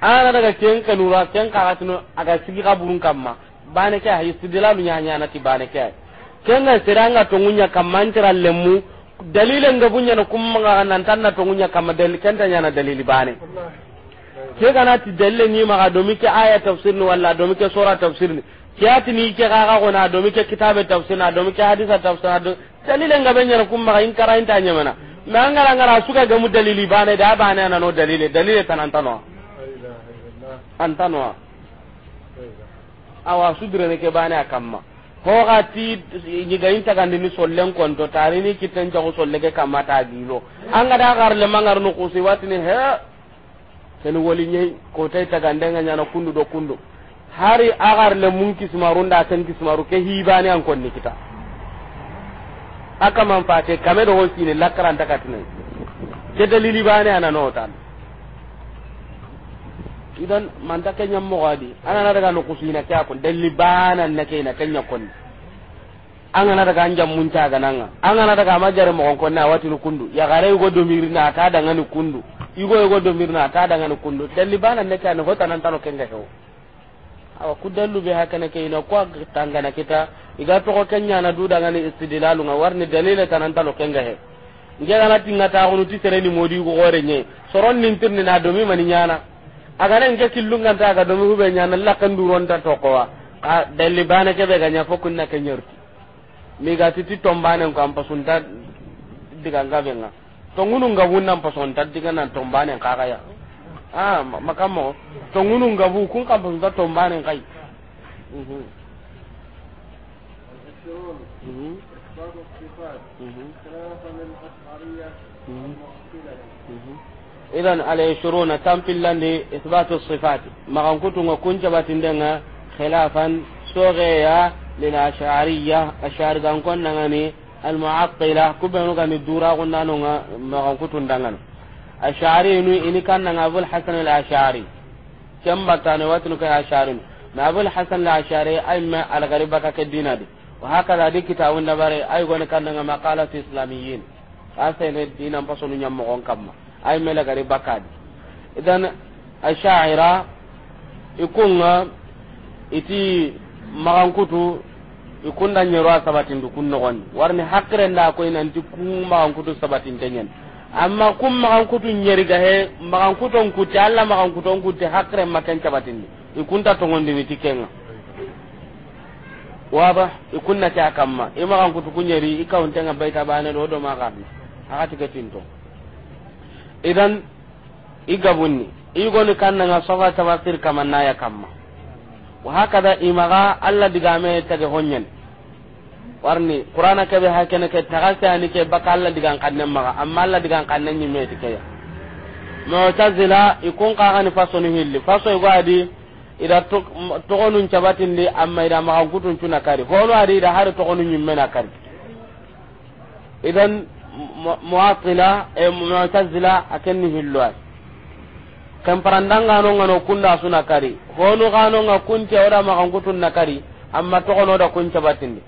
S1: ana daga kiyan kanura kiyan ka gatino aga sigi kaburun kamma bane hayi hay sidilalu nya nya na ti bane ke kenga seranga to ngunya le lemu dalile ngabunya na kumma ga nan tan na to ngunya kamma dalil kenta nya na dalili bane ke kana ti dalle ni ma domi ke aya tafsir ni wala domi ke sura tafsir ni ke ati ni ke gaga ko na ke kitabe tafsir na domi ke hadisa tafsir na dalile nga nyara kum ma in kara inta nyamana ma nga ra suka ga mu dalili ne da ne na no dalile dalile tan antano awa sudre ne ke bane akamma ko ga ti nyiga inta ga ni sollen konto tari ni kiten jago solle ke kamata gilo an ga da le mangar no kusi watini he ken woli nyai ko tay tagandenga nyana kundu do kundu hari agar le mun kismaru nda tan kismaru ke hibani an konni kita aka man fate kame do hosine lakaran takatne ke dalili bani ana notan idan man ta kenya mo gadi ana na daga no kusina kya kun dalili bana na kenya kenya konni angana daga an anjam munta gananga angana daga majare mo ko na watinu kundu ya gare go do mirna ta daga ni kundu igo go do mirna ta daga ni kundu dalli bana ne ta no hota nan tano kenga ko. awa ku dallu be hakana ke ina ko tangana kita iga to ko kenya na du daga ni istidlalu nga warni dalila tanan tano kenga he ngena tinga ta ko nuti sere ni modi ko gore nye soron nin tirni na do mi mani nyana aga nan ke killunga ta ga do mi hube nyana la kan duron ta tokowa dalli bana ke be ganya fokunna kenyarti mi migati ti tombanen kan pasunta diganga ɓenga tongunu ngabu nan pasunta diganan tombanen kakaya ah, a makammogo tongunu ngabu kun kan pasunta tombanen kay mhm.
S2: mhm. mhm.
S1: idan alishiruna tampillandi isbatu sifati magan kutunga kun jabatindenga khilafan sogeya للأشعرية أشعر كان كنا غني المعطلة كبنو غني دورا كنا نونا ما كنتون دعنا أشعري إنه إن كان أبو الحسن الأشعري كم بتاني واتنو كأشعري ما أبو الحسن الأشعري أما على غريبة كدينا دي وهكذا دي كتاب النبري أي غني كان مقالة إسلاميين أسين الدين أم بسون يم مغون كم أي ما غريبة كادي إذن أشاعرة يكون iti magankutu ikunda nyero sabatin du kun nogon warni hakre nda ko inan ti kuma an kutu sabatin tenyen amma kuma ma an kutu nyeri ga he ma an kutu kutu alla ma an kutu kutu hakre makan sabatin ni ikunta to ngondi ni tikenga waba ikunna ta kamma e ma an kutu kunyeri ikawun tenga baita bana do do ma garni aka tike tinto idan igabunni igoni nga sofa tawasir kamanna ya kamma wa hakada imaga alla digame tage honyen warni qur'ana ke be hakene ke tagasa ani ke baka alla digan kanne ma amma alla digan kanne ni me tike ya mu'tazila ikun ka kan fasoni ni hilli faso adi ida gonun cabatin di amma ida ma gutun tuna kari hono adi ida har togonun nyimme na kari idan mu'atila e mu'tazila akenni hilwa kemparandangano ngano kunda suna kari honu gano nga kunce oda makangutun na kari amma da oda kunce batindi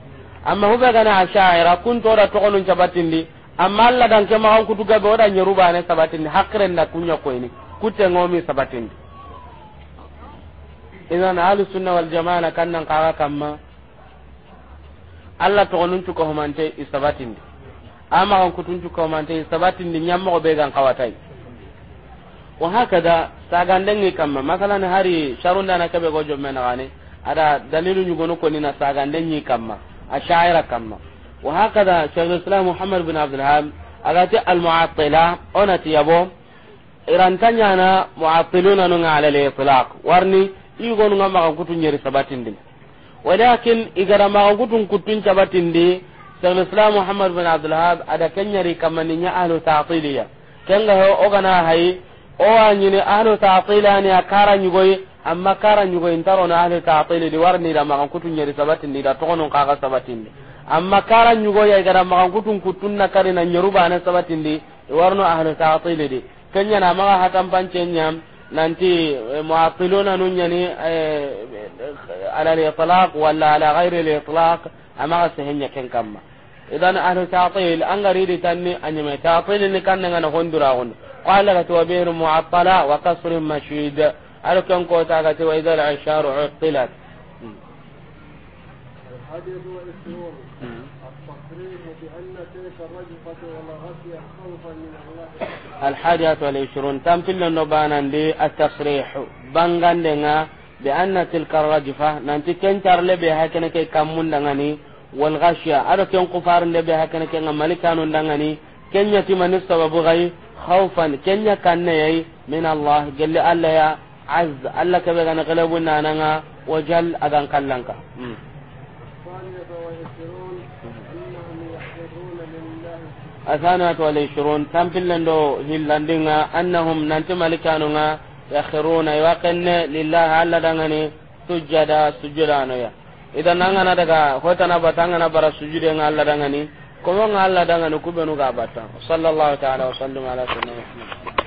S1: amma hube gana ashaira kunto oda togono kunce batindi amma Allah dan ke kutu gabe oda nyeruba ne sabatindi hakre nda kunya ini kutte ngomi sabatindi idan ahlus sunna wal jamaa kannan qara kamma Allah togonun ko humante isabatindi amma kan kutun ko humante isabatindi nyammo be gan kawatai wa hakada sagandengi kamma masalan hari sharundana kebe go jomme nagani ada dalilu ñugono konina sagandenñi kamma shaira kamma wa hakada shekhul islam muhammad bin abdulhab agati almuatila onati yabo iranta ñana muatiluna nunga ala litlaq warni igonunga magan kutu ñeri sabatindi walakin igara magan kutun kuttun sabatindi shekhul islam muhammad bin abdulhab ada kenyari kamma niña ahlu tatiliya kenga he ogana hayi o anyini ahlu ta'til ani akara nyugoi amma kara nyugoi ntaro na ahlu ta'til di warni da makan kutu nyeri sabatin ni da tokonon kaga sabatin amma kara nyugoi ya gara makan kutun kutun na kare na nyeru bana sabatin di warno ahlu ta'til di kenya na maga hatan pancenya nanti eh, mu'attiluna nunyani eh, eh, ala al-itlaq wala ala ghairi al-itlaq amma sahenya ken kamma idan ahlu ta'til an garidi tanni أن ta'til ni kan ngana hondura on qala la tuwa bir mu'attala wa kasr mashid alo kan ko ta ga idal asharu التصريح
S2: بأن تلك الرجفة خوفا من الله الحادية
S1: والعشرون تمثل النبانا التصريح بانغان بأن تلك الرجفة ننتي كنتر لبها كنكي كمون دغني wal ghashiya ada ken kufar nde be hakana ken malikanu ndangani kenya timani sababu gai khawfan kenya kanne yai min allah jalla alla ya az alla ke be gana galabu nananga wajal agan kallanka الثانية والعشرون تم بلندو هيلاندينا أنهم ننت ملكانونا يخرون يوقن لله على دغني سجدا سجدانويا idan nangana daga na hotana batangana bara sujudi nga Allah dangani ko nga Allah dangani kubenu ga batta
S2: sallallahu ta'ala wa sallama ala sayyidina muhammad